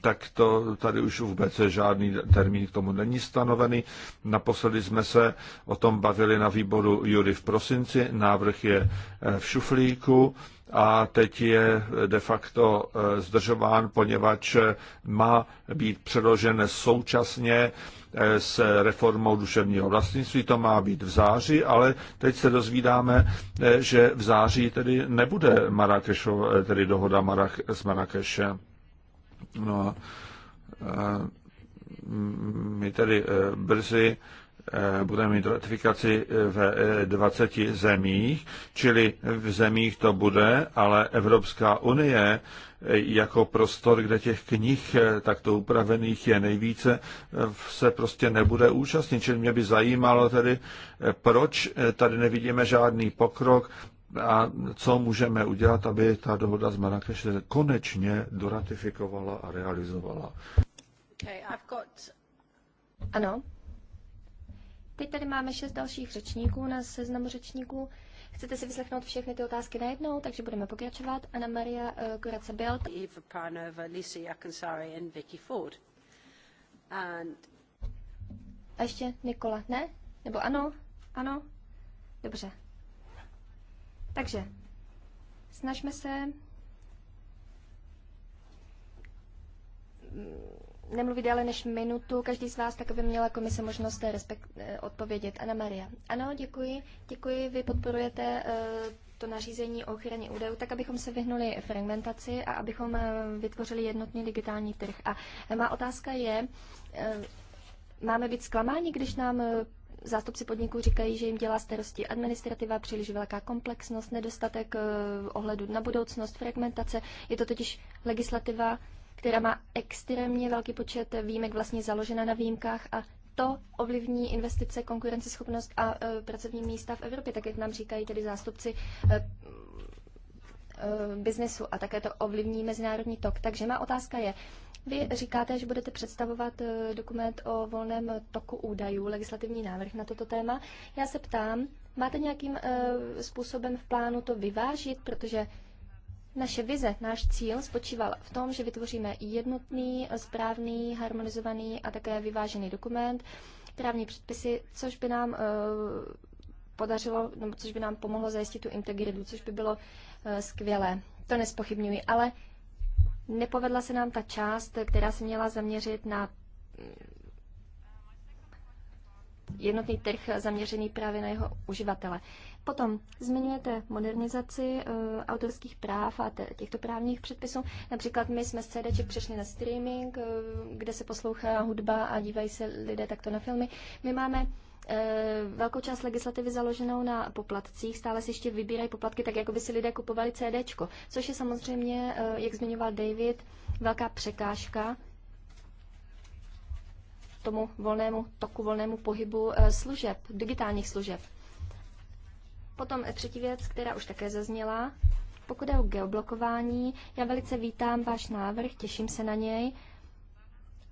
tak to tady už vůbec žádný termín k tomu není stanovený. Naposledy jsme se o tom bavili na výboru Judy v prosinci, návrh je eh, v šuflíku a teď je eh, de facto eh, zdržován, poněvadž eh, má být předložen současně s reformou duševního vlastnictví. To má být v září, ale teď se dozvídáme, že v září tedy nebude Marakešo, tedy dohoda Marak- s Marakešem. No a my tedy brzy Eh, budeme mít ratifikaci eh, v 20 eh, zemích, čili v zemích to bude, ale Evropská unie jako prostor, kde těch knih takto upravených je nejvíce, se prostě nebude účastnit. Čili mě by zajímalo tedy, proč tady nevidíme žádný pokrok a co můžeme udělat, aby ta dohoda z Marrakeše konečně doratifikovala a realizovala. Okay, I've got... Ano, Teď tady máme šest dalších řečníků na seznamu řečníků. Chcete si vyslechnout všechny ty otázky najednou, takže budeme pokračovat. Anna Maria uh, Kurace Bild. Eva Parnova, Lisa Jakansari and Vicky Ford. And... A ještě Nikola, ne? Nebo ano? Ano? Dobře. Takže, snažme se nemluví déle než minutu, každý z vás, tak aby měla komise možnost respekt, eh, odpovědět. Ana Maria. Ano, děkuji. Děkuji, vy podporujete eh, to nařízení o ochraně údajů, tak abychom se vyhnuli fragmentaci a abychom eh, vytvořili jednotný digitální trh. A má otázka je, máme být zklamáni, když nám zástupci podniků říkají, že jim dělá starosti administrativa, příliš velká komplexnost, nedostatek ohledu na budoucnost, fragmentace. Je to totiž legislativa, která má extrémně velký počet výjimek vlastně založena na výjimkách a to ovlivní investice, konkurenceschopnost a e, pracovní místa v Evropě, tak jak nám říkají tedy zástupci e, e, biznesu a také to ovlivní mezinárodní tok. Takže má otázka je, vy říkáte, že budete představovat e, dokument o volném toku údajů, legislativní návrh na toto téma. Já se ptám, máte nějakým e, způsobem v plánu to vyvážit, protože naše vize, náš cíl spočíval v tom, že vytvoříme jednotný, správný, harmonizovaný a také vyvážený dokument, právní předpisy, což by nám eh, podařilo, nebo což by nám pomohlo zajistit tu integritu, což by bylo eh, skvělé. To nespochybňuji, ale nepovedla se nám ta část, která se měla zaměřit na mm, jednotný trh zaměřený právě na jeho uživatele. Potom zmiňujete modernizaci e, autorských práv a těchto právních předpisů. Například my jsme z CDček přešli na streaming, e, kde se poslouchá hudba a dívají se lidé takto na filmy. My máme eh, velkou část legislativy založenou na poplatcích. Stále si ještě vybírají poplatky, tak jako by si lidé kupovali CD, což je samozřejmě, jak zmiňoval David, velká překážka tomu volnému toku, volnému pohybu služeb, digitálních služeb. Potom třetí věc, která už také zazněla. Pokud je o geoblokování, já velice vítám váš návrh, těším se na něj.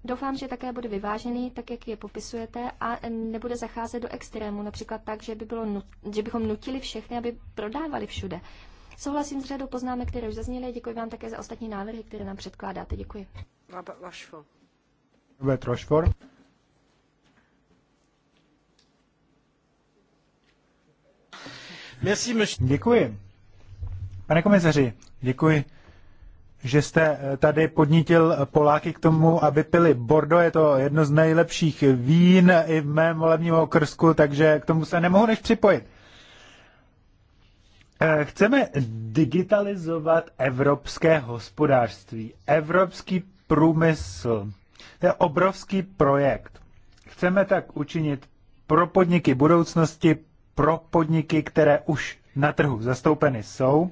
Doufám, že také bude vyvážený, tak jak je popisujete, a nebude zacházet do extrému, například tak, že, by bylo, že bychom nutili všechny, aby prodávali všude. Souhlasím s řadou poznámek, které už zazněly. Děkuji vám také za ostatní návrhy, které nám předkládáte. Děkuji. Robert Rochefort. Děkuji. Pane komisaři, děkuji, že jste eh, tady podnítil Poláky k tomu, aby pili Bordo. Je to jedno z nejlepších vín i v mém volebním okrsku, takže k tomu se nemohu než připojit. Eh, chceme digitalizovat evropské hospodářství, evropský průmysl. To je obrovský projekt. Chceme tak učinit pro podniky budoucnosti, pro podniky, které už na trhu zastoupeny jsou,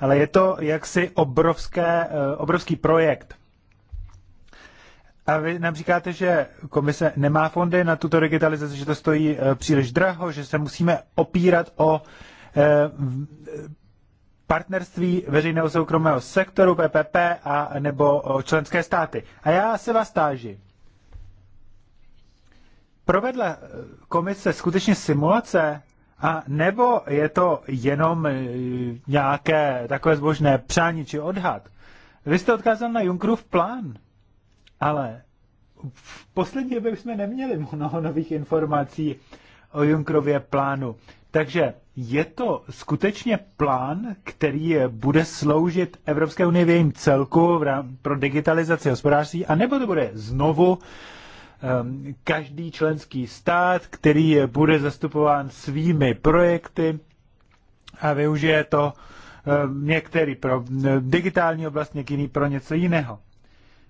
ale je to jaksi obrovské, eh, obrovský projekt. A vy nám říkáte, že komise nemá fondy na tuto digitalizaci, že to stojí eh, příliš draho, že se musíme opírat o eh, partnerství veřejného soukromého sektoru, PPP, a nebo členské státy. A já se vás táži. Provedla komise skutečně simulace a nebo je to jenom e, nějaké takové zbožné přání či odhad? Vy jste odkázal na Junkrův plán, ale v poslední době jsme neměli mnoho nových informací o Junkrově plánu. Takže je to skutečně plán, který bude sloužit Evropské unii v jejím celku pro digitalizaci hospodářství, anebo to bude znovu Ehm, každý členský stát, který bude zastupován svými projekty a využije to ehm, některý pro digitální oblast, některý pro něco jiného.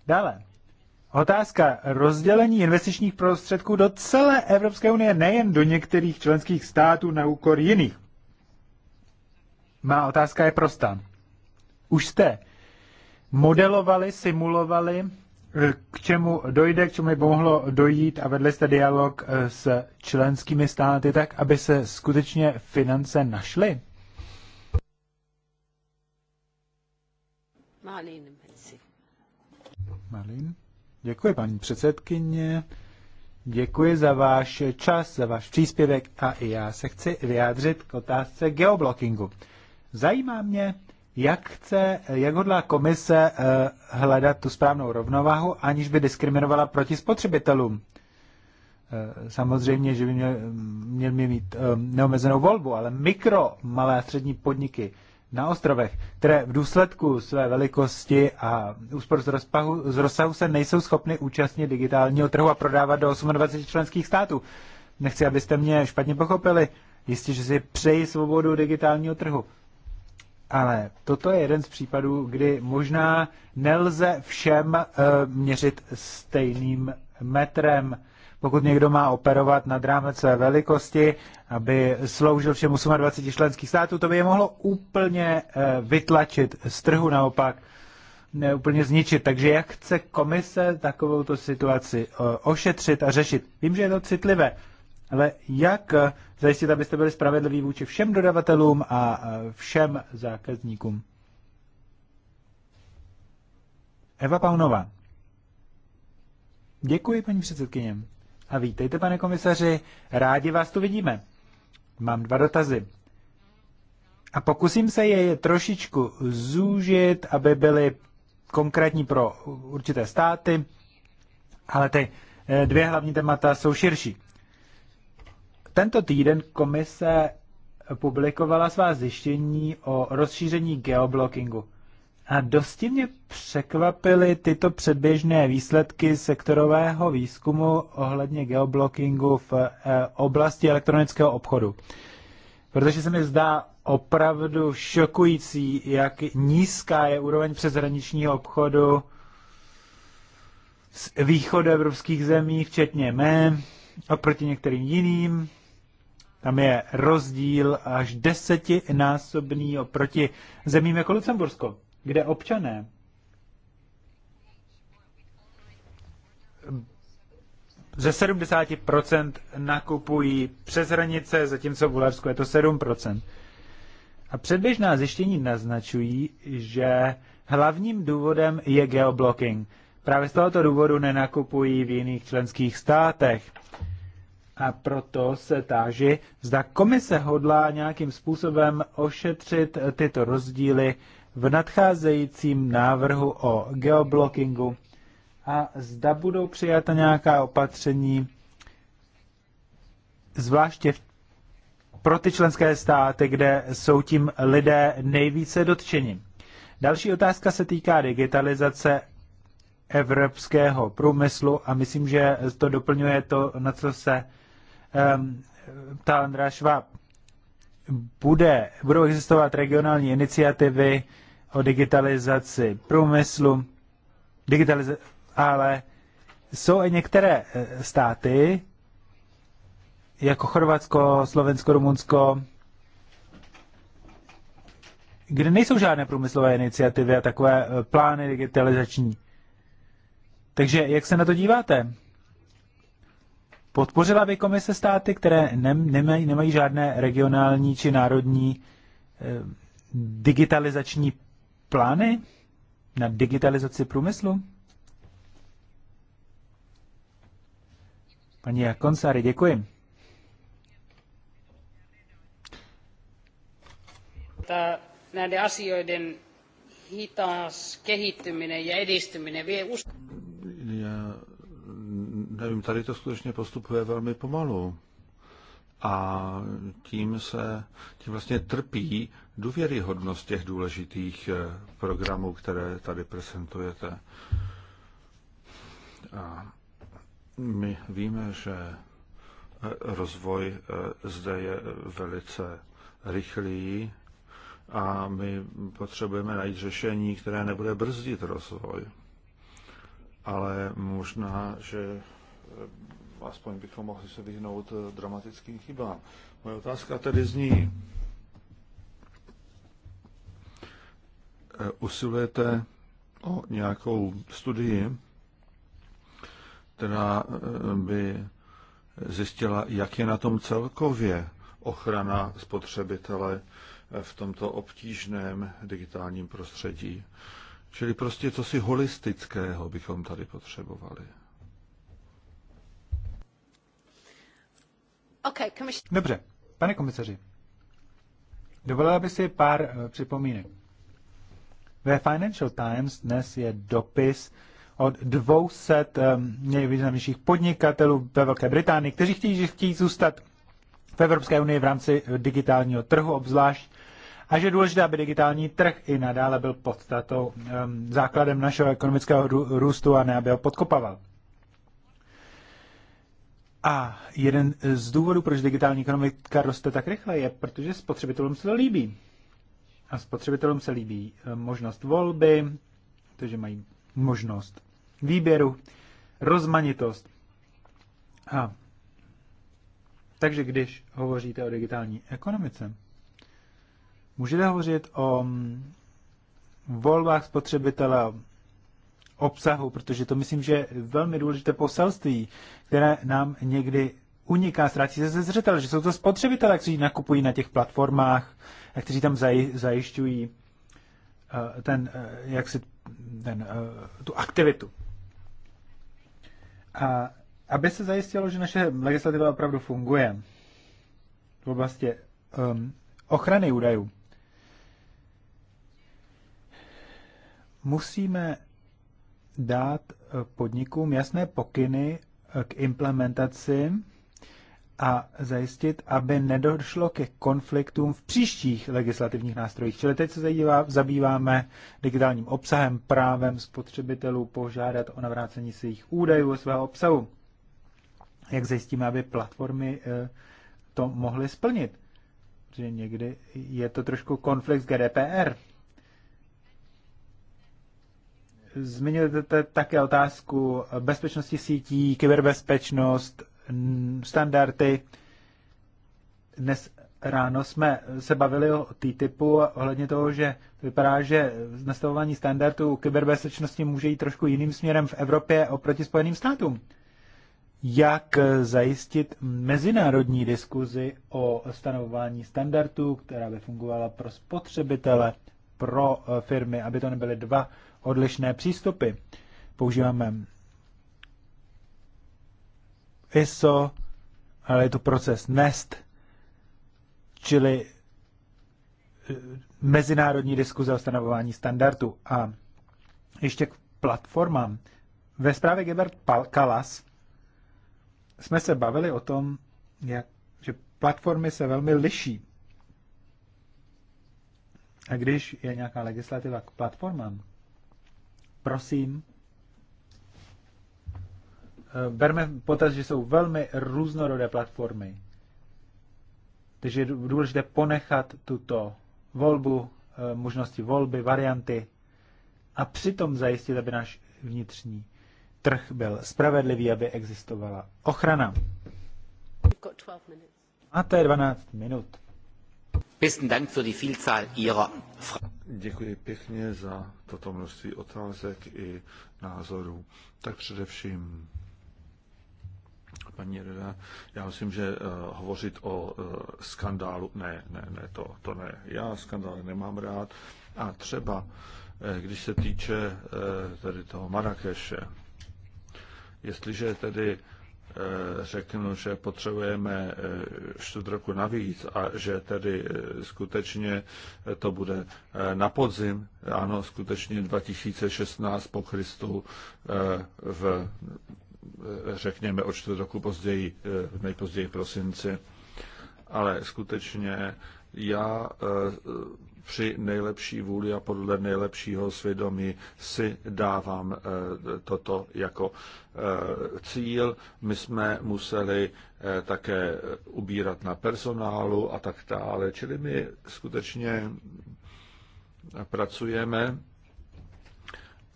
Dále. Otázka rozdělení investičních prostředků do celé Evropské unie, nejen do některých členských států na úkor jiných. Má otázka je prostá. Už jste modelovali, simulovali k čemu dojde, k čemu by mohlo dojít a vedli jste dialog eh, s členskými státy tak, aby se skutečně finance našly? Malin, Děkuji, paní předsedkyně. Děkuji za váš čas, za váš příspěvek a i já se chci vyjádřit k otázce geoblockingu. Zajímá mě, jak, chce, jak hodlá komise eh, hledat tu správnou rovnováhu, aniž by diskriminovala proti spotřebitelům? Eh, samozřejmě, že by měl, měl mě mít eh, neomezenou volbu, ale mikro, malé a střední podniky na ostrovech, které v důsledku své velikosti a úspor z, rozpahu, z rozsahu se nejsou schopny účastnit digitálního trhu a prodávat do 28 členských států. Nechci, abyste mě špatně pochopili. Jistě, že si přeji svobodu digitálního trhu. Ale toto je jeden z případů, kdy možná nelze všem uh, měřit stejným metrem. Pokud někdo má operovat nad rámec své velikosti, aby sloužil všem 28 členských států, to by je mohlo úplně uh, vytlačit z trhu naopak, ne, úplně zničit. Takže jak chce komise takovouto situaci uh, ošetřit a řešit? Vím, že je to citlivé, ale jak eh, zajistit, abyste byli spravedliví vůči všem dodavatelům a eh, všem zákazníkům? Eva Paunová. Děkuji, paní předsedkyně. A vítejte, pane komisaři, rádi vás tu vidíme. Mám dva dotazy. A pokusím se je trošičku zúžit, aby byly konkrétní pro určité státy, ale ty eh, dvě hlavní témata jsou širší. Tento týden komise publikovala svá zjištění o rozšíření geoblockingu. A dosti mě překvapily tyto předběžné výsledky sektorového výzkumu ohledně geoblockingu v eh, oblasti elektronického obchodu. Protože se mi zdá opravdu šokující, jak nízká je úroveň přeshraničního obchodu z východu evropských zemí, včetně mé, oproti některým jiným tam je rozdíl až desetinásobný oproti zemím jako Lucembursko, kde občané ze 70% nakupují přes hranice, zatímco v Bulharsku je to 7%. A předběžná zjištění naznačují, že hlavním důvodem je geoblocking. Právě z tohoto důvodu nenakupují v jiných členských státech. A proto se táži, zda komise hodlá nějakým způsobem ošetřit tyto rozdíly v nadcházejícím návrhu o geoblockingu a zda budou přijata nějaká opatření, zvláště pro ty členské státy, kde jsou tím lidé nejvíce dotčeni. Další otázka se týká digitalizace evropského průmyslu a myslím, že to doplňuje to, na co se ptal ehm, Andrá Šváb, bude, budou existovat regionální iniciativy o digitalizaci průmyslu, digitaliza- ale jsou i některé e, státy, jako Chorvatsko, Slovensko, Rumunsko, kde nejsou žádné průmyslové iniciativy a takové e, plány digitalizační. Takže jak se na to díváte? Podpořila by komise státy, které nemají, nemají žádné regionální či národní eh, digitalizační plány na digitalizaci průmyslu? Paní Konsary, děkuji. Ta näiden asioiden hitaas kehittyminen ja edistyminen vie usko nevím, tady to skutečně postupuje velmi pomalu. A tím se, tím vlastně trpí důvěryhodnost těch důležitých eh, programů, které tady prezentujete. A my víme, že eh, rozvoj eh, zde je velice rychlý a my potřebujeme najít řešení, které nebude brzdit rozvoj. Ale možná, že Eh, aspoň bychom mohli se vyhnout eh, dramatickým chybám. Moje otázka tedy zní, eh, usilujete o nějakou studii, která by zjistila, jak je na tom celkově ochrana spotřebitele v tomto obtížném digitálním prostředí. Čili prostě co si holistického bychom tady potřebovali. Dobře, pane komisaři, dovolila by si pár uh, připomínek. Ve Financial Times dnes je dopis od 200 um, eh, nejvýznamnějších podnikatelů ve Velké Británii, kteří chtějí, že chtějí zůstat v Evropské unii v rámci eh, digitálního trhu obzvlášť a že je důležité, aby digitální trh i nadále byl podstatou, um, základem našeho ekonomického růstu a ne, aby ho podkopával. A jeden z důvodů, proč digitální ekonomika roste tak rychle, je, protože spotřebitelům se to líbí. A spotřebitelům se líbí eh, možnost volby, protože mají možnost výběru, rozmanitost. A takže když hovoříte o digitální ekonomice, můžete hovořit o mm, volbách spotřebitele, obsahu, protože to myslím, že je velmi důležité poselství, které nám někdy uniká, ztrácí se ze zřetele, že jsou to spotřebitelé, kteří nakupují na těch platformách a kteří tam zaji, zajišťují eh, ten, eh, jak si, ten, eh, tu aktivitu. A aby se zajistilo, že naše legislativa opravdu funguje v oblasti um, ochrany údajů, musíme dát eh, podnikům jasné pokyny eh, k implementaci a zajistit, aby nedošlo ke konfliktům v příštích legislativních nástrojích. Čili teď se zabývá, zabýváme digitálním obsahem, právem spotřebitelů požádat o navrácení svých údajů a svého obsahu. Jak zajistíme, aby platformy eh, to mohly splnit? Protože někdy je to trošku konflikt s GDPR. Zmiňujete také otázku bezpečnosti sítí, kyberbezpečnost, standardy. Dnes ráno jsme se bavili o T-typu ohledně toho, že vypadá, že nastavování standardů kyberbezpečnosti může jít trošku jiným směrem v Evropě oproti Spojeným státům. Jak zajistit mezinárodní diskuzi o stanovování standardů, která by fungovala pro spotřebitele, pro eh, firmy, aby to nebyly dva odlišné přístupy. Používáme ISO, ale je to proces NEST, čili eh, mezinárodní diskuze o stanovování standardu. A ještě k platformám. Ve zprávě Gebert Kalas jsme se bavili o tom, jak, že platformy se velmi liší. A když je nějaká legislativa k platformám, Prosím. Eh, berme v potaz, že jsou velmi různorodé platformy. Takže je důležité ponechat tuto volbu, eh, možnosti volby, varianty a přitom zajistit, aby náš vnitřní trh byl spravedlivý, aby existovala ochrana. Máte 12 minut. Besten Dank für die Vielzahl Ihrer Fragen. Děkuji pěkně za toto množství otázek i názorů. Tak především, paní Reda, já myslím, že uh, hovořit o uh, skandálu, ne, ne, ne, to, to ne. Já skandály nemám rád. A třeba, eh, když se týče eh, tedy toho Marrakeše, jestliže tedy řeknu, že potřebujeme eh, čtvrt roku navíc a že tedy eh, skutečně eh, to bude na podzim, ano, skutečně 2016 po Kristu v řekněme o čtvrt roku později, nejpozději prosinci. Ale skutečně já při nejlepší vůli a podle nejlepšího svědomí si dávám eh, toto jako eh, cíl. My jsme museli eh, také ubírat na personálu a tak dále. Čili my skutečně pracujeme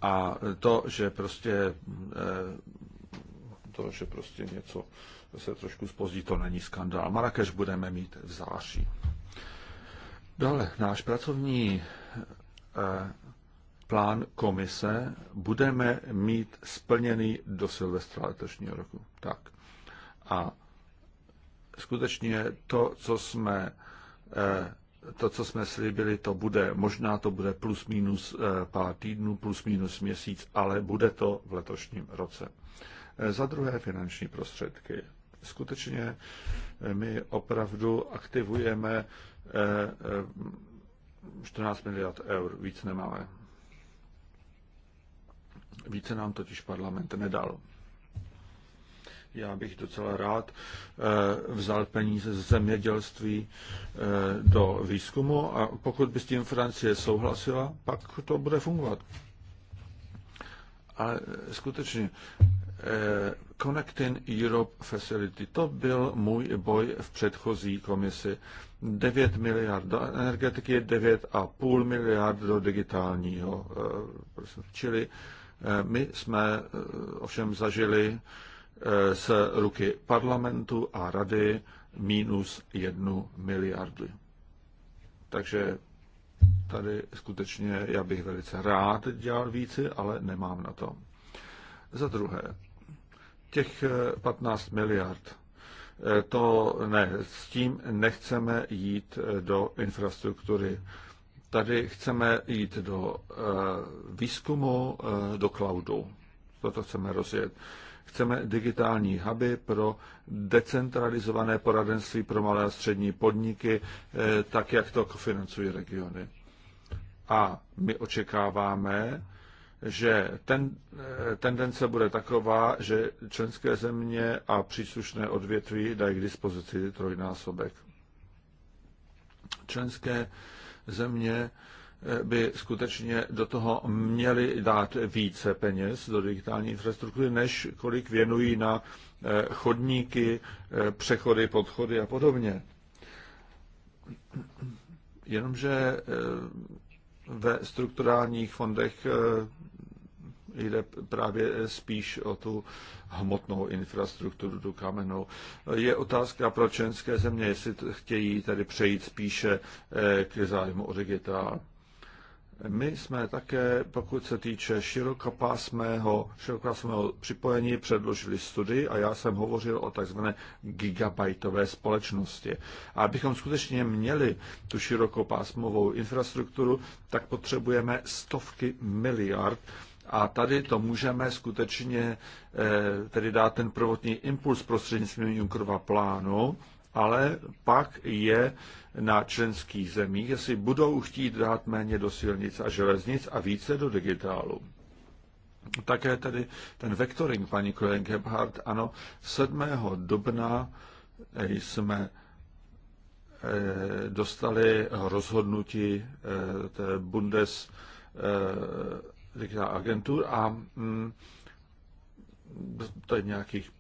a to, že prostě to, že prostě něco se trošku spozdí, to není skandál. Marrakeš budeme mít v září. Dále náš pracovní eh, plán komise budeme mít splněný do Silvestra letošního roku. Tak. A skutečně to, co jsme eh, to, co jsme slíbili, to bude, možná to bude plus minus eh, pár týdnů, plus minus měsíc, ale bude to v letošním roce. Za druhé finanční prostředky. Skutečně my opravdu aktivujeme 14 eh, eh, miliard eur, víc nemáme. Více nám totiž parlament nedal. Já bych docela rád eh, vzal peníze ze zemědělství do výzkumu a pokud by s tím Francie souhlasila, pak to bude fungovat. Ale skutečně, Connecting Europe Facility, to byl můj boj v předchozí komisi. 9 miliard do energetiky, 9,5 miliard do digitálního. Eh, čili eh, my jsme eh, ovšem zažili z ruky parlamentu a rady minus jednu miliardu. Takže tady skutečně já bych velice rád dělal více, ale nemám na to. Za druhé, těch 15 miliard to ne, s tím nechceme jít do infrastruktury. Tady chceme jít do eh, výzkumu, eh, do cloudu. Toto chceme rozjet. Chceme digitální huby pro decentralizované poradenství pro malé a střední podniky, eh, tak jak to kofinancují regiony. A my očekáváme, že ten, eh, tendence bude taková, že členské země a příslušné odvětví dají k dispozici trojnásobek. Členské země eh, by skutečně do toho měli dát více peněz do digitální infrastruktury, než kolik věnují na eh, chodníky, přechody, podchody a podobně. Jenomže ve strukturálních fondech jde právě spíš o tu hmotnou infrastrukturu, tu kamenou. Je otázka pro členské země, jestli chtějí tady přejít spíše eh, k zájmu o digitál. My jsme také, pokud se týče širokopásmého, širokopásmého připojení, předložili studii a já jsem hovořil o takzvané gigabajtové společnosti. A abychom skutečně měli tu širokopásmovou infrastrukturu, tak potřebujeme stovky miliard a tady to můžeme skutečně eh, tedy dát ten prvotní impuls prostřednictvím Junckerova plánu, ale pak je na členských zemích, jestli budou chtít dát méně do silnic a železnic a více do digitálu. Také tedy ten vektoring, paní Kolen Gebhardt, ano, 7. dubna eh, jsme eh, dostali rozhodnutí té Bundes digitálních agentur a mm, to je nějakých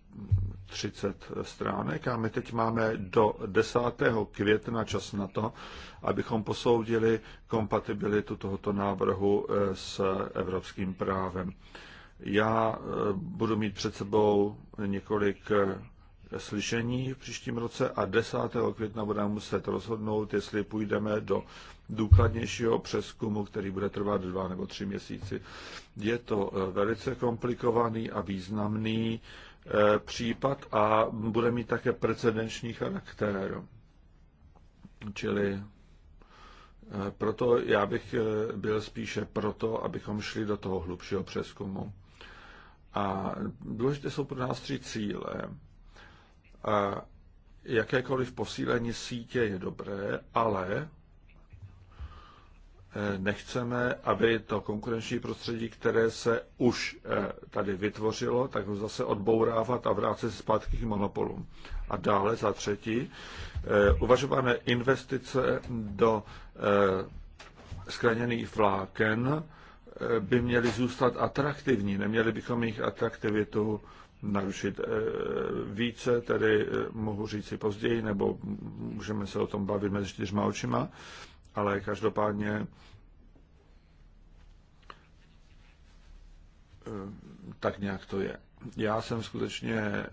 30 stránek a my teď máme do 10. května čas na to, abychom posoudili kompatibilitu tohoto návrhu eh, s evropským právem. Já eh, budu mít před sebou několik eh, slyšení v příštím roce a 10. května budeme muset rozhodnout, jestli půjdeme do důkladnějšího přeskumu, který bude trvat dva nebo tři měsíci. Je to eh, velice komplikovaný a významný eh, případ a bude mít také precedenční charakter. Čili eh, proto já bych byl spíše proto, abychom šli do toho hlubšího přeskumu. A důležité jsou pro nás tři cíle. A jakékoliv posílení sítě je dobré, ale eh, nechceme, aby to konkurenční prostředí, které se už eh, tady vytvořilo, tak ho zase odbourávat a vrátit se zpátky k monopolům. A dále za třetí, eh, uvažované investice do skraněných vláken by měly zůstat atraktivní. Neměli bychom jejich atraktivitu narušit eh, více, tedy eh, mohu říct si později, nebo můžeme se o tom bavit mezi čtyřma očima, ale každopádně eh, tak nějak to je. Já jsem skutečně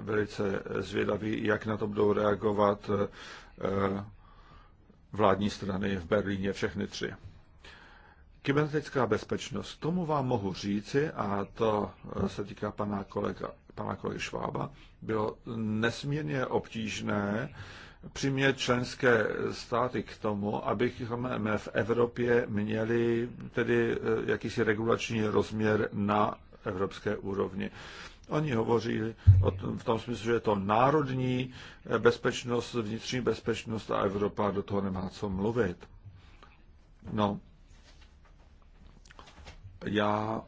velice zvědavý, jak na to budou reagovat vládní strany v Berlíně, všechny tři. Kybernetická bezpečnost. Tomu vám mohu říci, a to eh, se týká pana, kolega, pana kolegy Švába, bylo nesmírně obtížné přimět členské státy k tomu, abychom v Evropě měli tedy eh, jakýsi regulační rozměr na evropské úrovni. Oni hovoří o tom, v tom smyslu, že je to národní eh, bezpečnost, vnitřní bezpečnost a Evropa do toho nemá co mluvit. No, já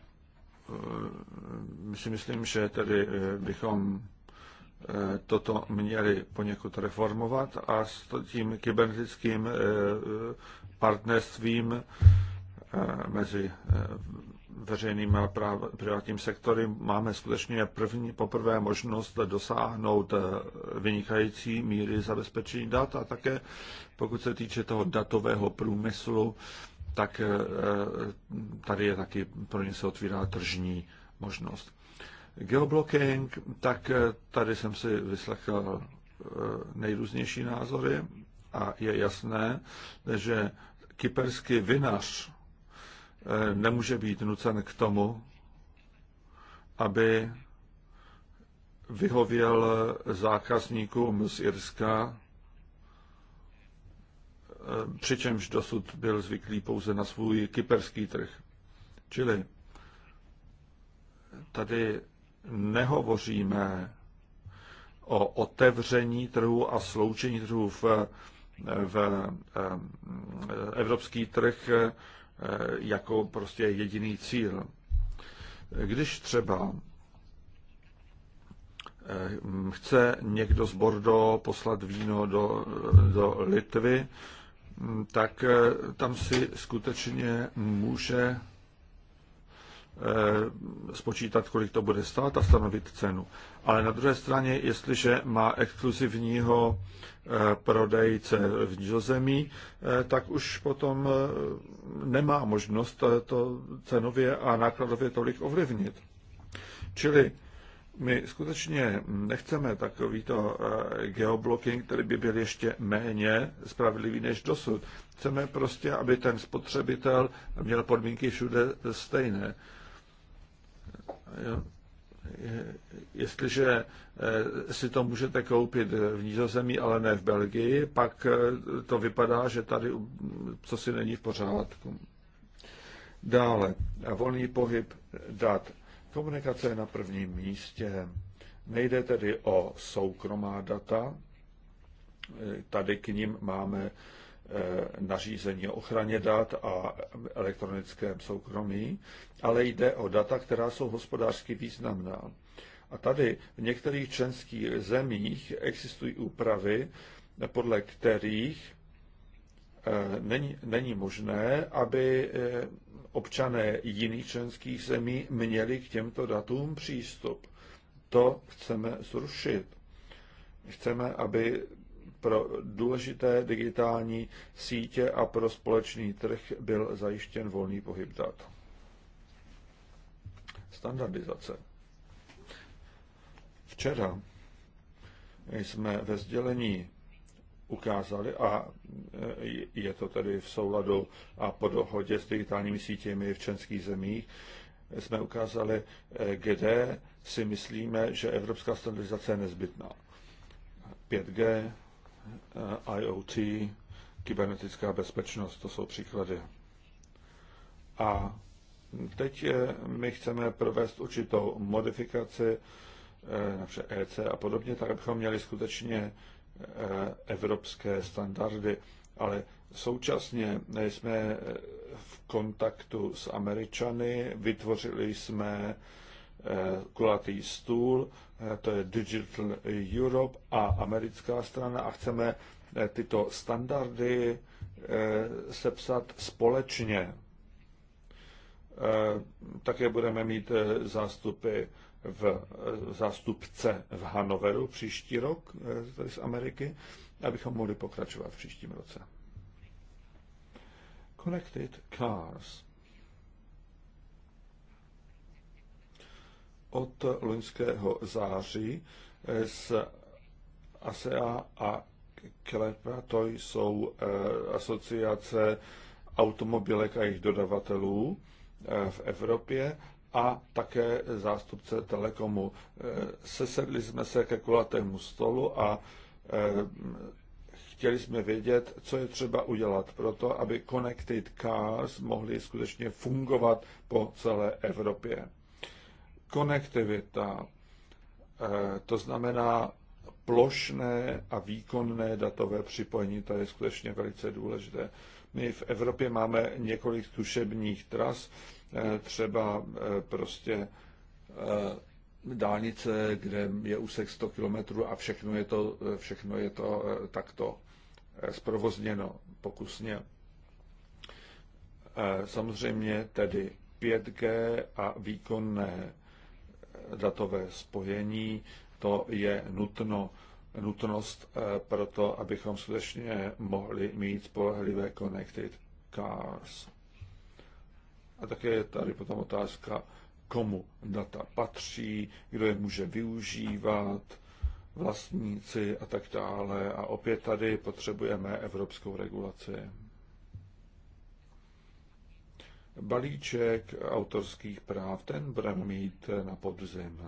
eh, si myslím, že tedy eh, bychom eh, toto měli poněkud reformovat a s tím kybernetickým partnerstvím mezi veřejným a privátním sektorem máme skutečně první, poprvé možnost dosáhnout vynikající míry zabezpečení dat a také pokud se týče toho datového průmyslu, tak eh, eh, tady je taky pro ně se otvírá tržní možnost. Geoblocking, tak eh, tady jsem si vyslechl nejrůznější názory a je jasné, že kyperský vinař nemůže být nucen k tomu, aby vyhověl zákazníkům z Irska, Eh, přičemž dosud byl zvyklý pouze na svůj kyperský trh. Čili tady nehovoříme o otevření trhu a sloučení trhu v, v eh, evropský trh eh, jako prostě jediný cíl. Když třeba chce někdo z Bordeaux poslat víno do, do Litvy, tak eh, tam si skutečně může eh, spočítat, kolik to bude stát a stanovit cenu. Ale na druhé straně, jestliže má exkluzivního eh, prodejce v Nizozemí, tak už potom nemá možnost to cenově a nákladově tolik ovlivnit. Čili my skutečně nechceme takovýto eh, geoblocking, který by byl ještě méně spravedlivý než dosud. Chceme prostě, aby ten spotřebitel měl podmínky všude stejné. Jestliže eh, si to můžete koupit v Nízozemí, ale ne v Belgii, pak eh, to vypadá, že tady co si není v pořádku. Dále, volný pohyb dat Komunikace je na prvním místě. Nejde tedy o soukromá data. Tady k ním máme eh, nařízení o ochraně dat a elektronickém soukromí, ale jde o data, která jsou hospodářsky významná. A tady v některých členských zemích existují úpravy, podle kterých Eh, není, není možné, aby eh, občané jiných členských zemí měli k těmto datům přístup. To chceme zrušit. Chceme, aby pro důležité digitální sítě a pro společný trh byl zajištěn volný pohyb dat. Standardizace. Včera jsme ve sdělení ukázali a e, je to tedy v souladu a po dohodě s digitálními sítěmi v členských zemích, jsme ukázali, e, kde si myslíme, že evropská standardizace je nezbytná. 5G, e, IoT, kybernetická bezpečnost, to jsou příklady. A teď my chceme provést určitou modifikaci, například EC a podobně, tak abychom měli skutečně Eh, evropské standardy, ale současně jsme v kontaktu s Američany, vytvořili jsme eh, kulatý stůl, eh, to je Digital Europe a americká strana a chceme tyto standardy sepsat společně. Také budeme mít zástupy v eh, zástupce v Hanoveru příští rok eh, tady z Ameriky, abychom mohli pokračovat v příštím roce. Connected Cars. Od loňského září z eh, ASEA a e Klepa, to jsou asociace automobilek a jejich dodavatelů v Evropě a také zástupce Telekomu. E, sesedli jsme se ke kulatému stolu a e, chtěli jsme vědět, co je třeba udělat pro to, aby Connected Cars mohly skutečně fungovat po celé Evropě. Konektivita, e, to znamená plošné a výkonné datové připojení, to je skutečně velice důležité. My v Evropě máme několik tušebních tras, Eh, třeba eh, prostě eh, dálnice, kde je úsek 100 km a všechno je to, všechno je to takto zprovozněno pokusně. Samozřejmě tedy 5G a výkonné datové spojení, to je nutno, nutnost pro to, abychom skutečně mohli mít spolehlivé connected cars. A také je tady potom otázka, komu data patří, kdo je může využívat, vlastníci a tak dále. A opět tady potřebujeme evropskou regulaci. Balíček autorských práv, ten budeme mít na podzim.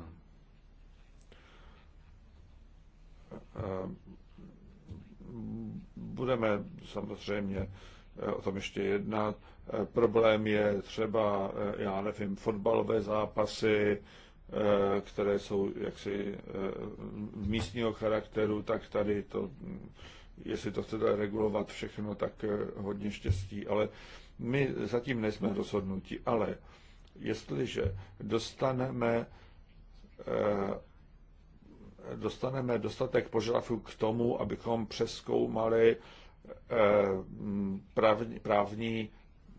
Ehm, budeme samozřejmě o tom ještě jednat Eh, problém je třeba, eh, já nevím, fotbalové zápasy, eh, které jsou jaksi místního charakteru, tak tady to, hm, jestli to chcete regulovat všechno, tak hodně štěstí. Ale my zatím nejsme rozhodnutí, ale jestliže dostaneme dostaneme dostatek požadavků k tomu, abychom přeskoumali hm, právní, právní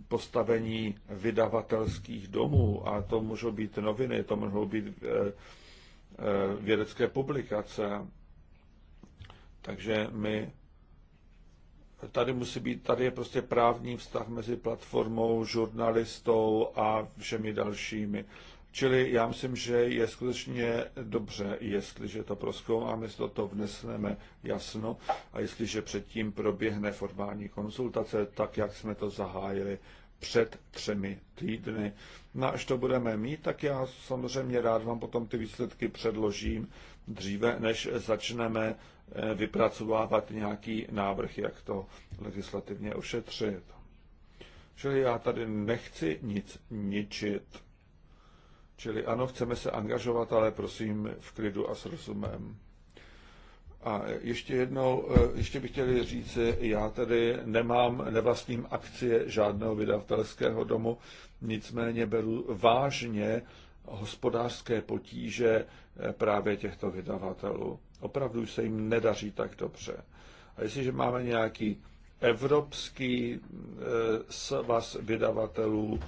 postavení vydavatelských domů, a to můžou být noviny, to mohou být eh, eh, vědecké publikace. Takže my tady musí být, tady je prostě právní vztah mezi platformou, žurnalistou a všemi dalšími. Čili já myslím, že je skutečně dobře, jestliže to proskoumáme, jestli to vnesneme jasno a jestliže předtím proběhne formální konzultace, tak jak jsme to zahájili před třemi týdny. No až to budeme mít, tak já samozřejmě rád vám potom ty výsledky předložím dříve, než začneme eh, vypracovávat nějaký návrh, jak to legislativně ošetřit. Čili já tady nechci nic ničit. Čili ano, chceme se angažovat, ale prosím v klidu a s rozumem. A ještě jednou, eh, ještě bych chtěl říct, já tady nemám, nevlastním akcie žádného vydavatelského domu, nicméně beru vážně hospodářské potíže eh, právě těchto vydavatelů. Opravdu se jim nedaří tak dobře. A jestliže máme nějaký evropský eh, svaz vydavatelů,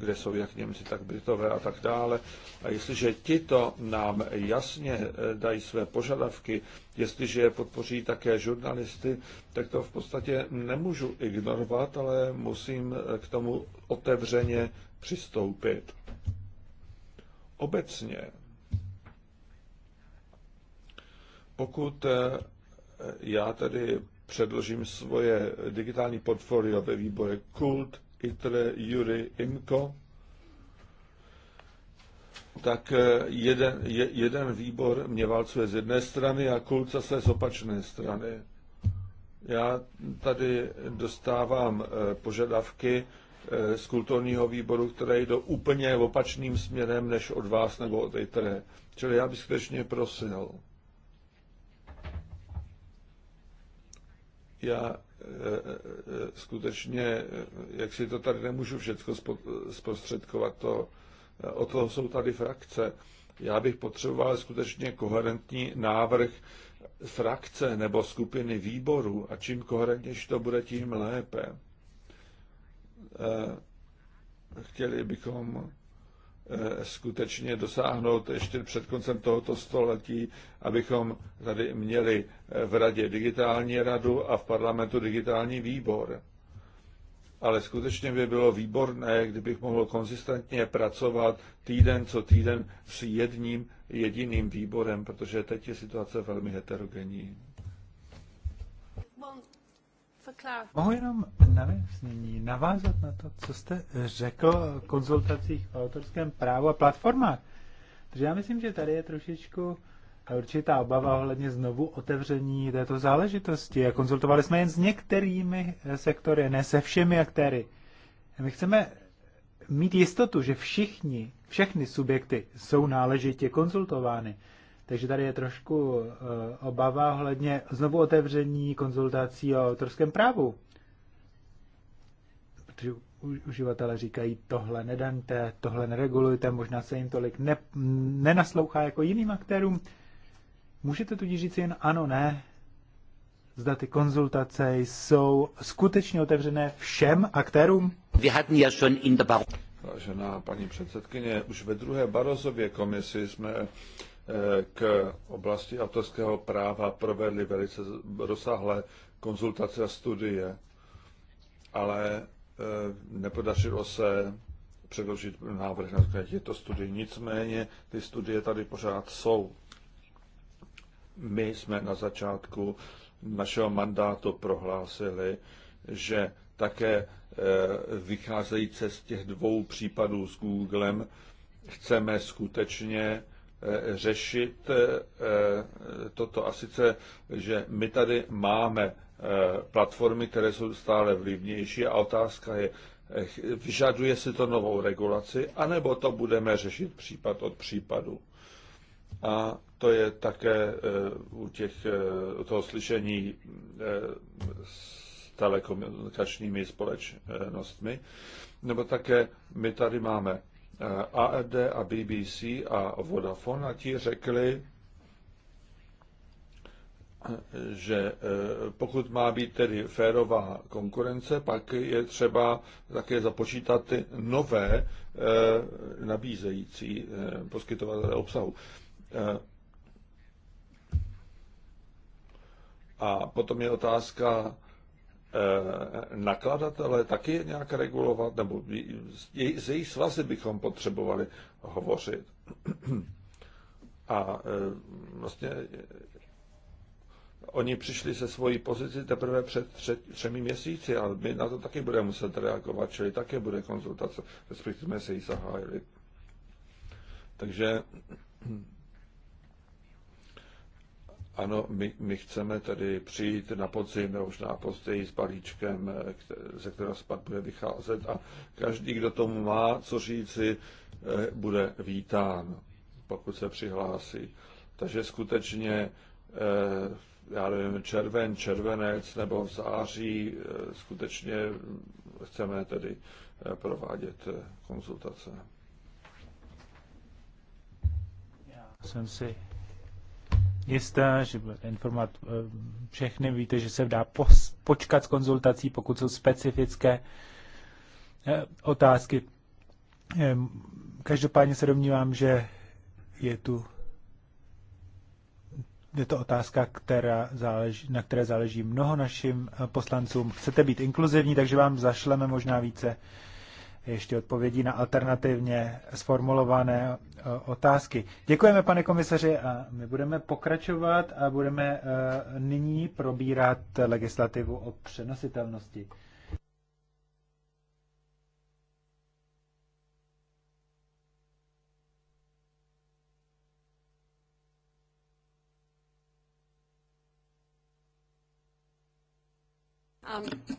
kde jsou jak Němci, tak Britové a tak dále. A jestliže tito nám jasně eh, dají své požadavky, jestliže je podpoří také žurnalisty, tak to v podstatě nemůžu ignorovat, ale musím eh, k tomu otevřeně přistoupit. Obecně, pokud eh, já tedy předložím svoje digitální portfolio ve výbore Kult, ITRE, Jury, Imko. tak eh, jeden, jeden výbor mě válcuje z jedné strany a kulca se z opačné strany. Já tady dostávám eh, požadavky eh, z kulturního výboru, které jdou úplně opačným směrem než od vás nebo od ITRE. Čili já bych skutečně prosil. Já Eh, eh, skutečně, eh, jak si to tady nemůžu všechno zprostředkovat, to, o toho jsou tady frakce. Já bych potřeboval skutečně koherentní návrh frakce nebo skupiny výboru a čím koherentnější to bude, tím lépe. Chtěli bychom Eh, skutečně dosáhnout ještě před koncem tohoto století, abychom tady měli eh, v radě digitální radu a v parlamentu digitální výbor. Ale skutečně by bylo výborné, kdybych mohl konzistentně pracovat týden co týden s jedním jediným výborem, protože teď je situace velmi heterogenní. Mohu jenom navázat na to, co jste řekl o konzultacích o autorském právu a platformách. Protože já myslím, že tady je trošičku určitá obava ohledně znovu otevření této záležitosti. A konzultovali jsme jen s některými sektory, ne se všemi aktéry. My chceme mít jistotu, že všichni, všechny subjekty jsou náležitě konzultovány. Takže tady je trošku eh, obava ohledně znovu otevření konzultací o autorském právu. Protože uživatelé říkají, tohle nedante, tohle neregulujte, možná se jim tolik ne, nenaslouchá jako jiným aktérům. Můžete tudíž říct jen ano, ne, zda ty konzultace jsou skutečně otevřené všem aktérům? Vážená paní předsedkyně, už ve druhé Barozově komisi jsme Eh, k oblasti autorského práva provedli velice rozsáhlé konzultace a studie, ale eh, nepodařilo se předložit návrh na těchto studií. Nicméně ty studie tady pořád jsou. My jsme na začátku našeho mandátu prohlásili, že také eh, vycházejíce z těch dvou případů s Googlem chceme skutečně Eh, řešit eh, eh, toto. A sice, že my tady máme platformy, které jsou stále vlivnější a otázka je, vyžaduje si to novou regulaci, anebo to budeme řešit případ od případu. A to je také u těch, u toho slyšení s telekomunikačními společnostmi. Nebo také my tady máme ARD eh, a e BBC a Vodafone a ti řekli, eh, že eh, pokud má být tedy férová konkurence, pak je třeba také započítat ty nové nabízející poskytovatele obsahu. A potom je otázka, Eh, nakladatele taky nějak regulovat, nebo z její svazy bychom potřebovali hovořit. A eh, vlastně eh, oni přišli se svojí pozici teprve před tře, třemi měsíci, ale my na to taky budeme muset reagovat, čili také bude konzultace, respektive jsme se jí zahájili. Takže ano, my, my chceme tedy přijít na podzim, možná později s balíčkem, ze kterého spad bude vycházet a každý, kdo tomu má co říci, eh, bude vítán, pokud se přihlásí. Takže skutečně, eh, já nevím, červen, červenec nebo v září, eh, skutečně chceme tedy provádět konzultace. Já jsem si jistá, že bude informovat eh, všechny. Víte, že se dá pos, počkat s konzultací, pokud jsou specifické eh, otázky. Ehm, každopádně se domnívám, že je tu je to otázka, která záleží, na které záleží mnoho našim eh, poslancům. Chcete být inkluzivní, takže vám zašleme možná více ještě odpovědí na alternativně sformulované e, otázky. Děkujeme, pane komisaři, a my budeme pokračovat a budeme e, nyní probírat legislativu o přenositelnosti. Um,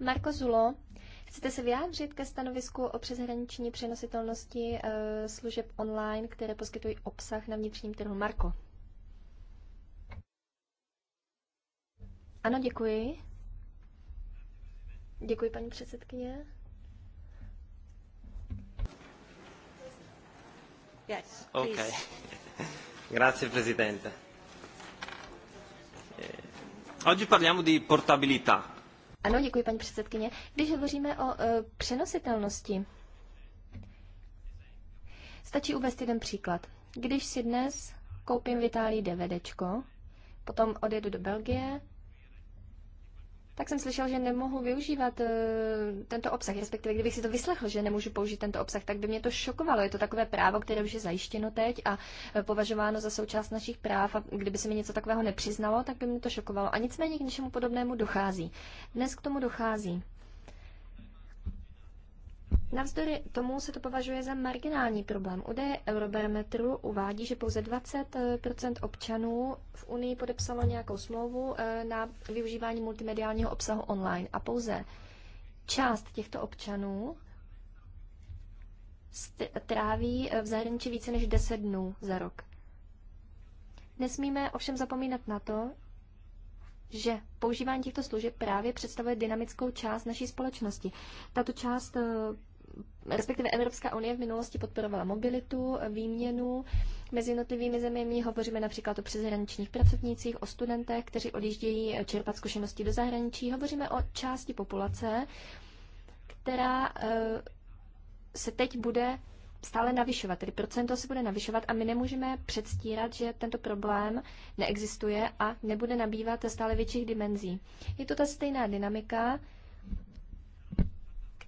Marco Zulo, chcete se vyjádřit ke stanovisku o přeshraniční přenositelnosti eh, služeb online, které poskytují obsah na vnitřním trhu? Marko. Ano, děkuji. Děkuji, paní předsedkyně. Yes, please. okay. Grazie, presidente. Oggi parliamo di portabilità. Ano, děkuji paní předsedkyně. Když hovoříme o e, přenositelnosti, stačí uvést jeden příklad. Když si dnes koupím v Itálii DVDčko, potom odjedu do Belgie, tak jsem slyšel, že nemohu využívat eh, tento obsah, respektive kdybych si to vyslechl, že nemůžu použít tento obsah, tak by mě to šokovalo. Je to takové právo, které už je zajištěno teď a eh, považováno za součást našich práv a kdyby se mi něco takového nepřiznalo, tak by mě to šokovalo. A nicméně k něčemu podobnému dochází. Dnes k tomu dochází. Navzdory tomu se to považuje za marginální problém. Údaje Eurobarometru uvádí, že pouze 20 eh, občanů v Unii podepsalo nějakou smlouvu eh, na využívání multimediálního obsahu online a pouze část těchto občanů tráví eh, v zahraničí více než 10 dnů za rok. Nesmíme ovšem zapomínat na to, že používání těchto služeb právě představuje dynamickou část naší společnosti. Tato část respektive Evropská unie v minulosti podporovala mobilitu, výměnu mezi jednotlivými zeměmi. Hovoříme například o přeshraničních pracovnících, o studentech, kteří odjíždějí čerpat zkušenosti do zahraničí. Hovoříme o části populace, která eh, se teď bude stále navyšovat, tedy procento se bude navyšovat a my nemůžeme předstírat, že tento problém neexistuje a nebude nabývat stále větších dimenzí. Je to ta stejná dynamika,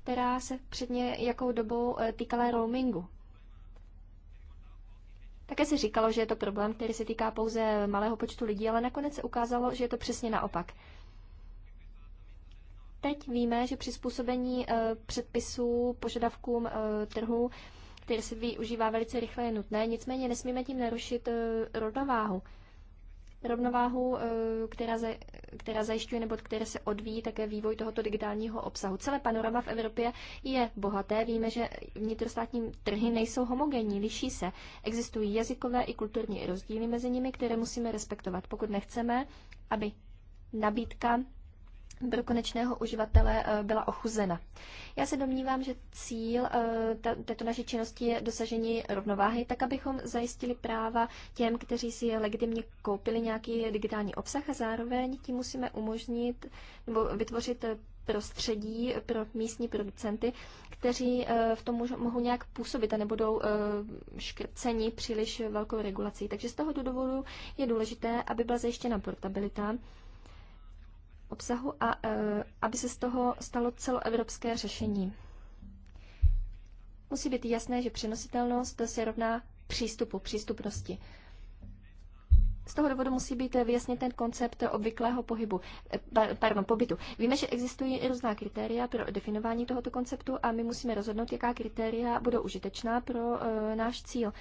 která se před nějakou dobou eh, týkala roamingu. Také se říkalo, že je to problém, který se týká pouze malého počtu lidí, ale nakonec se ukázalo, že je to přesně naopak. Teď víme, že přizpůsobení eh, předpisů požadavkům eh, trhu, který se využívá velice rychle, je nutné, nicméně nesmíme tím narušit rovnováhu. váhu rovnováhu, eh, která, za, která zajišťuje nebo které se odvíjí také vývoj tohoto digitálního obsahu. Celé panorama v Evropě je bohaté. Víme, že vnitrostátní trhy nejsou homogenní, liší se. Existují jazykové i kulturní rozdíly mezi nimi, které musíme respektovat, pokud nechceme, aby nabídka pro konečného uživatele eh, byla ochuzena. Já se domnívám, že cíl eh, této naší činnosti je dosažení rovnováhy, tak abychom zajistili práva těm, kteří si legitimně koupili nějaký digitální obsah a zároveň tím musíme umožnit nebo vytvořit eh, prostředí pro místní producenty, kteří v tom mohou nějak působit a nebudou škrceni příliš velkou regulací. Takže z toho důvodu je důležité, aby byla zajištěna portabilita obsahu a e, aby se z toho stalo celoevropské řešení. Musí být jasné, že přenositelnost se rovná přístupu, přístupnosti. Z toho důvodu musí být vyjasněn ten koncept obvyklého pohybu, e, pardon, pobytu. Víme, že existují i různá kritéria pro definování tohoto konceptu a my musíme rozhodnout, jaká kritéria budou užitečná pro e, náš cíl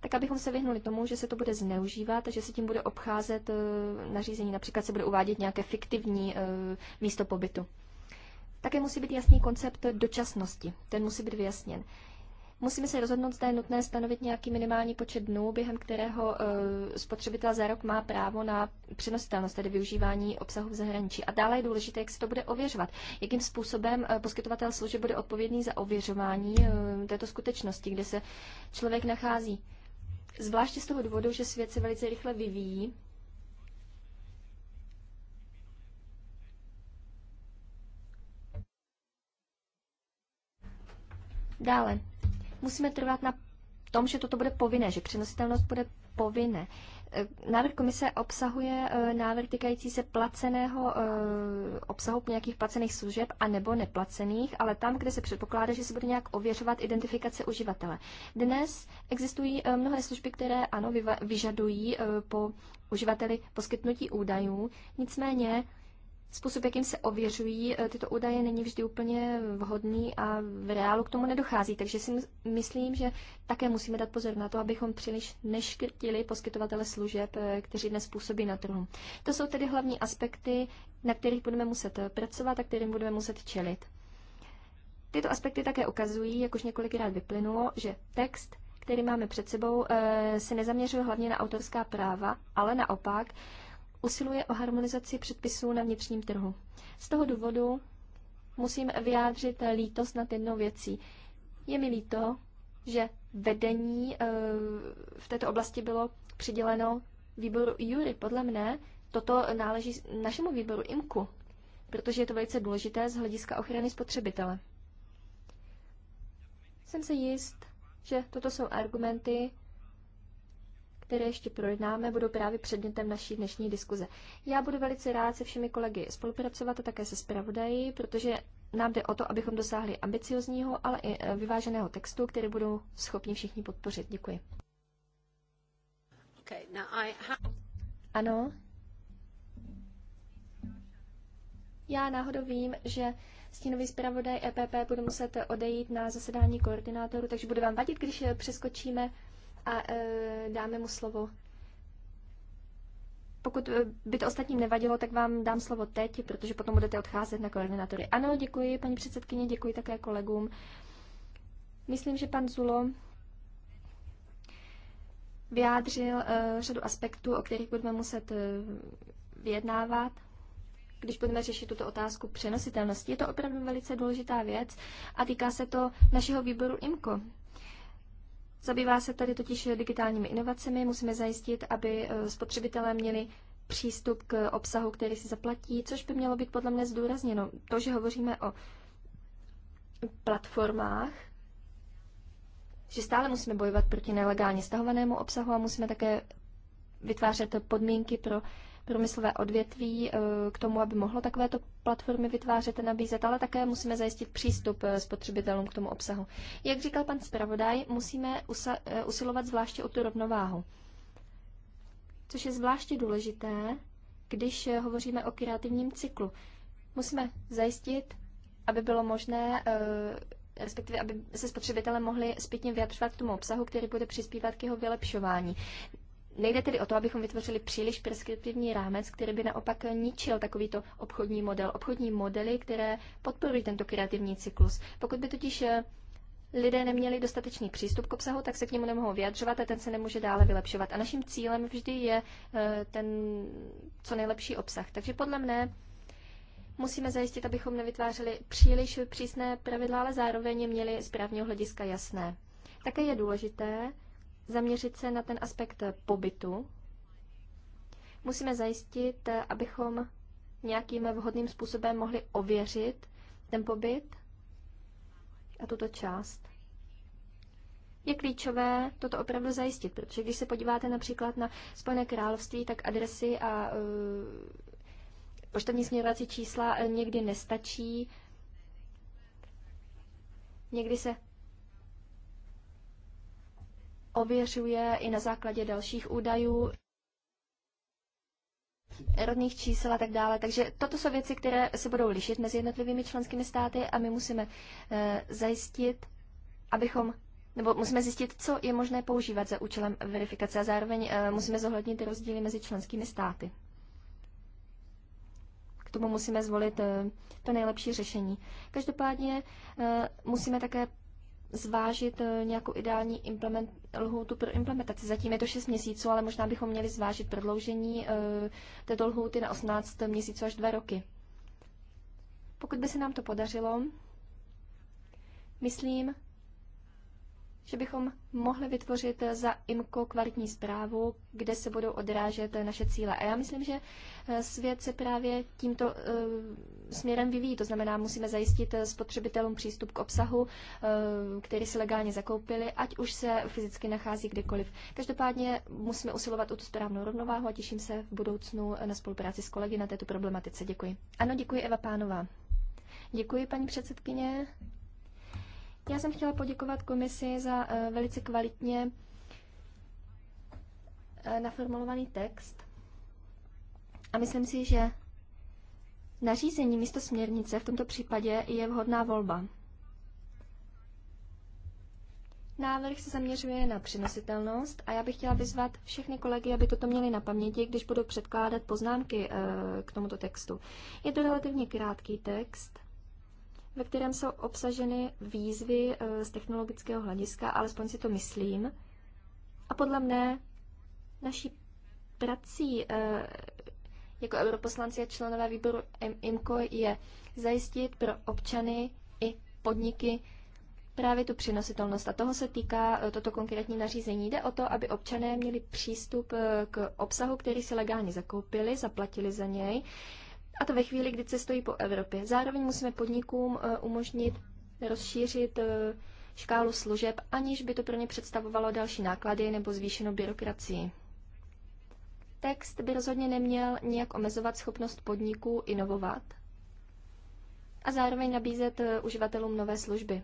tak abychom se vyhnuli tomu, že se to bude zneužívat že se tím bude obcházet eh, nařízení. Například se bude uvádět nějaké fiktivní eh, místo pobytu. Také musí být jasný koncept dočasnosti. Ten musí být vyjasněn. Musíme se rozhodnout, zda je nutné stanovit nějaký minimální počet dnů, během kterého eh, spotřebitel za rok má právo na přenositelnost, tedy využívání obsahu v zahraničí. A dále je důležité, jak se to bude ověřovat. Jakým způsobem poskytovatel služeb bude odpovědný za ověřování této skutečnosti, kde se člověk nachází. Zvláště z toho důvodu, že svět se velice rychle vyvíjí. Dále, musíme trvat na tom, že toto bude povinné, že přenositelnost bude povinné. Eh, návrh komise obsahuje eh, návrh týkající se placeného eh, obsahu nějakých placených služeb a nebo neplacených, ale tam, kde se předpokládá, že se bude nějak ověřovat identifikace uživatele. Dnes existují mnohé služby, které ano, vyžadují po uživateli poskytnutí údajů, nicméně Způsob, jakým se ověřují eh, tyto údaje, není vždy úplně vhodný a v reálu k tomu nedochází. Takže si myslím, že také musíme dát pozor na to, abychom příliš neškrtili poskytovatele služeb, eh, kteří dnes působí na trhu. To jsou tedy hlavní aspekty, na kterých budeme muset eh, pracovat a kterým budeme muset čelit. Tyto aspekty také ukazují, jak už několikrát vyplynulo, že text, který máme před sebou, se nezaměřuje hlavně na autorská práva, ale naopak usiluje o harmonizaci předpisů na vnitřním trhu. Z toho důvodu musím vyjádřit lítost nad jednou věcí. Je mi líto, že vedení eh, v této oblasti bylo přiděleno výboru Jury. Podle mne toto náleží našemu výboru IMKU, protože je to velice důležité z hlediska ochrany spotřebitele. Jsem se jist, že toto jsou argumenty, které ještě projednáme, budou právě předmětem naší dnešní diskuze. Já budu velice rád se všemi kolegy spolupracovat a také se zpravodají, protože nám jde o to, abychom dosáhli ambiciozního, ale i e, vyváženého textu, který budou schopni všichni podpořit. Děkuji. Okay, Ano. Já náhodou vím, že stínový zpravodaj EPP bude muset odejít na zasedání koordinátoru, takže bude vám vadit, když e, přeskočíme a e, dáme mu slovo. Pokud e, by to ostatním nevadilo, tak vám dám slovo teď, protože potom budete odcházet na koordinátory. Ano, děkuji, paní předsedkyně, děkuji také kolegům. Myslím, že pan Zulo vyjádřil uh, řadu aspektů, o kterých budeme muset uh, vyjednávat, když budeme řešit tuto otázku přenositelnosti. Je to opravdu velice důležitá věc a týká se to našeho výboru IMCO. Zabývá se tady totiž digitálními inovacemi, musíme zajistit, aby eh, spotřebitelé měli přístup k obsahu, který si zaplatí, což by mělo být podle mě zdůrazněno. To, že hovoříme o platformách, že stále musíme bojovat proti nelegálně stahovanému obsahu a musíme také vytvářet podmínky pro průmyslové odvětví eh, k tomu, aby mohlo takovéto platformy vytvářet a nabízet, ale také musíme zajistit přístup eh, spotřebitelům k tomu obsahu. Jak říkal pan zpravodaj, musíme eh, usilovat zvláště o tu rovnováhu, což je zvláště důležité, když hovoříme o kreativním cyklu. Musíme zajistit, aby bylo možné respektive aby se spotřebitelé mohli zpětně vyjadřovat k tomu obsahu, který bude přispívat k jeho vylepšování. Nejde tedy o to, abychom vytvořili příliš preskriptivní rámec, který by naopak ničil takovýto obchodní model. Obchodní modely, které podporují tento kreativní cyklus. Pokud by totiž eh, lidé neměli dostatečný přístup k obsahu, tak se k němu nemohou vyjadřovat a ten se nemůže dále vylepšovat. A naším cílem vždy je eh, ten co nejlepší obsah. Takže podle mne musíme zajistit, abychom nevytvářeli příliš přísné pravidla, ale zároveň měli z právního hlediska jasné. Také je důležité, zaměřit se na ten aspekt pobytu. Musíme zajistit, abychom nějakým vhodným způsobem mohli ověřit ten pobyt a tuto část. Je klíčové toto opravdu zajistit, protože když se podíváte například na Spojené království, tak adresy a e, poštovní směrovací čísla e, někdy nestačí. Někdy se ověřuje i na základě dalších údajů, rodných čísel a tak dále. Takže toto jsou věci, které se budou lišit mezi jednotlivými členskými státy a my musíme e, zajistit, abychom, nebo musíme zjistit, co je možné používat za účelem verifikace a zároveň e, musíme zohlednit rozdíly mezi členskými státy. K tomu musíme zvolit e, to nejlepší řešení. Každopádně e, musíme také zvážit eh, nějakou ideální implement, lhoutu pro implementaci. Zatím je to 6 měsíců, ale možná bychom měli zvážit prodloužení eh, této lhouty na 18 měsíců až 2 roky. Pokud by se nám to podařilo, myslím, že bychom mohli vytvořit za IMCO kvalitní zprávu, kde se budou odrážet naše cíle. A já myslím, že eh, svět se právě tímto eh, směrem vyvíjí. To znamená, musíme zajistit eh, spotřebitelům přístup k obsahu, který si legálně zakoupili, ať už se fyzicky nachází kdekoliv. Každopádně musíme usilovat o tu správnou rovnováhu a těším se v budoucnu na spolupráci s kolegy na této problematice. Děkuji. Ano, děkuji Eva Pánová. Děkuji, paní předsedkyně. Já jsem chtěla poděkovat komisi za eh, velice kvalitně eh, naformulovaný text. A myslím si, že nařízení místo směrnice v tomto případě je vhodná volba. Návrh se zaměřuje na přenositelnost a já bych chtěla vyzvat všechny kolegy, aby toto měli na paměti, když budou předkládat poznámky eh, k tomuto textu. Je to relativně krátký text ve kterém jsou obsaženy výzvy eh, z technologického hlediska, alespoň si to myslím. A podle mne naší prací eh, jako europoslanci a členové výboru IMCO je zajistit pro občany i podniky právě tu přenositelnost. A toho se týká eh, toto konkrétní nařízení. Jde o to, aby občané měli přístup k obsahu, který si legálně zakoupili, zaplatili za něj, a to ve chvíli, kdy cestují po Evropě. Zároveň musíme podnikům eh, umožnit rozšířit eh, škálu služeb, aniž by to pro ně představovalo další náklady nebo zvýšenou byrokracii. Text by rozhodně neměl nijak omezovat schopnost podniků inovovat a zároveň nabízet eh, uživatelům nové služby.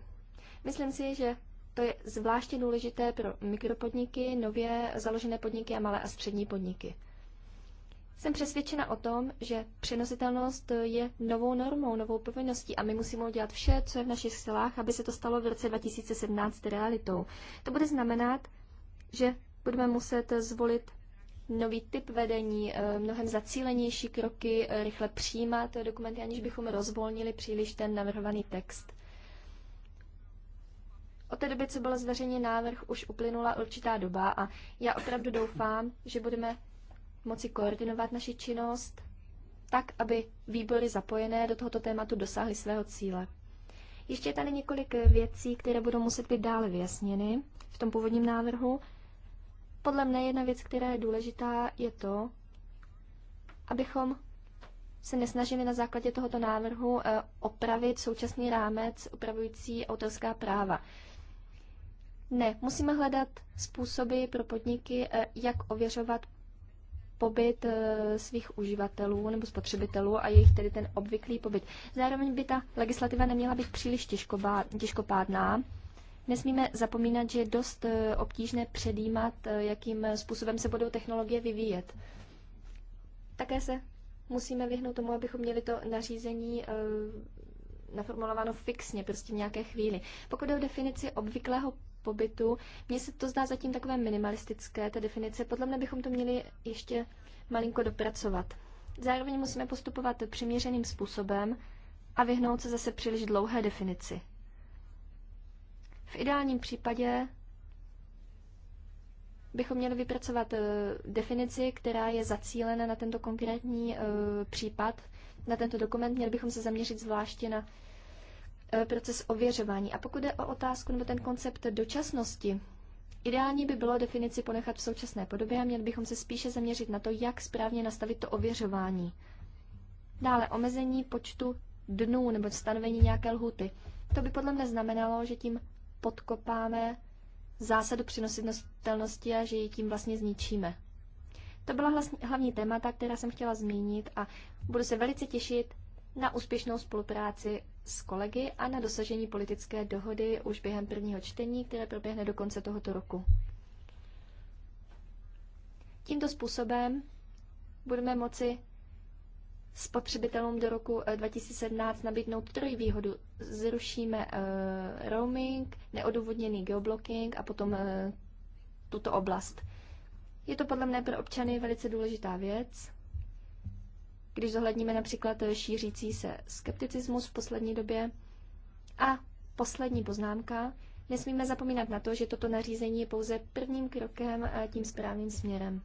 Myslím si, že to je zvláště důležité pro mikropodniky, nově založené podniky a malé a střední podniky. Jsem přesvědčena o tom, že přenositelnost je novou normou, novou povinností a my musíme udělat vše, co je v našich silách, aby se to stalo v roce 2017 realitou. To bude znamenat, že budeme muset zvolit nový typ vedení, eh, mnohem zacílenější kroky, eh, rychle přijímat dokumenty, aniž bychom rozvolnili příliš ten navrhovaný text. Od té doby, co byl zveřejněn návrh, už uplynula určitá doba a já opravdu doufám, že budeme moci koordinovat naši činnost tak, aby výbory zapojené do tohoto tématu dosáhly svého cíle. Ještě je tady několik věcí, které budou muset být dále vyjasněny v tom původním návrhu. Podle mne jedna věc, která je důležitá, je to, abychom se nesnažili na základě tohoto návrhu eh, opravit současný rámec upravující autorská práva. Ne, musíme hledat způsoby pro podniky, eh, jak ověřovat pobyt eh, svých uživatelů nebo spotřebitelů a jejich tedy ten obvyklý pobyt. Zároveň by ta legislativa neměla být příliš těžkopádná. Nesmíme zapomínat, že je dost eh, obtížné předjímat, eh, jakým způsobem se budou technologie vyvíjet. Také se musíme vyhnout tomu, abychom měli to nařízení naformulováno fixně, prostě v nějaké chvíli. Pokud jde o definici obvyklého pobytu. Mně se to zdá zatím takové minimalistické, ta definice. Podle mě bychom to měli ještě malinko dopracovat. Zároveň musíme postupovat přiměřeným způsobem a vyhnout se zase příliš dlouhé definici. V ideálním případě bychom měli vypracovat eh, definici, která je zacílena na tento konkrétní eh, případ, na tento dokument. Měli bychom se zaměřit zvláště na Eh, proces ověřování. A pokud je o otázku nebo ten koncept dočasnosti, ideální by bylo definici ponechat v současné podobě a měli bychom se spíše zaměřit na to, jak správně nastavit to ověřování. Dále omezení počtu dnů nebo stanovení nějaké lhuty. To by podle mě znamenalo, že tím podkopáme zásadu přenositelnosti a že ji tím vlastně zničíme. To byla hlavní témata, která jsem chtěla zmínit a budu se velice těšit na úspěšnou spolupráci s kolegy a na dosažení politické dohody už během prvního čtení, které proběhne do konce tohoto roku. Tímto způsobem budeme moci spotřebitelům do roku 2017 eh, nabídnout trojí výhodu. Zrušíme uh, roaming, neodůvodněný geoblocking a potom uh, tuto oblast. Je to podle mne pro občany velice důležitá věc když zohledníme například šířící se skepticismus v poslední době. A poslední poznámka. Nesmíme zapomínat na to, že toto nařízení je pouze prvním krokem a tím správným směrem.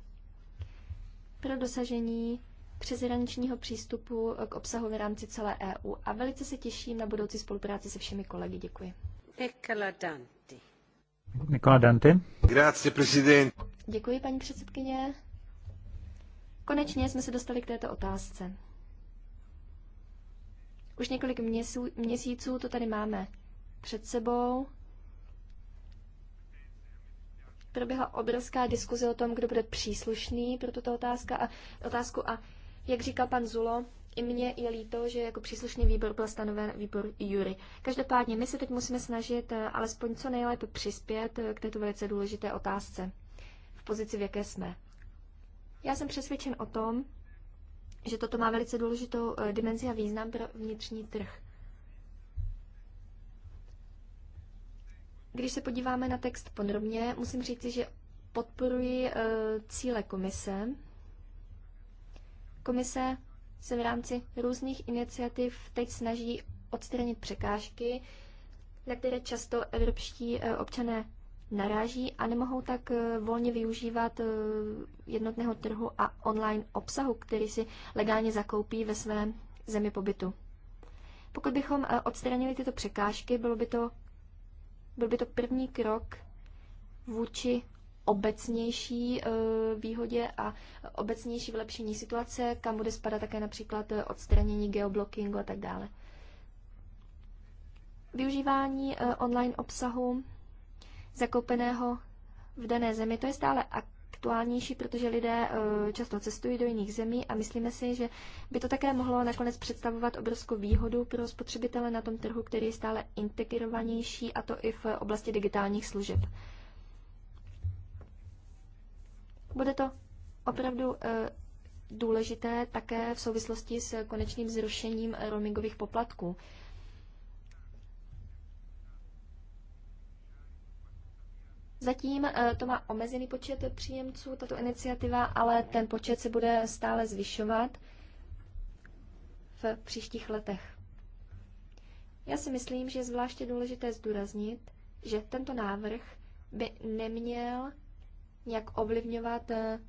Pro dosažení přeshraničního přístupu k obsahu v rámci celé EU a velice se těším na budoucí spolupráci se všemi kolegy. Děkuji. Nikola Danti. Nikola Danti. Grazie, Děkuji, paní předsedkyně. Konečně jsme se dostali k této otázce. Už několik měsíců to tady máme před sebou. Proběhla obrovská diskuze o tom, kdo bude příslušný pro tuto otázka a, otázku a jak říkal pan Zulo, i mně je líto, že jako příslušný výbor byl stanoven výbor Jury. Každopádně my se teď musíme snažit eh, alespoň co nejlépe přispět eh, k této velice důležité otázce v pozici, v jaké jsme. Já jsem přesvědčen o tom, že toto má velice důležitou eh, dimenzi a význam pro vnitřní trh. Když se podíváme na text podrobně, musím říci, že podporuji eh, cíle komise. Komise se v rámci různých iniciativ teď snaží odstranit překážky, na které často evropští eh, občané naráží a nemohou tak eh, volně využívat eh, jednotného trhu a online obsahu, který si legálně zakoupí ve své zemi pobytu. Pokud bychom eh, odstranili tyto překážky, bylo by to, byl by to první krok vůči obecnější výhodě a obecnější vylepšení situace, kam bude spadat také například odstranění geoblockingu a tak dále. Využívání online obsahu zakoupeného v dané zemi. To je stále aktuálnější, protože lidé eh, často cestují do jiných zemí a myslíme si, že by to také mohlo nakonec představovat obrovskou výhodu pro spotřebitele na tom trhu, který je stále integrovanější, a to i v oblasti digitálních služeb. Bude to opravdu eh, důležité také v souvislosti s konečným zrušením roamingových poplatků. Zatím eh, to má omezený počet příjemců, tato iniciativa, ale ten počet se bude stále zvyšovat v příštích letech. Já si myslím, že je zvláště důležité zdůraznit, že tento návrh by neměl nějak ovlivňovat eh,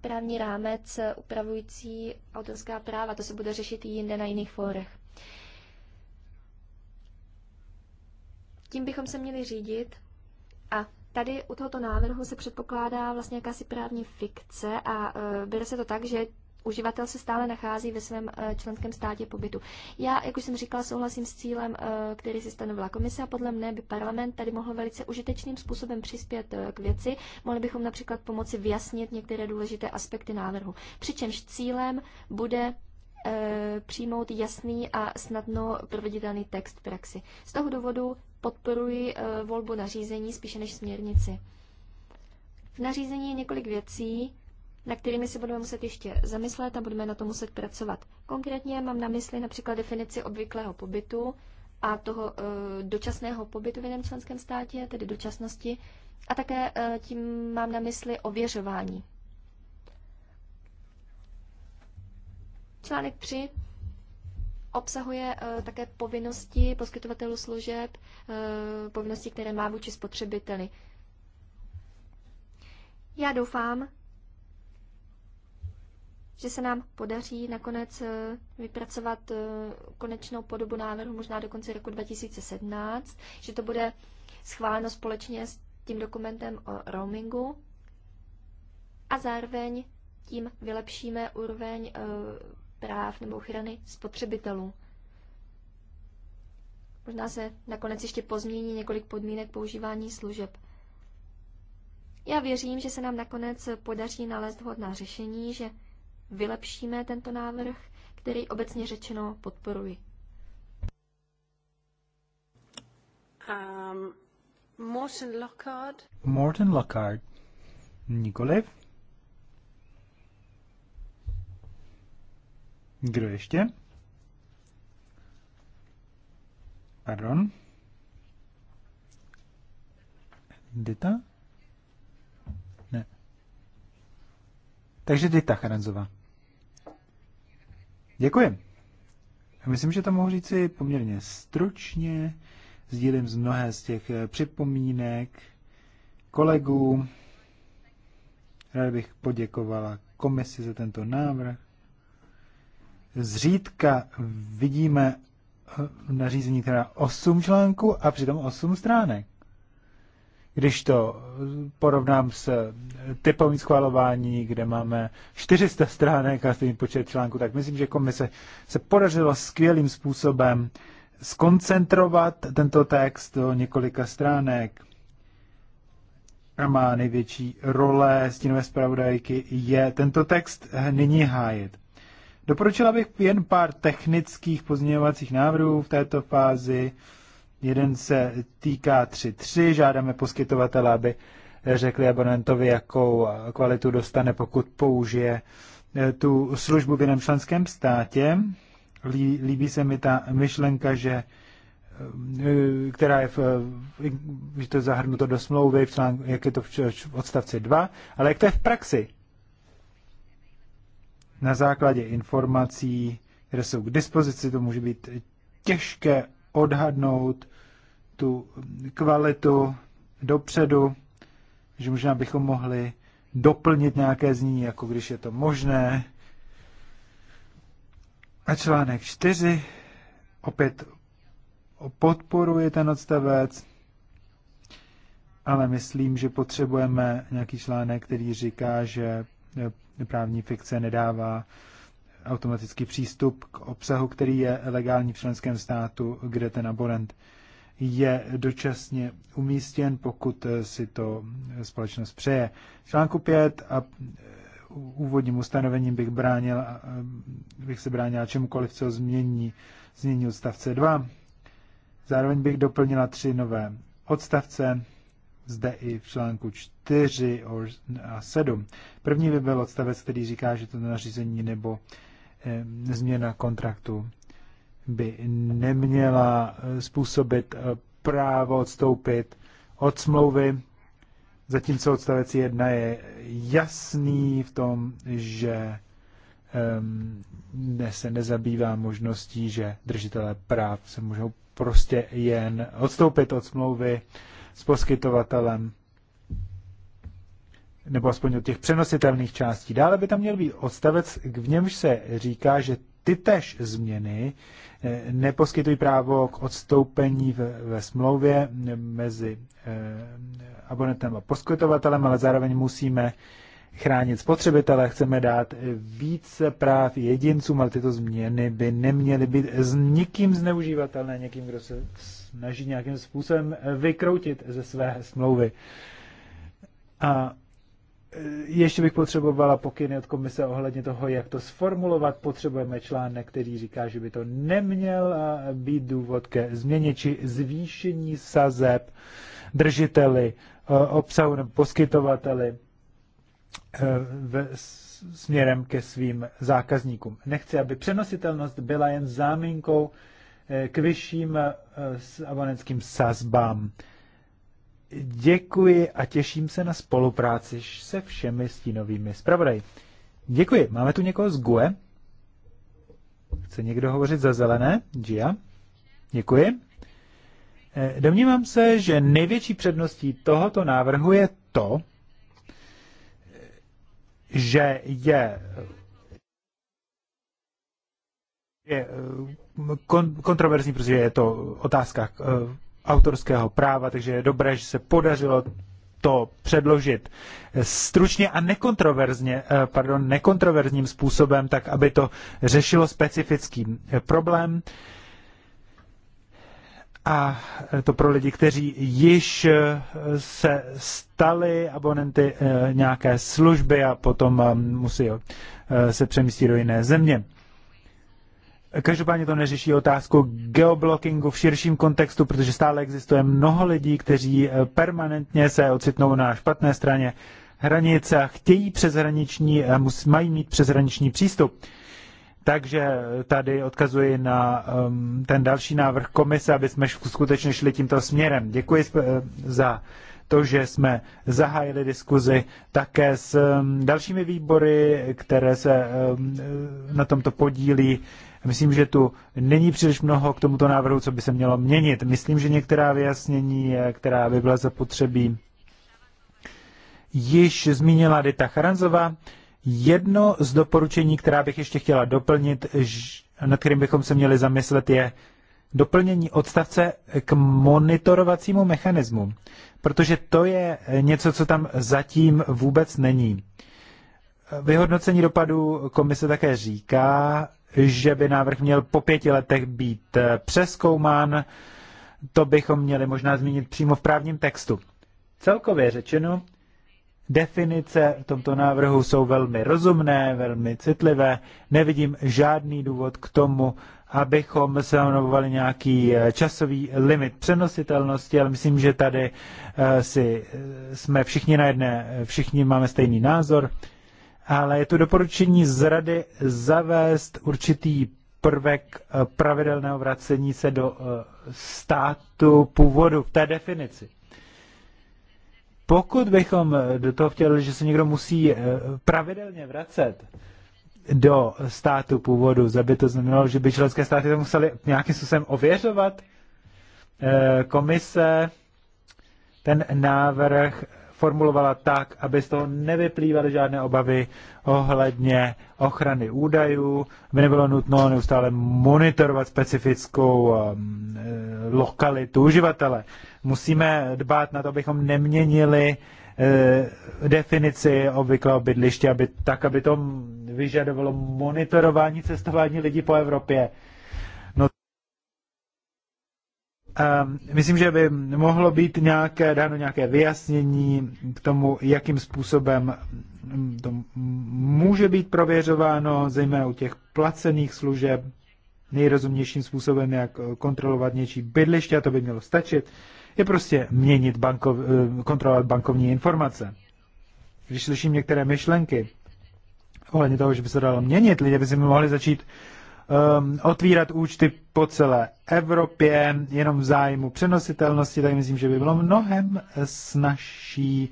právní rámec eh, upravující autorská práva. To se bude řešit i jinde na jiných fórech. Tím bychom se měli řídit a Tady u tohoto návrhu se předpokládá vlastně jakási právní fikce a bude se to tak, že uživatel se stále nachází ve svém e, členském státě pobytu. Já, jak už jsem říkala, souhlasím s cílem, e, který si stanovila komise a podle mne by parlament tady mohl velice užitečným způsobem přispět e, k věci. Mohli bychom například pomoci vyjasnit některé důležité aspekty návrhu. Přičemž cílem bude přijmout jasný a snadno proveditelný text v praxi. Z toho důvodu podporuji eh, volbu nařízení spíše než směrnici. V nařízení je několik věcí, na kterými se budeme muset ještě zamyslet a budeme na to muset pracovat. Konkrétně mám na mysli například definici obvyklého pobytu a toho eh, dočasného pobytu v jiném členském státě, tedy dočasnosti, a také eh, tím mám na mysli ověřování. Článek 3 obsahuje eh, také povinnosti poskytovatelů služeb, eh, povinnosti, které má vůči spotřebiteli. Já doufám, že se nám podaří nakonec eh, vypracovat konečnou podobu návrhu možná do konce roku 2017, že to bude schváleno společně s tím dokumentem o roamingu a zároveň tím vylepšíme úroveň práv nebo ochrany spotřebitelů. Možná se nakonec ještě pozmění několik podmínek používání služeb. Já věřím, že se nám nakonec podaří nalézt hodná řešení, že vylepšíme tento návrh, který obecně řečeno podporuji. Um, Morten Lockhart. Morten Lockhart. Nikoliv. Kdo ještě? Pardon. Dita? Ne. Takže Dita Charanzová. Děkuji. myslím, že to mohu říci poměrně stručně. Sdílím z mnohé z těch eh, připomínek kolegů. Rád bych poděkovala komisi za tento návrh zřídka vidíme eh, nařízení teda 8 článků a přitom 8 stránek. Když to eh, porovnám s eh, typovým schvalování, kde máme 400 stránek a stejný počet článků, tak myslím, že komise se podařilo skvělým způsobem skoncentrovat tento text do několika stránek. A má největší role stínové zpravodajky je tento text nyní hájet. Doporučila bych jen pár technických pozměňovacích návrhů v této fázi. Jeden se týká 3.3. Žádáme poskytovatele, aby řekli abonentovi, jakou kvalitu dostane, pokud použije eh, tu službu v jiném členském státě. Líbí se mi ta myšlenka, že eh, která je, v, že eh, to je zahrnuto do smlouvy, v článku, jak je to v odstavci 2, ale jak to je v praxi na základě informací, které jsou k dispozici, to může být těžké odhadnout tu kvalitu dopředu, že možná bychom mohli doplnit nějaké z ní, jako když je to možné. A článek 4 opět podporuje ten odstavec, ale myslím, že potřebujeme nějaký článek, který říká, že právní fikce nedává automatický přístup k obsahu, který je legální v členském státu, kde ten abonent je dočasně umístěn, pokud si to společnost přeje. článku 5 a úvodním ustanovením bych, bránil, bych se bránil čemukoliv, co změní, změní odstavce 2. Zároveň bych doplnila tři nové odstavce zde i v článku 4 a 7. První by byl odstavec, který říká, že to nařízení nebo e, změna kontraktu by neměla eh, způsobit eh, právo odstoupit od smlouvy, zatímco odstavec 1 je jasný v tom, že ehm, se nezabývá možností, že držitelé práv se můžou prostě jen odstoupit od smlouvy s poskytovatelem, nebo aspoň od těch přenositelných částí. Dále by tam měl být odstavec, v němž se říká, že ty tež změny eh, neposkytují právo k odstoupení ve, ve smlouvě mezi eh, abonentem a poskytovatelem, ale zároveň musíme chránit spotřebitele, chceme dát více práv jedincům, ale tyto změny by neměly být s nikým zneužívatelné, někým, kdo se snaží nějakým způsobem vykroutit ze své smlouvy. A e, ještě bych potřebovala pokyny od komise ohledně toho, jak to sformulovat. Potřebujeme článek, který říká, že by to neměl být důvod ke změně či zvýšení sazeb držiteli, e, obsahu nebo poskytovateli Eh, v, směrem ke svým zákazníkům. Nechci, aby přenositelnost byla jen záminkou eh, k vyšším eh, abonentským sazbám. Děkuji a těším se na spolupráci se všemi stínovými zpravodaji. Děkuji. Máme tu někoho z GUE? Chce někdo hovořit za zelené? Gia? Děkuji. Domnívám se, že největší předností tohoto návrhu je to, že je, je eh, kontroverzní, protože je to otázka eh, autorského práva, takže je dobré, že se podařilo to předložit stručně a nekontroverzně, eh, pardon, nekontroverzním způsobem, tak aby to řešilo specifický problém a to pro lidi, kteří již eh, se stali abonenty eh, nějaké služby a potom eh, musí se přemístit do jiné země. Každopádně to neřeší otázku geoblockingu v širším kontextu, protože stále existuje mnoho lidí, kteří permanentně se ocitnou na špatné straně hranice a chtějí přeshraniční, mají mít přeshraniční přístup. Takže tady odkazuji na um, ten další návrh komise, aby jsme skutečně šli tímto směrem. Děkuji eh, za to, že jsme zahájili diskuzi také s um, dalšími výbory, které se um, na tomto podílí. Myslím, že tu není příliš mnoho k tomuto návrhu, co by se mělo měnit. Myslím, že některá vyjasnění, eh, která by byla zapotřebí, již zmínila Dita Charanzová. Jedno z doporučení, která bych ještě chtěla doplnit, nad kterým bychom se měli zamyslet, je doplnění odstavce k monitorovacímu mechanismu, protože to je něco, co tam zatím vůbec není. Vyhodnocení dopadu komise také říká, že by návrh měl po pěti letech být eh, přeskoumán. To bychom měli možná zmínit přímo v právním textu. Celkově řečeno, definice v tomto návrhu jsou velmi rozumné, velmi citlivé. Nevidím žádný důvod k tomu, abychom stanovovali nějaký eh, časový limit přenositelnosti, ale myslím, že tady eh, si eh, jsme všichni na jedné, všichni máme stejný názor, ale je tu doporučení z rady zavést určitý prvek pravidelného vracení se do státu původu v té definici. Pokud bychom do toho chtěli, že se někdo musí eh, pravidelně vracet do státu původu, aby to znamenalo, že by členské státy to museli nějakým způsobem ověřovat, eh, komise ten návrh formulovala tak, aby z toho nevyplývaly žádné obavy ohledně ochrany údajů, aby nebylo nutno neustále monitorovat specifickou um, lokalitu uživatele musíme dbát na to, abychom neměnili eh, definici obvyklého bydliště, aby, tak, aby to vyžadovalo monitorování cestování lidí po Evropě. No, ehm, myslím, že by mohlo být nějaké, dáno nějaké vyjasnění k tomu, jakým způsobem to může být prověřováno, zejména u těch placených služeb, nejrozumnějším způsobem, jak kontrolovat něčí bydliště, a to by mělo stačit je prostě měnit bankov, eh, kontrolovat bankovní informace. Když slyším některé myšlenky ohledně toho, že by se dalo měnit, lidé by si mohli začít um, otvírat účty po celé Evropě jenom v zájmu přenositelnosti, tak myslím, že by bylo mnohem snažší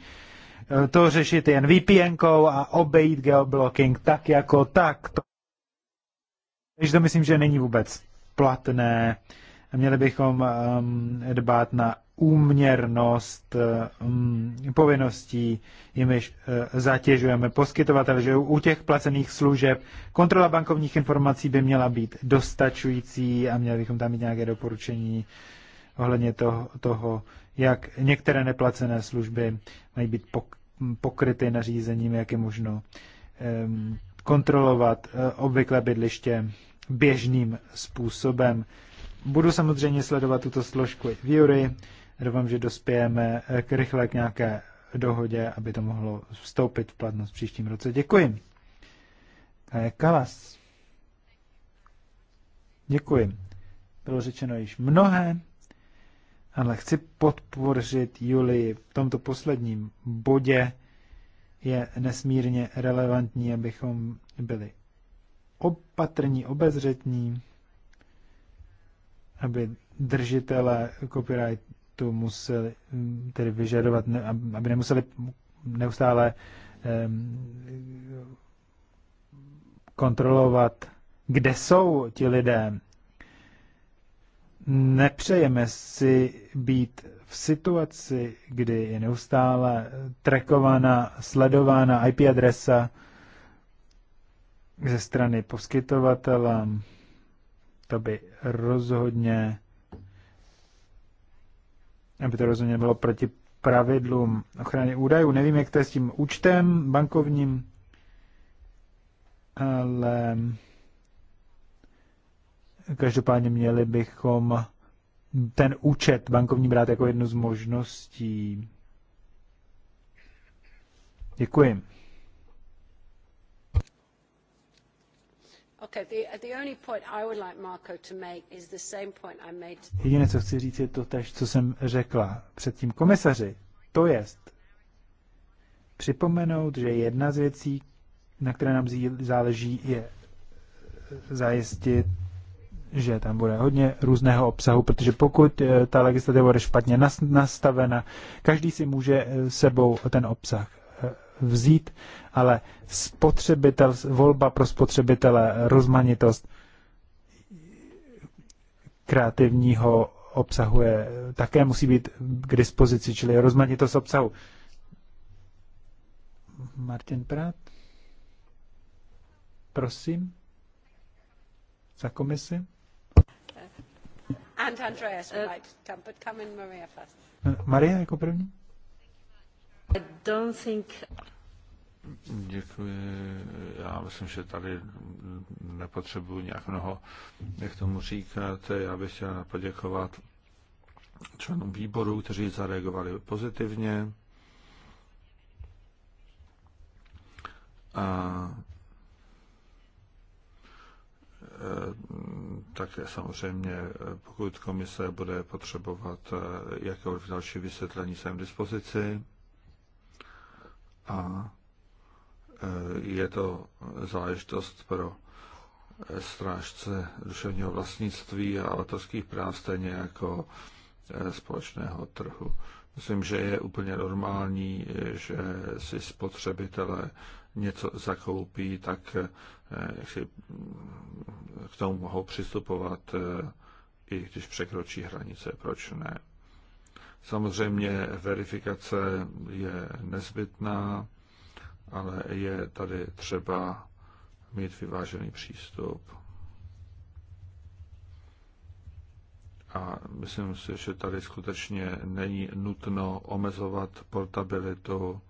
eh, to řešit jen vpn a obejít geoblocking tak jako tak. To... Takže to myslím, že není vůbec platné. Měli bychom um, dbát na úměrnost eh, mm, povinností, jimiž eh, zatěžujeme poskytovatel, že u těch placených služeb kontrola bankovních informací by měla být dostačující a měli bychom tam mít nějaké doporučení ohledně toho, toho jak některé neplacené služby mají být pokryty nařízením, jak je možno kontrolovat eh, obvyklé bydliště běžným způsobem. Budu samozřejmě sledovat tuto složku v Jury Doufám, že dospějeme eh, k rychle k nějaké dohodě, aby to mohlo vstoupit v platnost v příštím roce. Děkuji. Kaja Kalas. Děkuji. Bylo řečeno již mnohé, ale chci podpořit Julii v tomto posledním bodě. Je nesmírně relevantní, abychom byli opatrní, obezřetní, aby držitele copyright tu museli tedy vyžadovat, aby nemuseli neustále kontrolovat, kde jsou ti lidé. Nepřejeme si být v situaci, kdy je neustále trakována, sledována IP adresa ze strany poskytovatele. To by rozhodně aby to rozhodně bylo proti pravidlům ochrany údajů. Nevím, jak to je s tím účtem bankovním, ale každopádně měli bychom ten účet bankovní brát jako jednu z možností. Děkuji. Marco, the, the only point I would like to make is the same point I made. Jediné, co chci říct, je to tež, co jsem řekla předtím komisaři. To jest připomenout, že jedna z věcí, na které nám záleží, je zajistit, že tam bude hodně různého obsahu, protože pokud eh, ta legislativa bude špatně nastavena, každý si může eh, sebou ten obsah vzít, ale spotřebitel, volba pro spotřebitele, rozmanitost kreativního obsahu je také musí být k dispozici, čili rozmanitost obsahu. Martin Prát? Prosím. Za komisi. And Andreas, right. But come in Maria first. Maria jako první? Děkuji. Já myslím, že tady nepotřebuji nějak mnoho, jak tomu říkáte. Já bych chtěl poděkovat členům výboru, kteří zareagovali pozitivně. A eh, tak samozřejmě, pokud komise bude potřebovat eh, jakékoliv další vysvětlení, jsem k dispozici a e, je to záležitost pro e, strážce duševního vlastnictví a autorských práv, stejně jako e, společného trhu. Myslím, že je úplně normální, že si spotřebitelé něco zakoupí, tak jak si mm, k tomu mohou přistupovat, i když překročí hranice, proč ne. Samozřejmě verifikace je nezbytná, ale je tady třeba mít vyvážený přístup. A myslím si, že tady skutečně není nutno omezovat portabilitu.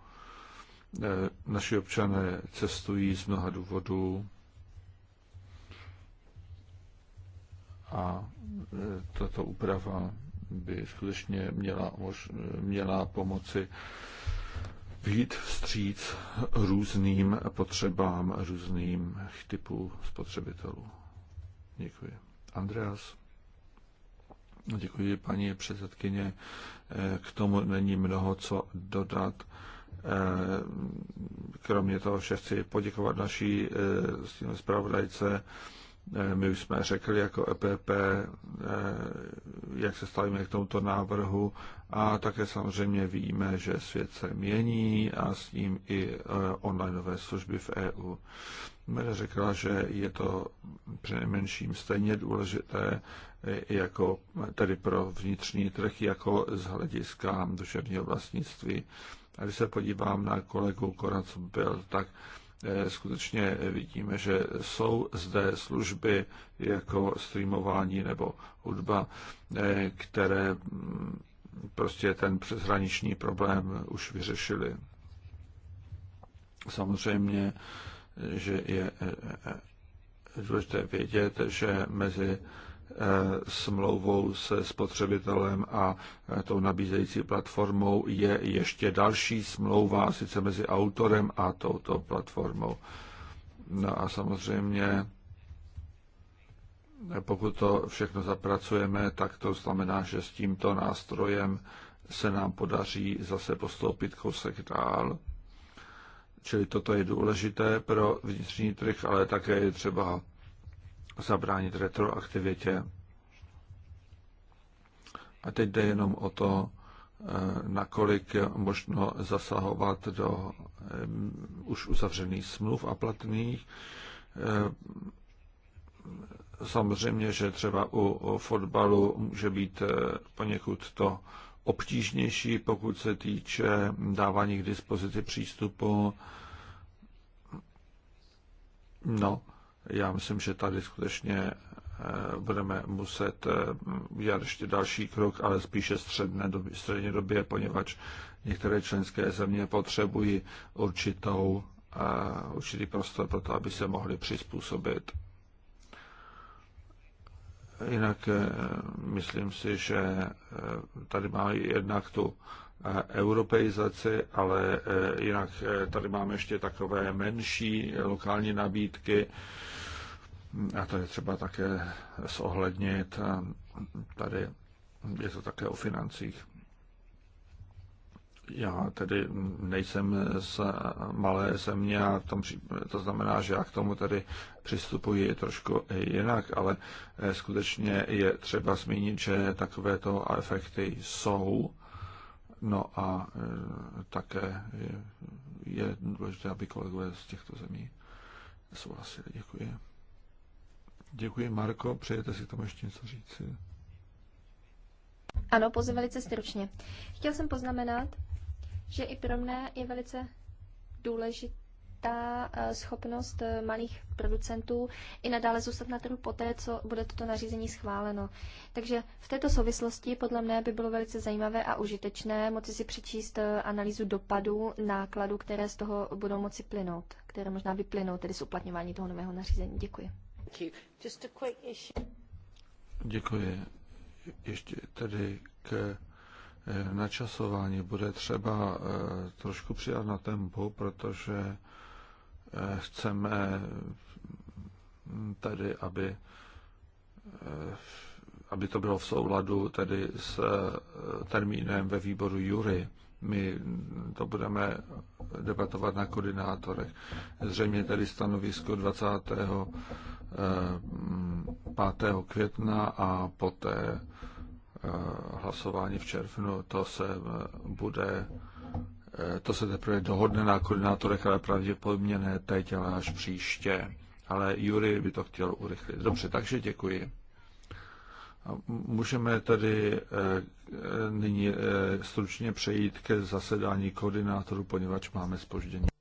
E, naši občané cestují z mnoha důvodů a e, tato úprava by skutečně měla, mož, měla pomoci být vstříc různým potřebám různým typů spotřebitelů. Děkuji. Andreas. Děkuji, paní předsedkyně. K tomu není mnoho co dodat. Ehm, kromě toho, že chci poděkovat naší eh, zpravodajce, Eh, my už jsme řekli jako EPP, eh, jak se stavíme k tomuto návrhu a také samozřejmě víme, že svět se mění a s ním i eh, onlineové služby v EU. Mene řekla, že je to přinejmenším stejně důležité jako tedy pro vnitřní trh, jako z hlediska duševního vlastnictví. A když se podívám na kolegu Koracu Byl, tak Eh, skutečně vidíme, že jsou zde služby jako streamování nebo hudba, eh, které mm, prostě ten přeshraniční problém už vyřešili. Samozřejmě, že je eh, důležité vědět, že mezi Eh, smlouvou se spotřebitelem a eh, tou nabízející platformou je ještě další smlouva, sice mezi autorem a touto platformou. No a samozřejmě, eh, pokud to všechno zapracujeme, tak to znamená, že s tímto nástrojem se nám podaří zase postoupit kousek dál. Čili toto je důležité pro vnitřní trh, ale také je třeba zabránit retroaktivitě. A teď jde jenom o to, eh, nakolik je možno zasahovat do eh, už uzavřených smluv a platných. Eh, samozřejmě, že třeba u fotbalu může být poněkud to obtížnější, pokud se týče dávání k dispozici přístupu. No, já myslím, že tady skutečně eh, budeme muset eh, udělat ještě další krok, ale spíše středné doby, středně době, poněvadž některé členské země potřebují určitou, eh, určitý prostor pro to, aby se mohly přizpůsobit. Jinak myslím si, že tady máme jednak tu europeizaci, ale jinak tady máme ještě takové menší lokální nabídky, a to je třeba také zohlednit. Tady je to také o financích. Já tedy nejsem z malé země a tom, to znamená, že já k tomu tedy přistupuji trošku jinak, ale eh, skutečně je třeba zmínit, že takovéto efekty jsou. No a eh, také je, je důležité, aby kolegové z těchto zemí souhlasili. Děkuji. Děkuji, Marko. Přejete si tam ještě něco říct? Ano, pouze velice stručně. Chtěl jsem poznamenat, že i pro mne je velice důležitá eh, schopnost eh, malých producentů i nadále zůstat na trhu poté, co bude toto nařízení schváleno. Takže v této souvislosti podle mne by bylo velice zajímavé a užitečné moci si přečíst eh, analýzu dopadů nákladů, které z toho budou moci plynout, které možná vyplynou tedy z uplatňování toho nového nařízení. Děkuji. Thank you. Just a quick issue. Děkuji. Ještě tedy k eh, načasování bude třeba eh, trošku přijat na tempo, protože eh, chceme mm, tedy, aby, aby to bylo v souladu tedy s termínem ve výboru Jury. My to budeme debatovat na koordinátorech. Zřejmě tedy stanovisko 20. 5. Eh, května a poté eh, hlasování v červnu, to se eh, bude, to se teprve dohodne na koordinátorech, ale pravděpodobně ne teď, ale až příště. Ale Jury by to chtěl urychlit. Dobře, takže děkuji. Můžeme tedy nyní stručně přejít ke zasedání koordinátorů, poněvadž máme spoždění.